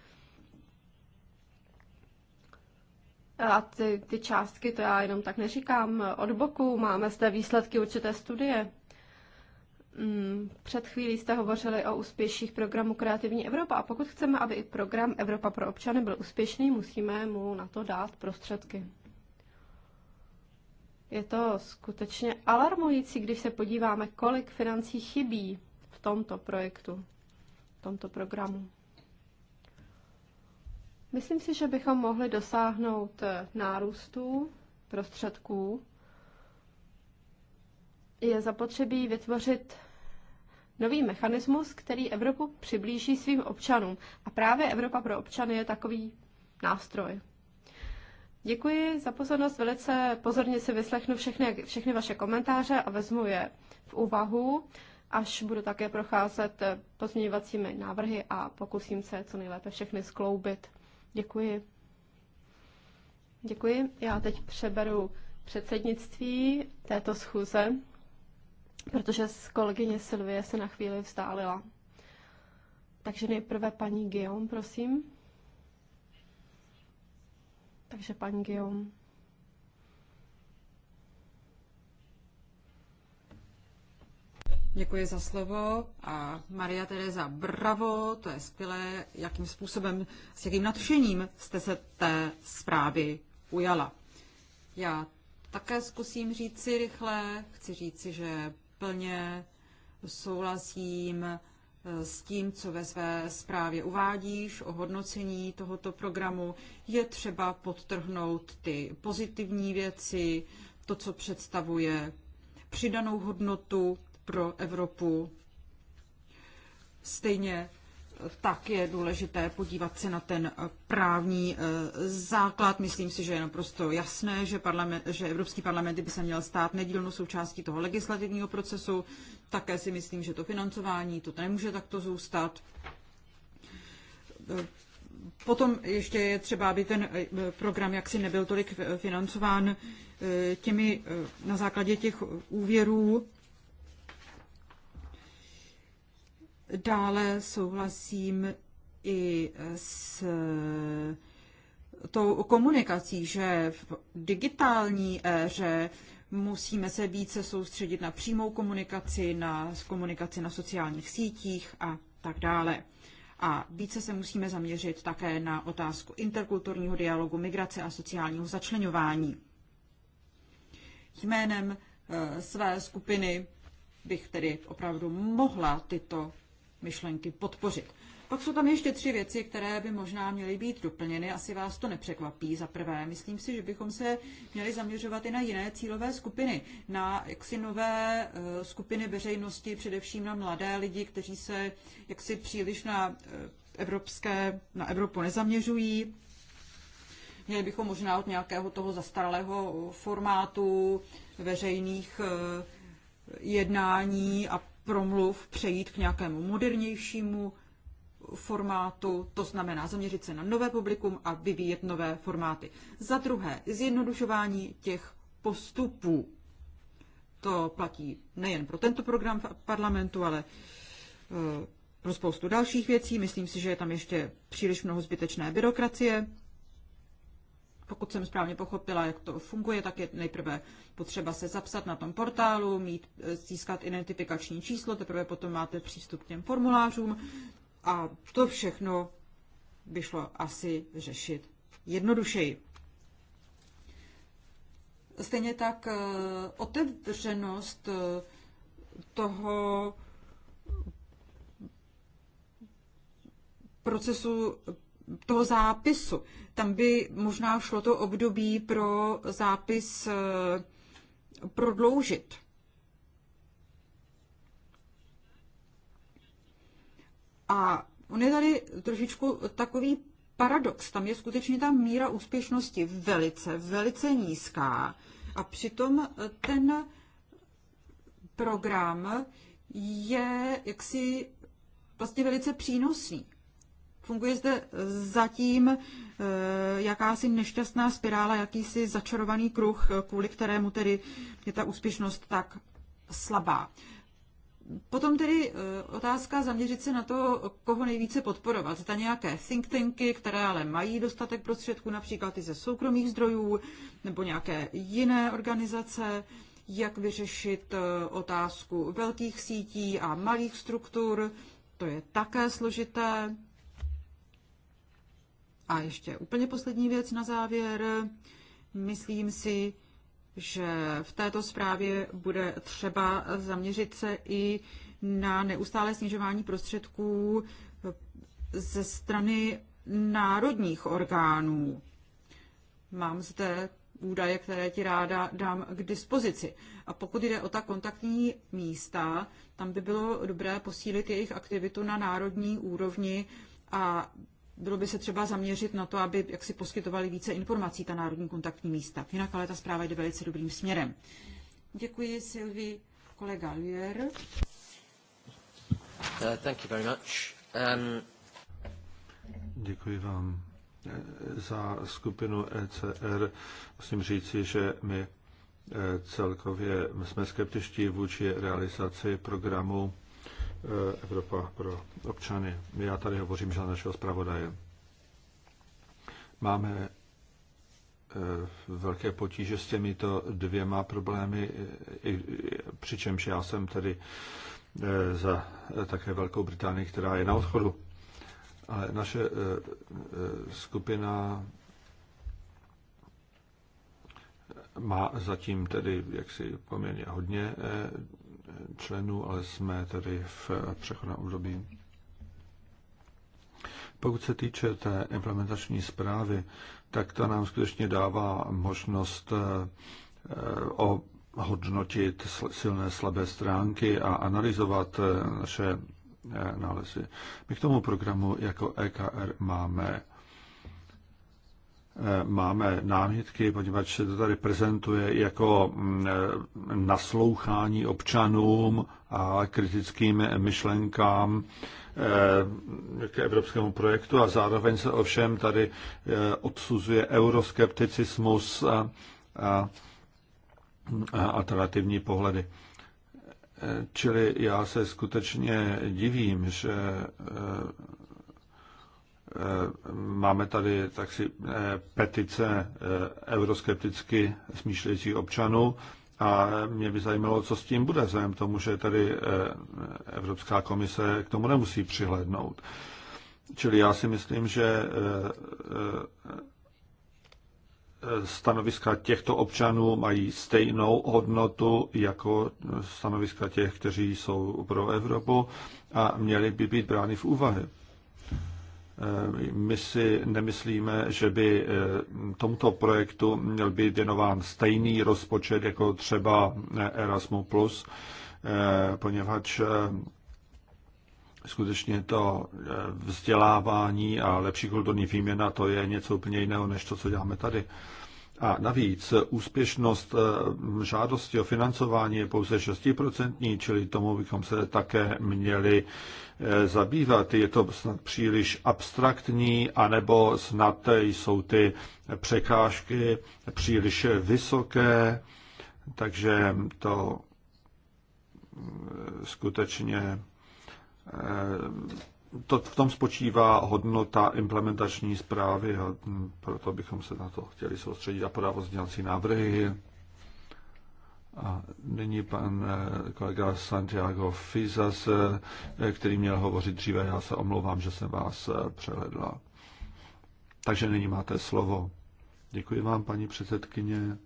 A ty, ty částky, to já jenom tak neříkám, od boku máme zde výsledky určité studie. Mm, před chvílí jste hovořili o úspěších programu Kreativní Evropa a pokud chceme, aby i program Evropa pro občany byl úspěšný, musíme mu na to dát prostředky. Je to skutečně alarmující, když se podíváme, kolik financí chybí tomto projektu, v tomto programu. Myslím si, že bychom mohli dosáhnout eh, nárůstu prostředků. Je zapotřebí vytvořit nový mechanismus, který Evropu přiblíží svým občanům. A právě Evropa pro občany je takový nástroj. Děkuji za pozornost, velice pozorně si vyslechnu všechny, všechny vaše komentáře a vezmu je v úvahu až budu také procházet eh, pozměňovacími návrhy a pokusím se co nejlépe všechny skloubit. Děkuji. Děkuji. Já teď přeberu předsednictví této schůze, protože s kolegyně Silvie se na chvíli vzdálila. Takže nejprve paní Guillaume, prosím. Takže paní Guillaume. Děkuji za slovo. A Maria Teresa, bravo, to je skvělé, jakým způsobem, s jakým nadšením jste se té zprávy ujala. Já také zkusím říci rychle, chci říci, že plně souhlasím eh, s tím, co ve své zprávě uvádíš o hodnocení tohoto programu. Je třeba podtrhnout ty pozitivní věci, to, co představuje přidanou hodnotu pro Evropu. Stejně tak je důležité podívat se na ten právní eh, základ. Myslím si, že je naprosto jasné, že, parlament, že Evropský parlament by se měl stát nedílnou součástí toho legislativního procesu. Také si myslím, že to financování, to nemůže takto zůstat. Eh, potom ještě je třeba, aby ten eh, program jaksi nebyl tolik financován těmi na základě těch úvěrů, Dále souhlasím i s eh, tou komunikací, že v digitální éře musíme se více soustředit na přímou komunikaci, na komunikaci na sociálních sítích a tak dále. A více se musíme zaměřit také na otázku interkulturního dialogu, migrace a sociálního začlenování. Jménem eh, své skupiny bych tedy opravdu mohla tyto myšlenky podpořit. Pak jsou tam ještě tři věci, které by možná měly být doplněny. Asi vás to nepřekvapí. Za prvé, myslím si, že bychom se měli zaměřovat i na jiné cílové skupiny, na jaksi nové eh, skupiny veřejnosti, především na mladé lidi, kteří se jaksi příliš na eh, evropské, na Evropu nezaměřují. Měli bychom možná od nějakého toho zastaralého formátu veřejných eh, jednání a promluv přejít k nějakému modernějšímu formátu, to znamená zaměřit se na nové publikum a vyvíjet nové formáty. Za druhé, zjednodušování těch postupů. To platí nejen pro tento program v parlamentu, ale e, pro spoustu dalších věcí. Myslím si, že je tam ještě příliš mnoho zbytečné byrokracie pokud jsem správně pochopila, jak to funguje, tak je nejprve potřeba se zapsat na tom portálu, mít, e, získat identifikační číslo, teprve potom máte přístup k těm formulářům a to všechno by šlo asi řešit jednodušeji. Stejně tak e, otevřenost e, toho procesu toho zápisu. Tam by možná šlo to období pro zápis eh, prodloužit. A on je tady trošičku takový paradox. Tam je skutečně ta míra úspěšnosti velice, velice nízká. A přitom eh, ten program je jaksi vlastně velice přínosný. Funguje zde e, zatím e, jakási nešťastná spirála, jakýsi začarovaný kruh, e, kvůli kterému tedy je ta úspěšnost tak slabá. Potom tedy otázka zaměřit se na to, koho nejvíce podporovat. Zda nějaké think tanky, které ale mají dostatek prostředků, například i ze soukromých zdrojů, nebo nějaké jiné organizace, jak vyřešit otázku velkých sítí a malých struktur, to je také složité. A ještě úplně poslední věc na závěr. Myslím si, že v této zprávě bude třeba zaměřit se i na neustále snižování prostředků ze strany národních orgánů. Mám zde údaje, které ti ráda dám k dispozici. A pokud jde o ta kontaktní místa, tam by bylo dobré posílit jejich aktivitu na národní úrovni a bylo by se třeba zaměřit na to, aby jak si poskytovali více informací ta národní kontaktní místa. Jinak ale ta zpráva jde velice dobrým směrem. Děkuji Silvi, kolega Lier. Uh, thank you very much. Um... Děkuji vám eh, za skupinu ECR. Musím říci, že my eh, celkově jsme skeptičtí vůči realizaci programu Eh, Evropa pro občany. Já tady hovořím za našeho zpravodaje. Máme eh, velké potíže s těmito dvěma problémy, eh, přičemž já jsem tedy za také Velkou Británii, která je na odchodu. Ale naše skupina má zatím tedy jaksi poměrně hodně členů, ale jsme tedy v přechodném období. Pokud se týče té implementační zprávy, tak ta nám skutečně dává možnost eh, eh, hodnotit silné slabé stránky a analyzovat eh, naše nálezy. My k tomu programu jako EKR máme Eh, máme námitky, poněvadž se to tady prezentuje jako mm, eh, naslouchání občanům a kritickým myšlenkám eh, k evropskému projektu a zároveň se ovšem tady odsuzuje euroskepticismus a, a, a alternativní pohledy. Čili já se skutečně divím, že Eh, máme tady taksi eh, petice eh, euroskepticky smýšlejících občanů a mě by zajímalo, co s tím bude, vzhledem tomu, že tady Evropská komise k tomu nemusí přihlédnout. Čili já si myslím, že stanoviska těchto občanů mají stejnou hodnotu jako stanoviska těch, kteří jsou pro Evropu a měly by být brány v úvahy. My si nemyslíme, že by eh, tomuto projektu měl být věnován stejný rozpočet jako třeba eh, Erasmus+, eh, poněvadž skutečně to vzdělávání a lepší kulturní výměna, to je něco úplně jiného, než to, co děláme tady. A navíc úspěšnost eh, žádosti o financování je pouze 6%, čili tomu bychom se také měli eh, zabývat. Je to snad příliš abstraktní, anebo snad jsou ty překážky příliš vysoké, takže to eh, skutečně to, v tom spočívá hodnota implementační zprávy a proto bychom se na to chtěli soustředit a podat pozdělací návrhy. A nyní pan eh, kolega Santiago Fizas, eh, který měl hovořit dříve, já se omlouvám, že jsem vás eh, přehledla. Takže nyní máte slovo. Děkuji vám, paní předsedkyně.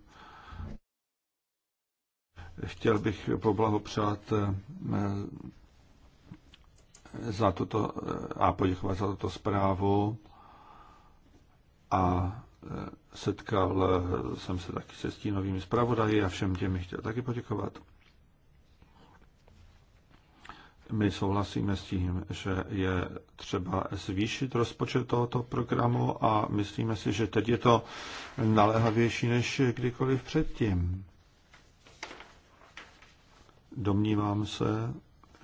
Chtěl bych poblahopřát za tuto, a poděkovat za tuto zprávu a e, setkal e, jsem se taky se stínovými zpravodaji a všem těm chtěl taky poděkovat. My souhlasíme s tím, že je třeba zvýšit rozpočet tohoto programu a myslíme si, že teď je to naléhavější než kdykoliv předtím. Domnívám se,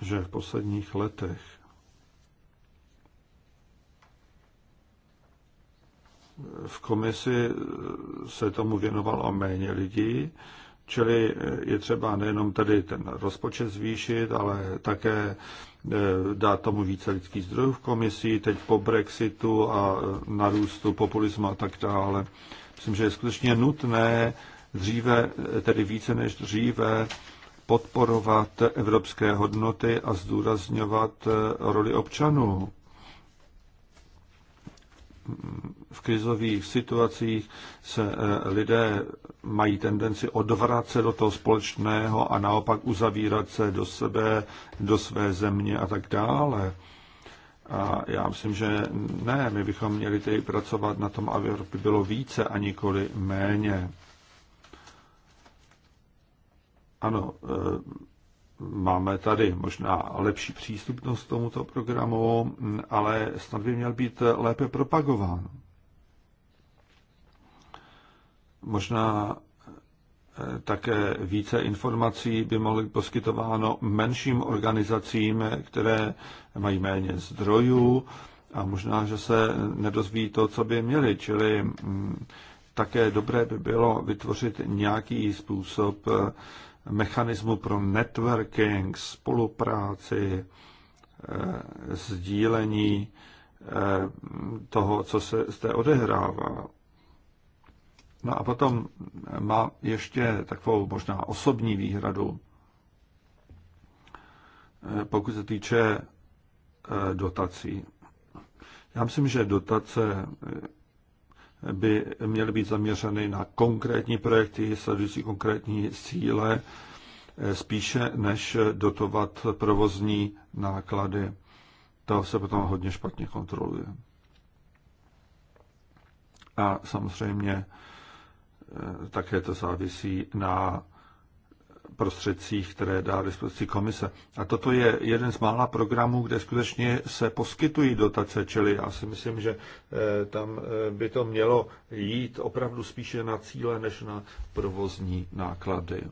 že v posledních letech v komisi se tomu věnovalo méně lidí, čili je třeba nejenom tady ten rozpočet zvýšit, ale také eh, dát tomu více lidských zdrojů v komisi, teď po Brexitu a eh, narůstu populismu a tak dále. Myslím, že je skutečně nutné dříve, eh, tedy více než dříve, podporovat evropské hodnoty a zdůrazňovat roli občanů v krizových situacích se eh, lidé mají tendenci odvracet do toho společného a naopak uzavírat se do sebe, do své země a tak dále. A já myslím, že ne, my bychom měli tedy pracovat na tom, aby Evropy bylo více a nikoli méně. Ano, eh, Máme tady možná lepší přístupnost tomuto programu, ale snad by měl být lépe propagován. Možná eh, také více informací by mohlo být poskytováno menším organizacím, které mají méně zdrojů a možná, že se nedozví to, co by měli. Čili mm, také dobré by bylo vytvořit nějaký způsob eh, mechanismu pro networking, spolupráci, eh, sdílení eh, toho, co se zde odehrává. No a potom má ještě takovou možná osobní výhradu, eh, pokud se týče dotací. Já myslím, že dotace by měly být zaměřeny na konkrétní projekty, sledující konkrétní cíle, eh, spíše než dotovat provozní náklady. To se potom hodně špatně kontroluje. A samozřejmě eh, také to závisí na prostředcích, které dá dispozici komise. A toto je jeden z mála programů, kde skutečně se poskytují dotace, čili já si myslím, že eh, tam eh, by to mělo jít opravdu spíše na cíle, než na provozní náklady.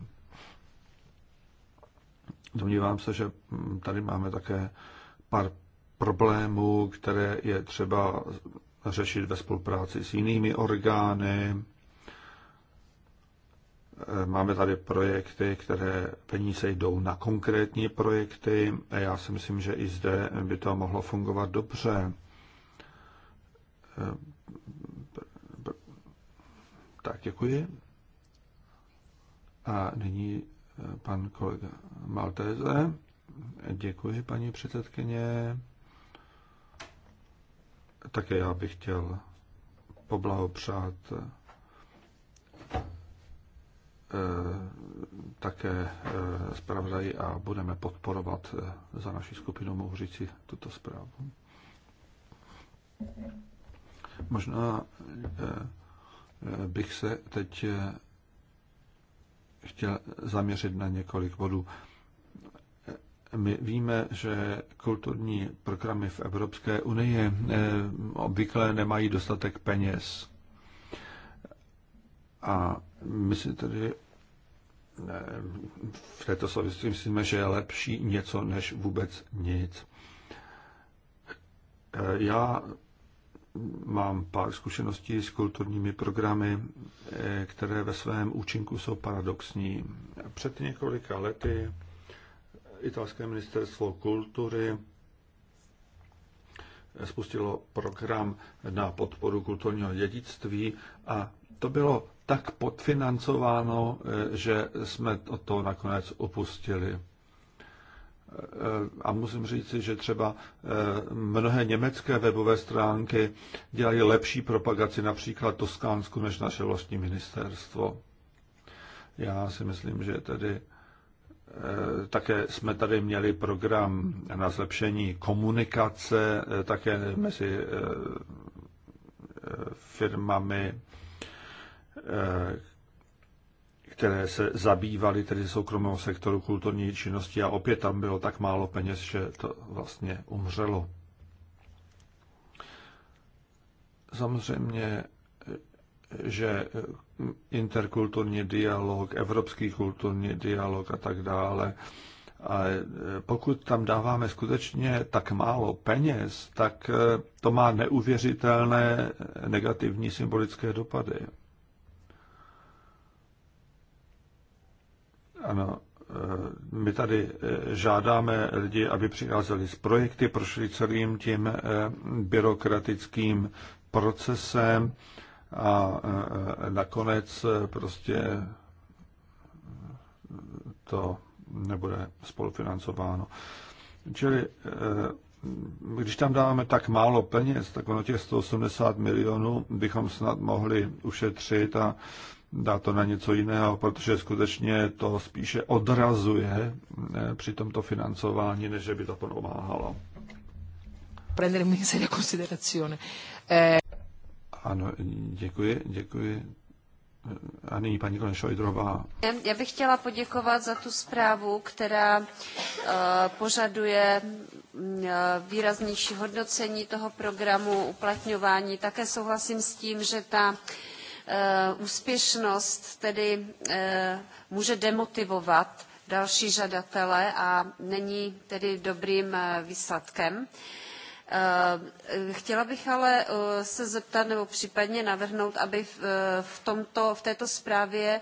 Domnívám se, že hm, tady máme také pár problémů, které je třeba řešit ve spolupráci s jinými orgány, Máme tady projekty, které peníze jdou na konkrétní projekty. Já si myslím, že i zde by to mohlo fungovat dobře. Tak, děkuji. A nyní pan kolega Maltéze. Děkuji, paní předsedkyně. Také já bych chtěl poblahopřát Eh, také eh, zpravodaj a budeme podporovat eh, za naši skupinu, mohu říci, tuto zprávu. Možná bych se teď chtěl zaměřit na několik bodů. My víme, že kulturní programy v Evropské unii obvykle nemají dostatek peněz. A my si tedy ne, eh, v této souvislosti myslíme, že je lepší něco než vůbec nic. Eh, já mám pár zkušeností s kulturními programy, eh, které ve svém účinku jsou paradoxní. Před několika lety italské ministerstvo kultury spustilo program na podporu kulturního dědictví a to bylo tak podfinancováno, eh, že jsme od toho nakonec opustili. Eh, a musím říct, že třeba eh, mnohé německé webové stránky dělají lepší propagaci například Toskánsku než naše vlastní ministerstvo. Já si myslím, že tedy také jsme tady měli program na zlepšení komunikace také mezi firmami Eh, které se zabývaly tedy soukromého sektoru kulturní činnosti a opět tam bylo tak málo peněz, že to vlastně umřelo. Samozřejmě, eh, že eh, interkulturní dialog, evropský kulturní dialog a tak dále, a pokud tam dáváme skutečně tak málo peněz, tak to má neuvěřitelné negativní symbolické dopady. Ano, eh, my tady eh, žádáme lidi, aby přicházeli z projekty, prošli celým tím eh, byrokratickým procesem a nakonec prostě to nebude spolufinancováno. Čili když tam dáváme tak málo peněz, tak ono těch 180 milionů bychom snad mohli ušetřit a dá to na něco jiného, protože skutečně to spíše odrazuje eh, při tomto financování, než by to pomáhalo. Prendere in seria considerazione. Eh, ano, děkuji, děkuji. Eh, a nyní paní Konešojdrová. Já bych chtěla poděkovat za tu zprávu, která požaduje mm, výraznější hodnocení toho programu, uplatňování. Také souhlasím s tím, že ta Eh, úspěšnost tedy eh, může demotivovat další žadatele a není tedy dobrým eh, výsledkem. Chtěla bych ale se zeptat nebo případně navrhnout, aby v, tomto, v této zprávě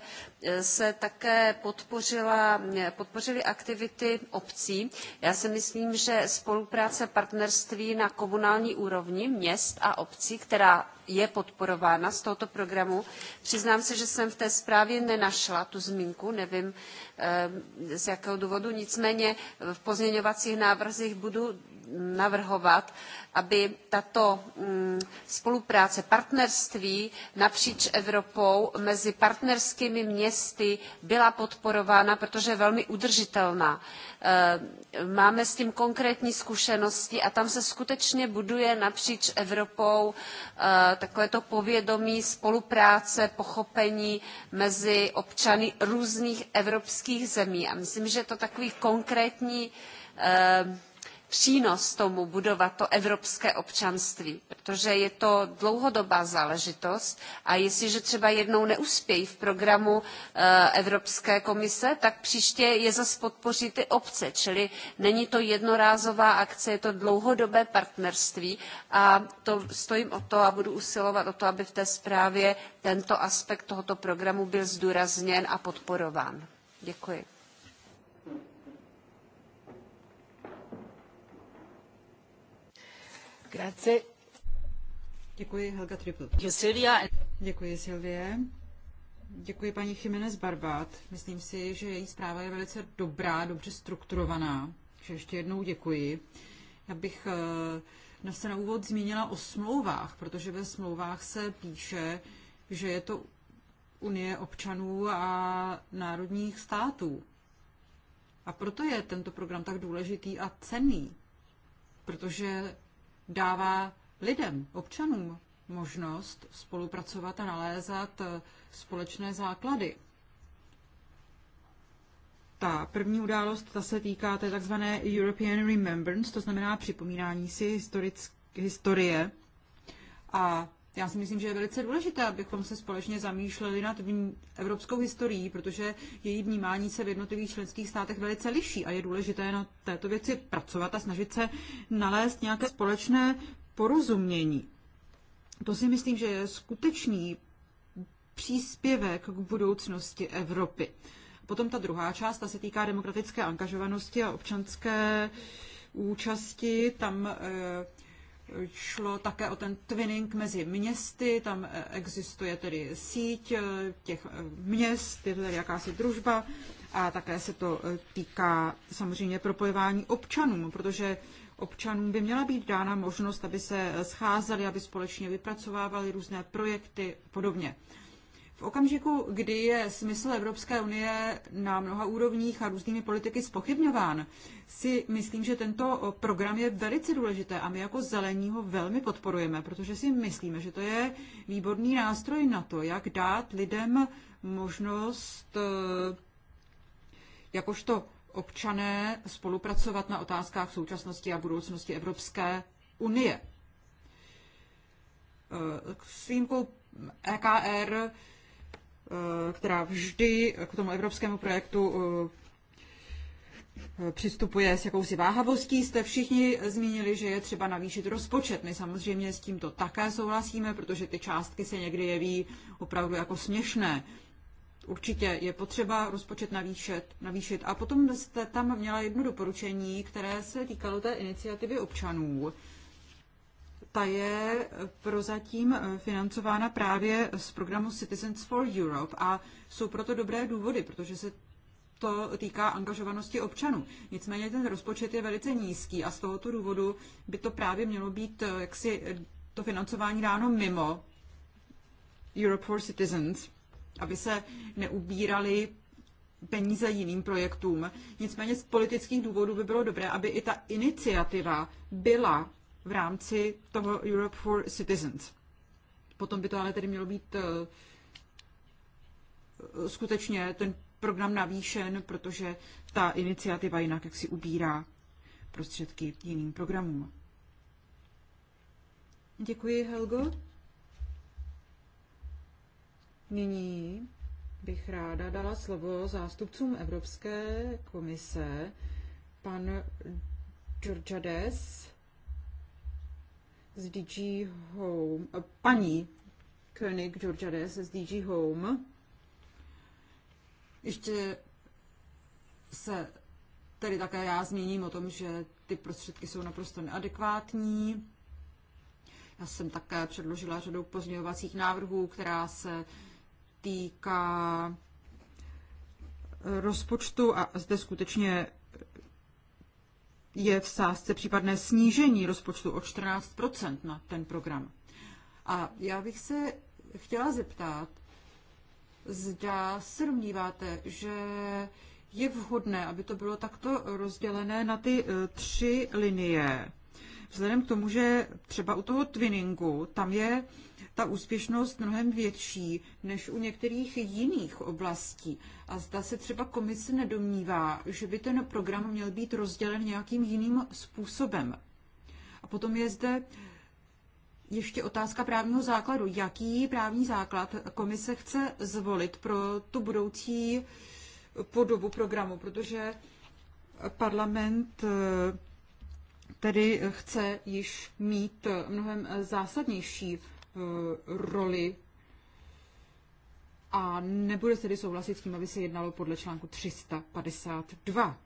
se také podpořila, podpořily aktivity obcí. Já si myslím, že spolupráce partnerství na komunální úrovni měst a obcí, která je podporována z tohoto programu. Přiznám se, že jsem v té zprávě nenašla tu zmínku, nevím eh, z jakého důvodu, nicméně v pozměňovacích návrzích budu navrhovat, aby tato mm, spolupráce, partnerství napříč Evropou mezi partnerskými městy byla podporována, protože je velmi udržitelná. Eh, máme s tím konkrétní zkušenosti a tam se skutečně buduje napříč Evropou eh, takové to povědomí, spolupráce, pochopení mezi občany různých evropských zemí. A myslím, že je to takový konkrétní eh, přínos tomu budovat to evropské občanství, protože je to dlouhodobá záležitost a jestliže třeba jednou neuspějí v programu eh, Evropské komise, tak příště je zas podpoří ty obce, čili není to jednorázová akce, je to dlouhodobé partnerství a to stojím o to a budu usilovat o to, aby v té zprávě tento aspekt tohoto programu byl zdůrazněn a podporován. Děkuji. Děkuji, Helga Děkuji, Silvie. Děkuji, paní Jiménez Barbat. Myslím si, že její zpráva je velice dobrá, dobře strukturovaná. Takže ještě jednou děkuji. Já bych eh, se na úvod zmínila o smlouvách, protože ve smlouvách se píše, že je to Unie občanů a národních států. A proto je tento program tak důležitý a cenný, protože dává lidem, občanům možnost spolupracovat a nalézat eh, společné základy. Ta první událost, ta se týká té tzv. European Remembrance, to znamená připomínání si historie. A já si myslím, že je velice důležité, abychom se společně zamýšleli nad evropskou historií, protože její vnímání se v jednotlivých členských státech velice liší a je důležité na této věci pracovat a snažit se nalézt nějaké společné porozumění. To si myslím, že je skutečný příspěvek k budoucnosti Evropy. Potom ta druhá část, ta se týká demokratické angažovanosti a občanské účasti. Tam e, šlo také o ten twinning mezi městy, tam existuje tedy síť eh, těch eh, měst, je to tedy jakási družba a také se to eh, týká samozřejmě propojování občanů, protože občanům by měla být dána možnost, aby se scházeli, aby společně vypracovávali různé projekty a podobně. V okamžiku, kdy je smysl Evropské unie na mnoha úrovních a různými politiky spochybňován, si myslím, že tento program je velice důležité a my jako zelení ho velmi podporujeme, protože si myslíme, že to je výborný nástroj na to, jak dát lidem možnost eh, jakožto občané spolupracovat na otázkách současnosti a budoucnosti Evropské unie. Eh, s výjimkou EKR Eh, která vždy k tomu evropskému projektu eh, přistupuje s jakousi váhavostí. Jste všichni zmínili, že je třeba navýšit rozpočet. My samozřejmě s tímto také souhlasíme, protože ty částky se někdy jeví opravdu jako směšné. Určitě je potřeba rozpočet navýšet, navýšit. A potom jste tam měla jedno doporučení, které se týkalo té iniciativy občanů ta je prozatím eh, financována právě z programu Citizens for Europe a jsou proto dobré důvody, protože se to týká angažovanosti občanů. Nicméně ten rozpočet je velice nízký a z tohoto důvodu by to právě mělo být eh, jaksi eh, to financování dáno mimo Europe for Citizens, aby se neubírali peníze jiným projektům. Nicméně z politických důvodů by bylo dobré, aby i ta iniciativa byla v rámci toho Europe for Citizens. Potom by to ale tedy mělo být eh, skutečně ten program navýšen, protože ta iniciativa jinak jak si ubírá prostředky jiným programům. Děkuji, Helgo. Nyní bych ráda dala slovo zástupcům Evropské komise. Pan Georgiades z DG Home, paní König Georgiades z DG Home. Ještě se tedy také já zmíním o tom, že ty prostředky jsou naprosto neadekvátní. Já jsem také předložila řadu pozměňovacích návrhů, která se týká rozpočtu a zde skutečně je v sázce případné snížení rozpočtu o 14 na ten program. A já bych se chtěla zeptat, zda se domníváte, že je vhodné, aby to bylo takto rozdělené na ty eh, tři linie. Vzhledem k tomu, že třeba u toho twinningu tam je ta úspěšnost mnohem větší než u některých jiných oblastí. A zda se třeba komise nedomnívá, že by ten program měl být rozdělen nějakým jiným způsobem. A potom je zde ještě otázka právního základu. Jaký právní základ komise chce zvolit pro tu budoucí podobu programu? Protože parlament eh, tedy chce již mít mnohem zásadnější Eh, roli a nebude tedy souhlasit s tím, aby se jednalo podle článku 352.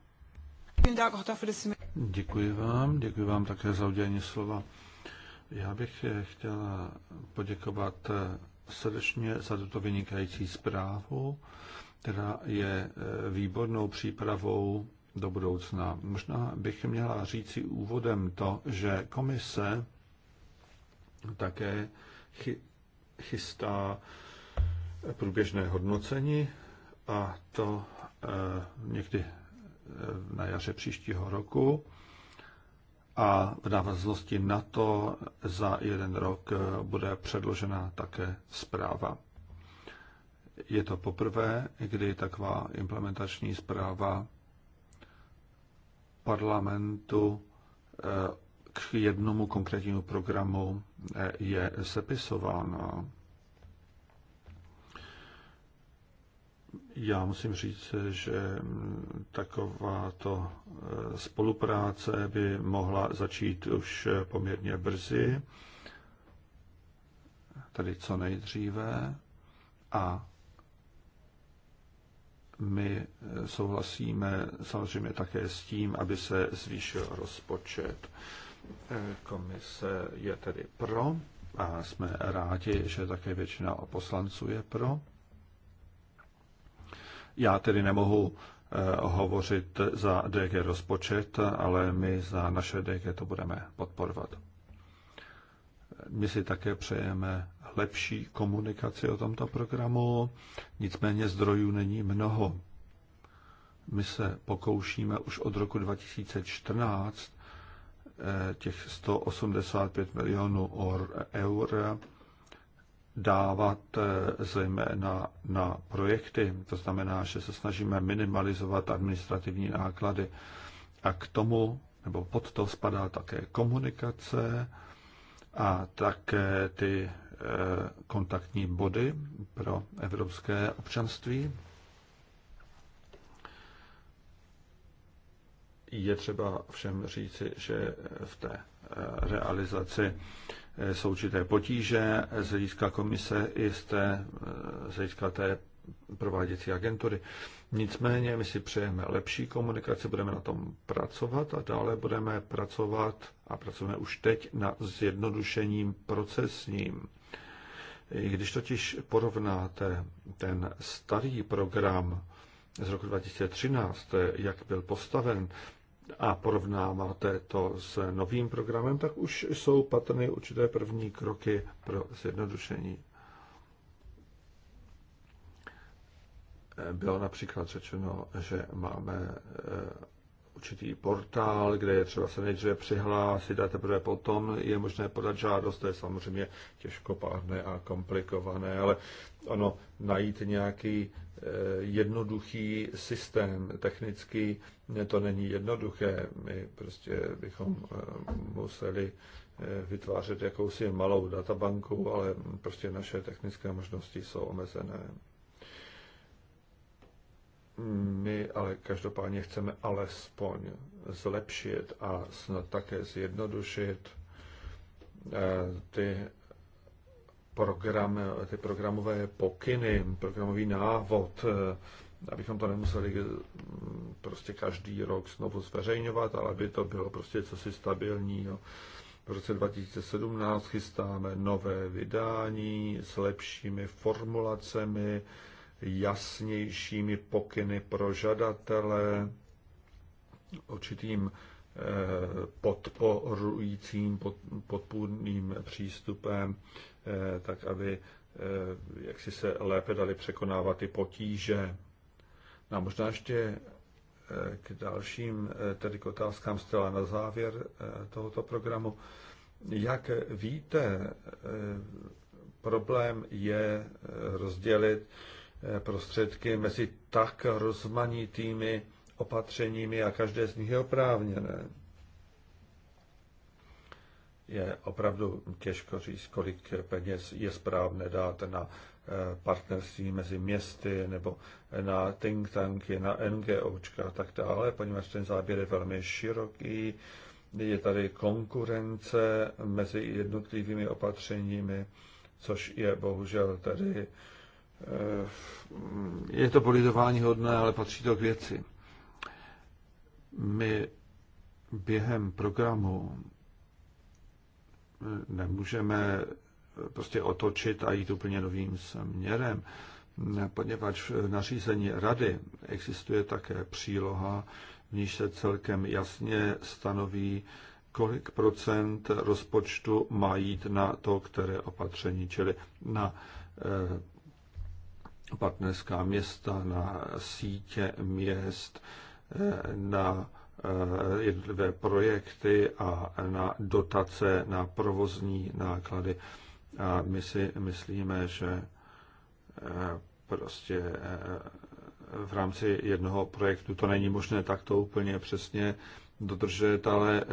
Děkuji vám, děkuji vám také za udělení slova. Já bych chtěla poděkovat eh, srdečně za tuto vynikající zprávu, která je eh, výbornou přípravou do budoucna. Možná bych měla říci úvodem to, že komise také chystá průběžné hodnocení a to eh, někdy eh, na jaře příštího roku a v návaznosti na to za jeden rok eh, bude předložena také zpráva. Je to poprvé, kdy taková implementační zpráva parlamentu k jednomu konkrétnímu programu eh, je sepisována. Já musím říct, že takováto eh, spolupráce by mohla začít už eh, poměrně brzy, tedy co nejdříve. A my souhlasíme samozřejmě také s tím, aby se zvýšil rozpočet. Komise je tedy pro a jsme rádi, že také většina poslanců je pro. Já tedy nemohu eh, hovořit za DG rozpočet, ale my za naše DG to budeme podporovat. My si také přejeme lepší komunikaci o tomto programu, nicméně zdrojů není mnoho. My se pokoušíme už od roku 2014 Eh, těch 185 milionů eur dávat eh, zejména na projekty. To znamená, že se snažíme minimalizovat administrativní náklady. A k tomu, nebo pod to spadá také komunikace a také ty eh, kontaktní body pro evropské občanství. je třeba všem říci, že v té eh, realizaci eh, jsou určité potíže z hlediska komise i z, té, eh, z hlediska té prováděcí agentury. Nicméně my si přejeme lepší komunikaci, budeme na tom pracovat a dále budeme pracovat a pracujeme už teď na zjednodušením procesním. Když totiž porovnáte ten starý program z roku 2013, jak byl postaven, a porovnáváte to s novým programem, tak už jsou patrny určité první kroky pro zjednodušení. Bylo například řečeno, že máme eh, určitý portál, kde je třeba se nejdříve přihlásit a teprve potom je možné podat žádost. To je samozřejmě těžkopádné a komplikované, ale ono najít nějaký eh, jednoduchý systém technický, to není jednoduché. My prostě bychom eh, museli eh, vytvářet jakousi malou databanku, ale prostě naše technické možnosti jsou omezené. My ale každopádně chceme alespoň zlepšit a snad také zjednodušit eh, ty, program, ty programové pokyny, programový návod, eh, abychom to nemuseli eh, prostě každý rok znovu zveřejňovat, ale aby to bylo prostě cosi stabilního. V roce 2017 chystáme nové vydání s lepšími formulacemi, jasnějšími pokyny pro žadatele, určitým eh, podporujícím, podpůrným přístupem, eh, tak aby eh, jak si se lépe dali překonávat ty potíže. No a možná ještě k dalším, tedy k otázkám zcela na závěr tohoto programu. Jak víte, problém je rozdělit Eh, prostředky mezi tak rozmanitými opatřeními a každé z nich je oprávněné. Je opravdu těžko říct, kolik peněz je správné dát na eh, partnerství mezi městy nebo na think tanky, na NGOčka a tak dále, poněvadž ten záběr je velmi široký, je tady konkurence mezi jednotlivými opatřeními, což je bohužel tedy Eh, je to politování hodné, ale patří to k věci. My během programu eh, nemůžeme eh, prostě otočit a jít úplně novým směrem, poněvadž v nařízení rady existuje také příloha, v níž se celkem jasně stanoví, kolik procent rozpočtu má jít na to, které opatření, čili na partnerská města, na sítě měst, eh, na eh, jednotlivé projekty a na dotace, na provozní náklady. A my si myslíme, že eh, prostě v rámci jednoho projektu to není možné takto úplně přesně dodržet, ale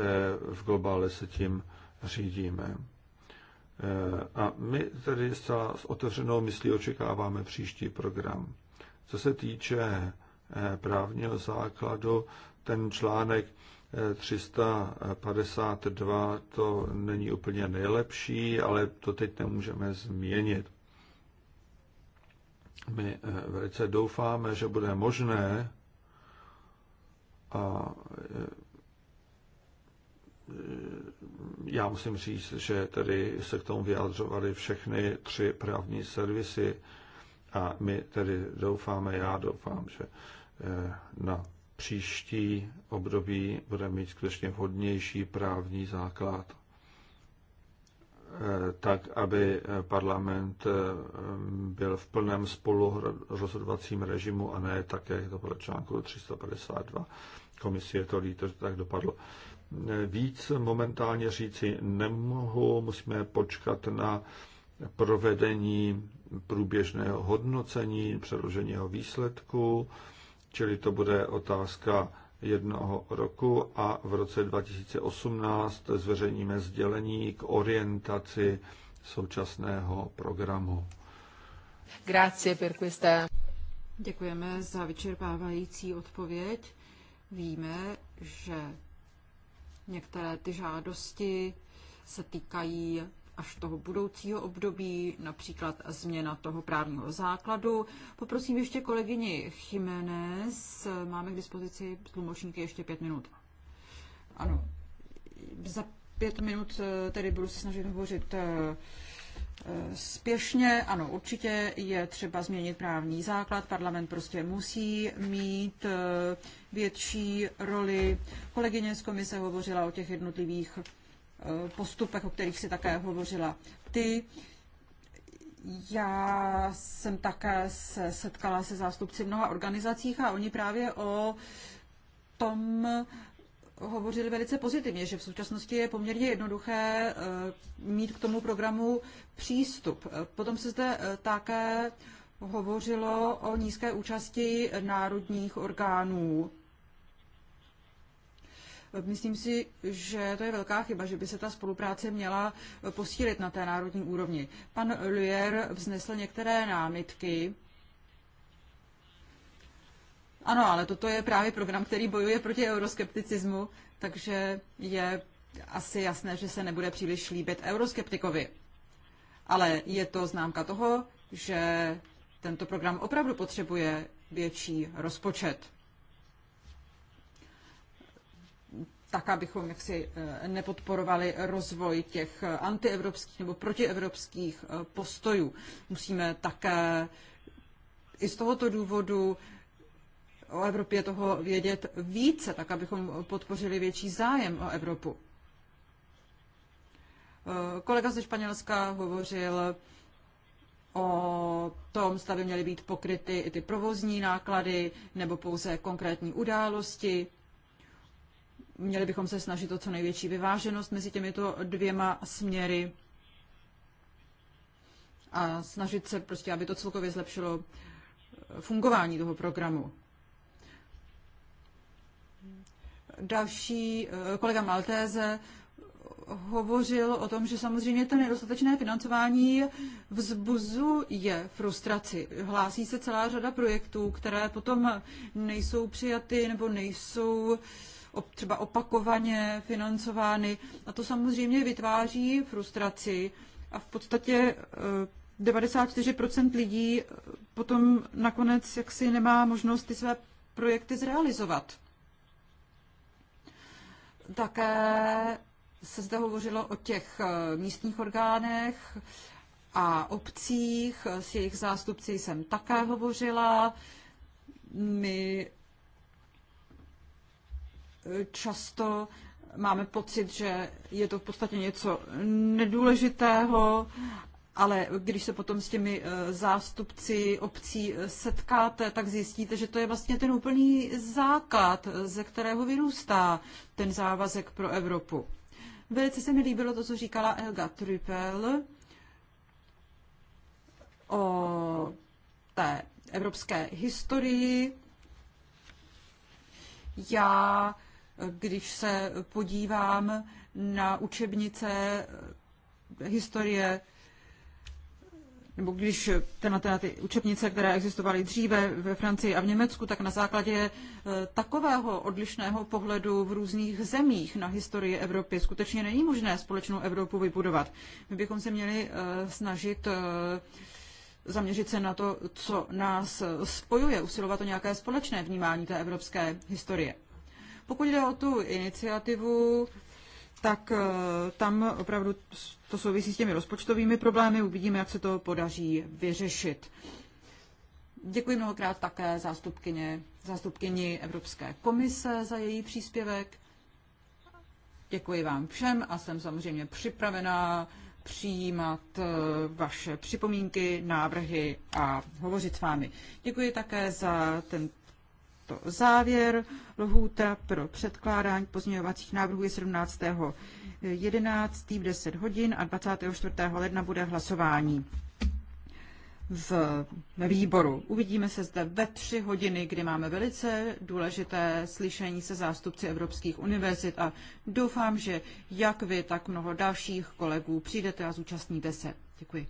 v globále se tím řídíme. Eh, a my tedy s otevřenou myslí očekáváme příští program. Co se týče eh, právního základu, ten článek 352 eh, to není úplně nejlepší, ale to teď nemůžeme změnit. My velice doufáme, že bude možné, a Eh, já musím říct, že tedy se k tomu vyjadřovaly všechny tři právní servisy a my tedy doufáme, já doufám, že eh, na příští období bude mít skutečně vhodnější právní základ, eh, tak aby parlament byl v plném spolurozhodovacím režimu a ne tak, jak to bylo článku 352. Komisie to líto, že tak dopadlo. Víc momentálně říci nemohu, musíme počkat na provedení průběžného hodnocení, předloženého výsledku, čili to bude otázka jednoho roku a v roce 2018 zveřejníme sdělení k orientaci současného programu. Grazie per questa. Děkujeme za vyčerpávající odpověď. Víme, že Některé ty žádosti se týkají až toho budoucího období, například změna toho právního základu. Poprosím ještě kolegyni Jiménez, máme k dispozici tlumočníky ještě pět minut. Ano, za pět minut tedy budu se snažit hovořit eh, spěšně. Ano, určitě je třeba změnit právní základ. Parlament prostě musí mít eh, větší roli. Kolegyně z komise hovořila o těch jednotlivých eh, postupech, o kterých si také hovořila ty. Já jsem také se setkala se zástupci mnoha organizacích a oni právě o tom hovořili velice pozitivně, že v současnosti je poměrně jednoduché eh, mít k tomu programu přístup. Potom se zde eh, také hovořilo o nízké účasti národních orgánů. Myslím si, že to je velká chyba, že by se ta spolupráce měla posílit na té národní úrovni. Pan Luer vznesl některé námitky ano, ale toto je právě program, který bojuje proti euroskepticismu, takže je asi jasné, že se nebude příliš líbit euroskeptikovi. Ale je to známka toho, že tento program opravdu potřebuje větší rozpočet. tak, abychom jaksi eh, nepodporovali rozvoj těch antievropských nebo protievropských eh, postojů. Musíme také i z tohoto důvodu o Evropě toho vědět více, tak abychom podpořili větší zájem o Evropu. Eh, kolega ze Španělska hovořil o tom, zda by měly být pokryty i ty provozní náklady nebo pouze konkrétní události. Měli bychom se snažit o co největší vyváženost mezi těmito dvěma směry a snažit se prostě, aby to celkově zlepšilo fungování toho programu. další eh, kolega Maltéze hovořil o tom, že samozřejmě to nedostatečné financování vzbuzuje frustraci. Hlásí se celá řada projektů, které potom nejsou přijaty nebo nejsou třeba opakovaně financovány. A to samozřejmě vytváří frustraci a v podstatě 94% eh, lidí eh, potom nakonec jaksi nemá možnost ty své projekty zrealizovat. Také se zde hovořilo o těch eh, místních orgánech a obcích, s jejich zástupci jsem také hovořila. My eh, často máme pocit, že je to v podstatě něco nedůležitého ale když se potom s těmi eh, zástupci obcí eh, setkáte, tak zjistíte, že to je vlastně ten úplný základ, eh, ze kterého vyrůstá ten závazek pro Evropu. Velice se mi líbilo to, co říkala Elga Trüppel o té evropské historii. Já, když se podívám na učebnice historie nebo když ten, ty, na ty učebnice, které existovaly dříve ve Francii a v Německu, tak na základě eh, takového odlišného pohledu v různých zemích na historii Evropy skutečně není možné společnou Evropu vybudovat. My bychom se měli eh, snažit eh, zaměřit se na to, co nás spojuje, usilovat o nějaké společné vnímání té evropské historie. Pokud jde o tu iniciativu, tak eh, tam opravdu to souvisí s těmi rozpočtovými problémy. Uvidíme, jak se to podaří vyřešit. Děkuji mnohokrát také zástupkyně, zástupkyni Evropské komise za její příspěvek. Děkuji vám všem a jsem samozřejmě připravená přijímat eh, vaše připomínky, návrhy a hovořit s vámi. Děkuji také za ten to závěr. Lhůta pro předkládání pozměňovacích návrhů je 17. 11. v 10 hodin a 24. ledna bude hlasování v výboru. Uvidíme se zde ve tři hodiny, kdy máme velice důležité slyšení se zástupci evropských univerzit a doufám, že jak vy, tak mnoho dalších kolegů přijdete a zúčastníte se. Děkuji.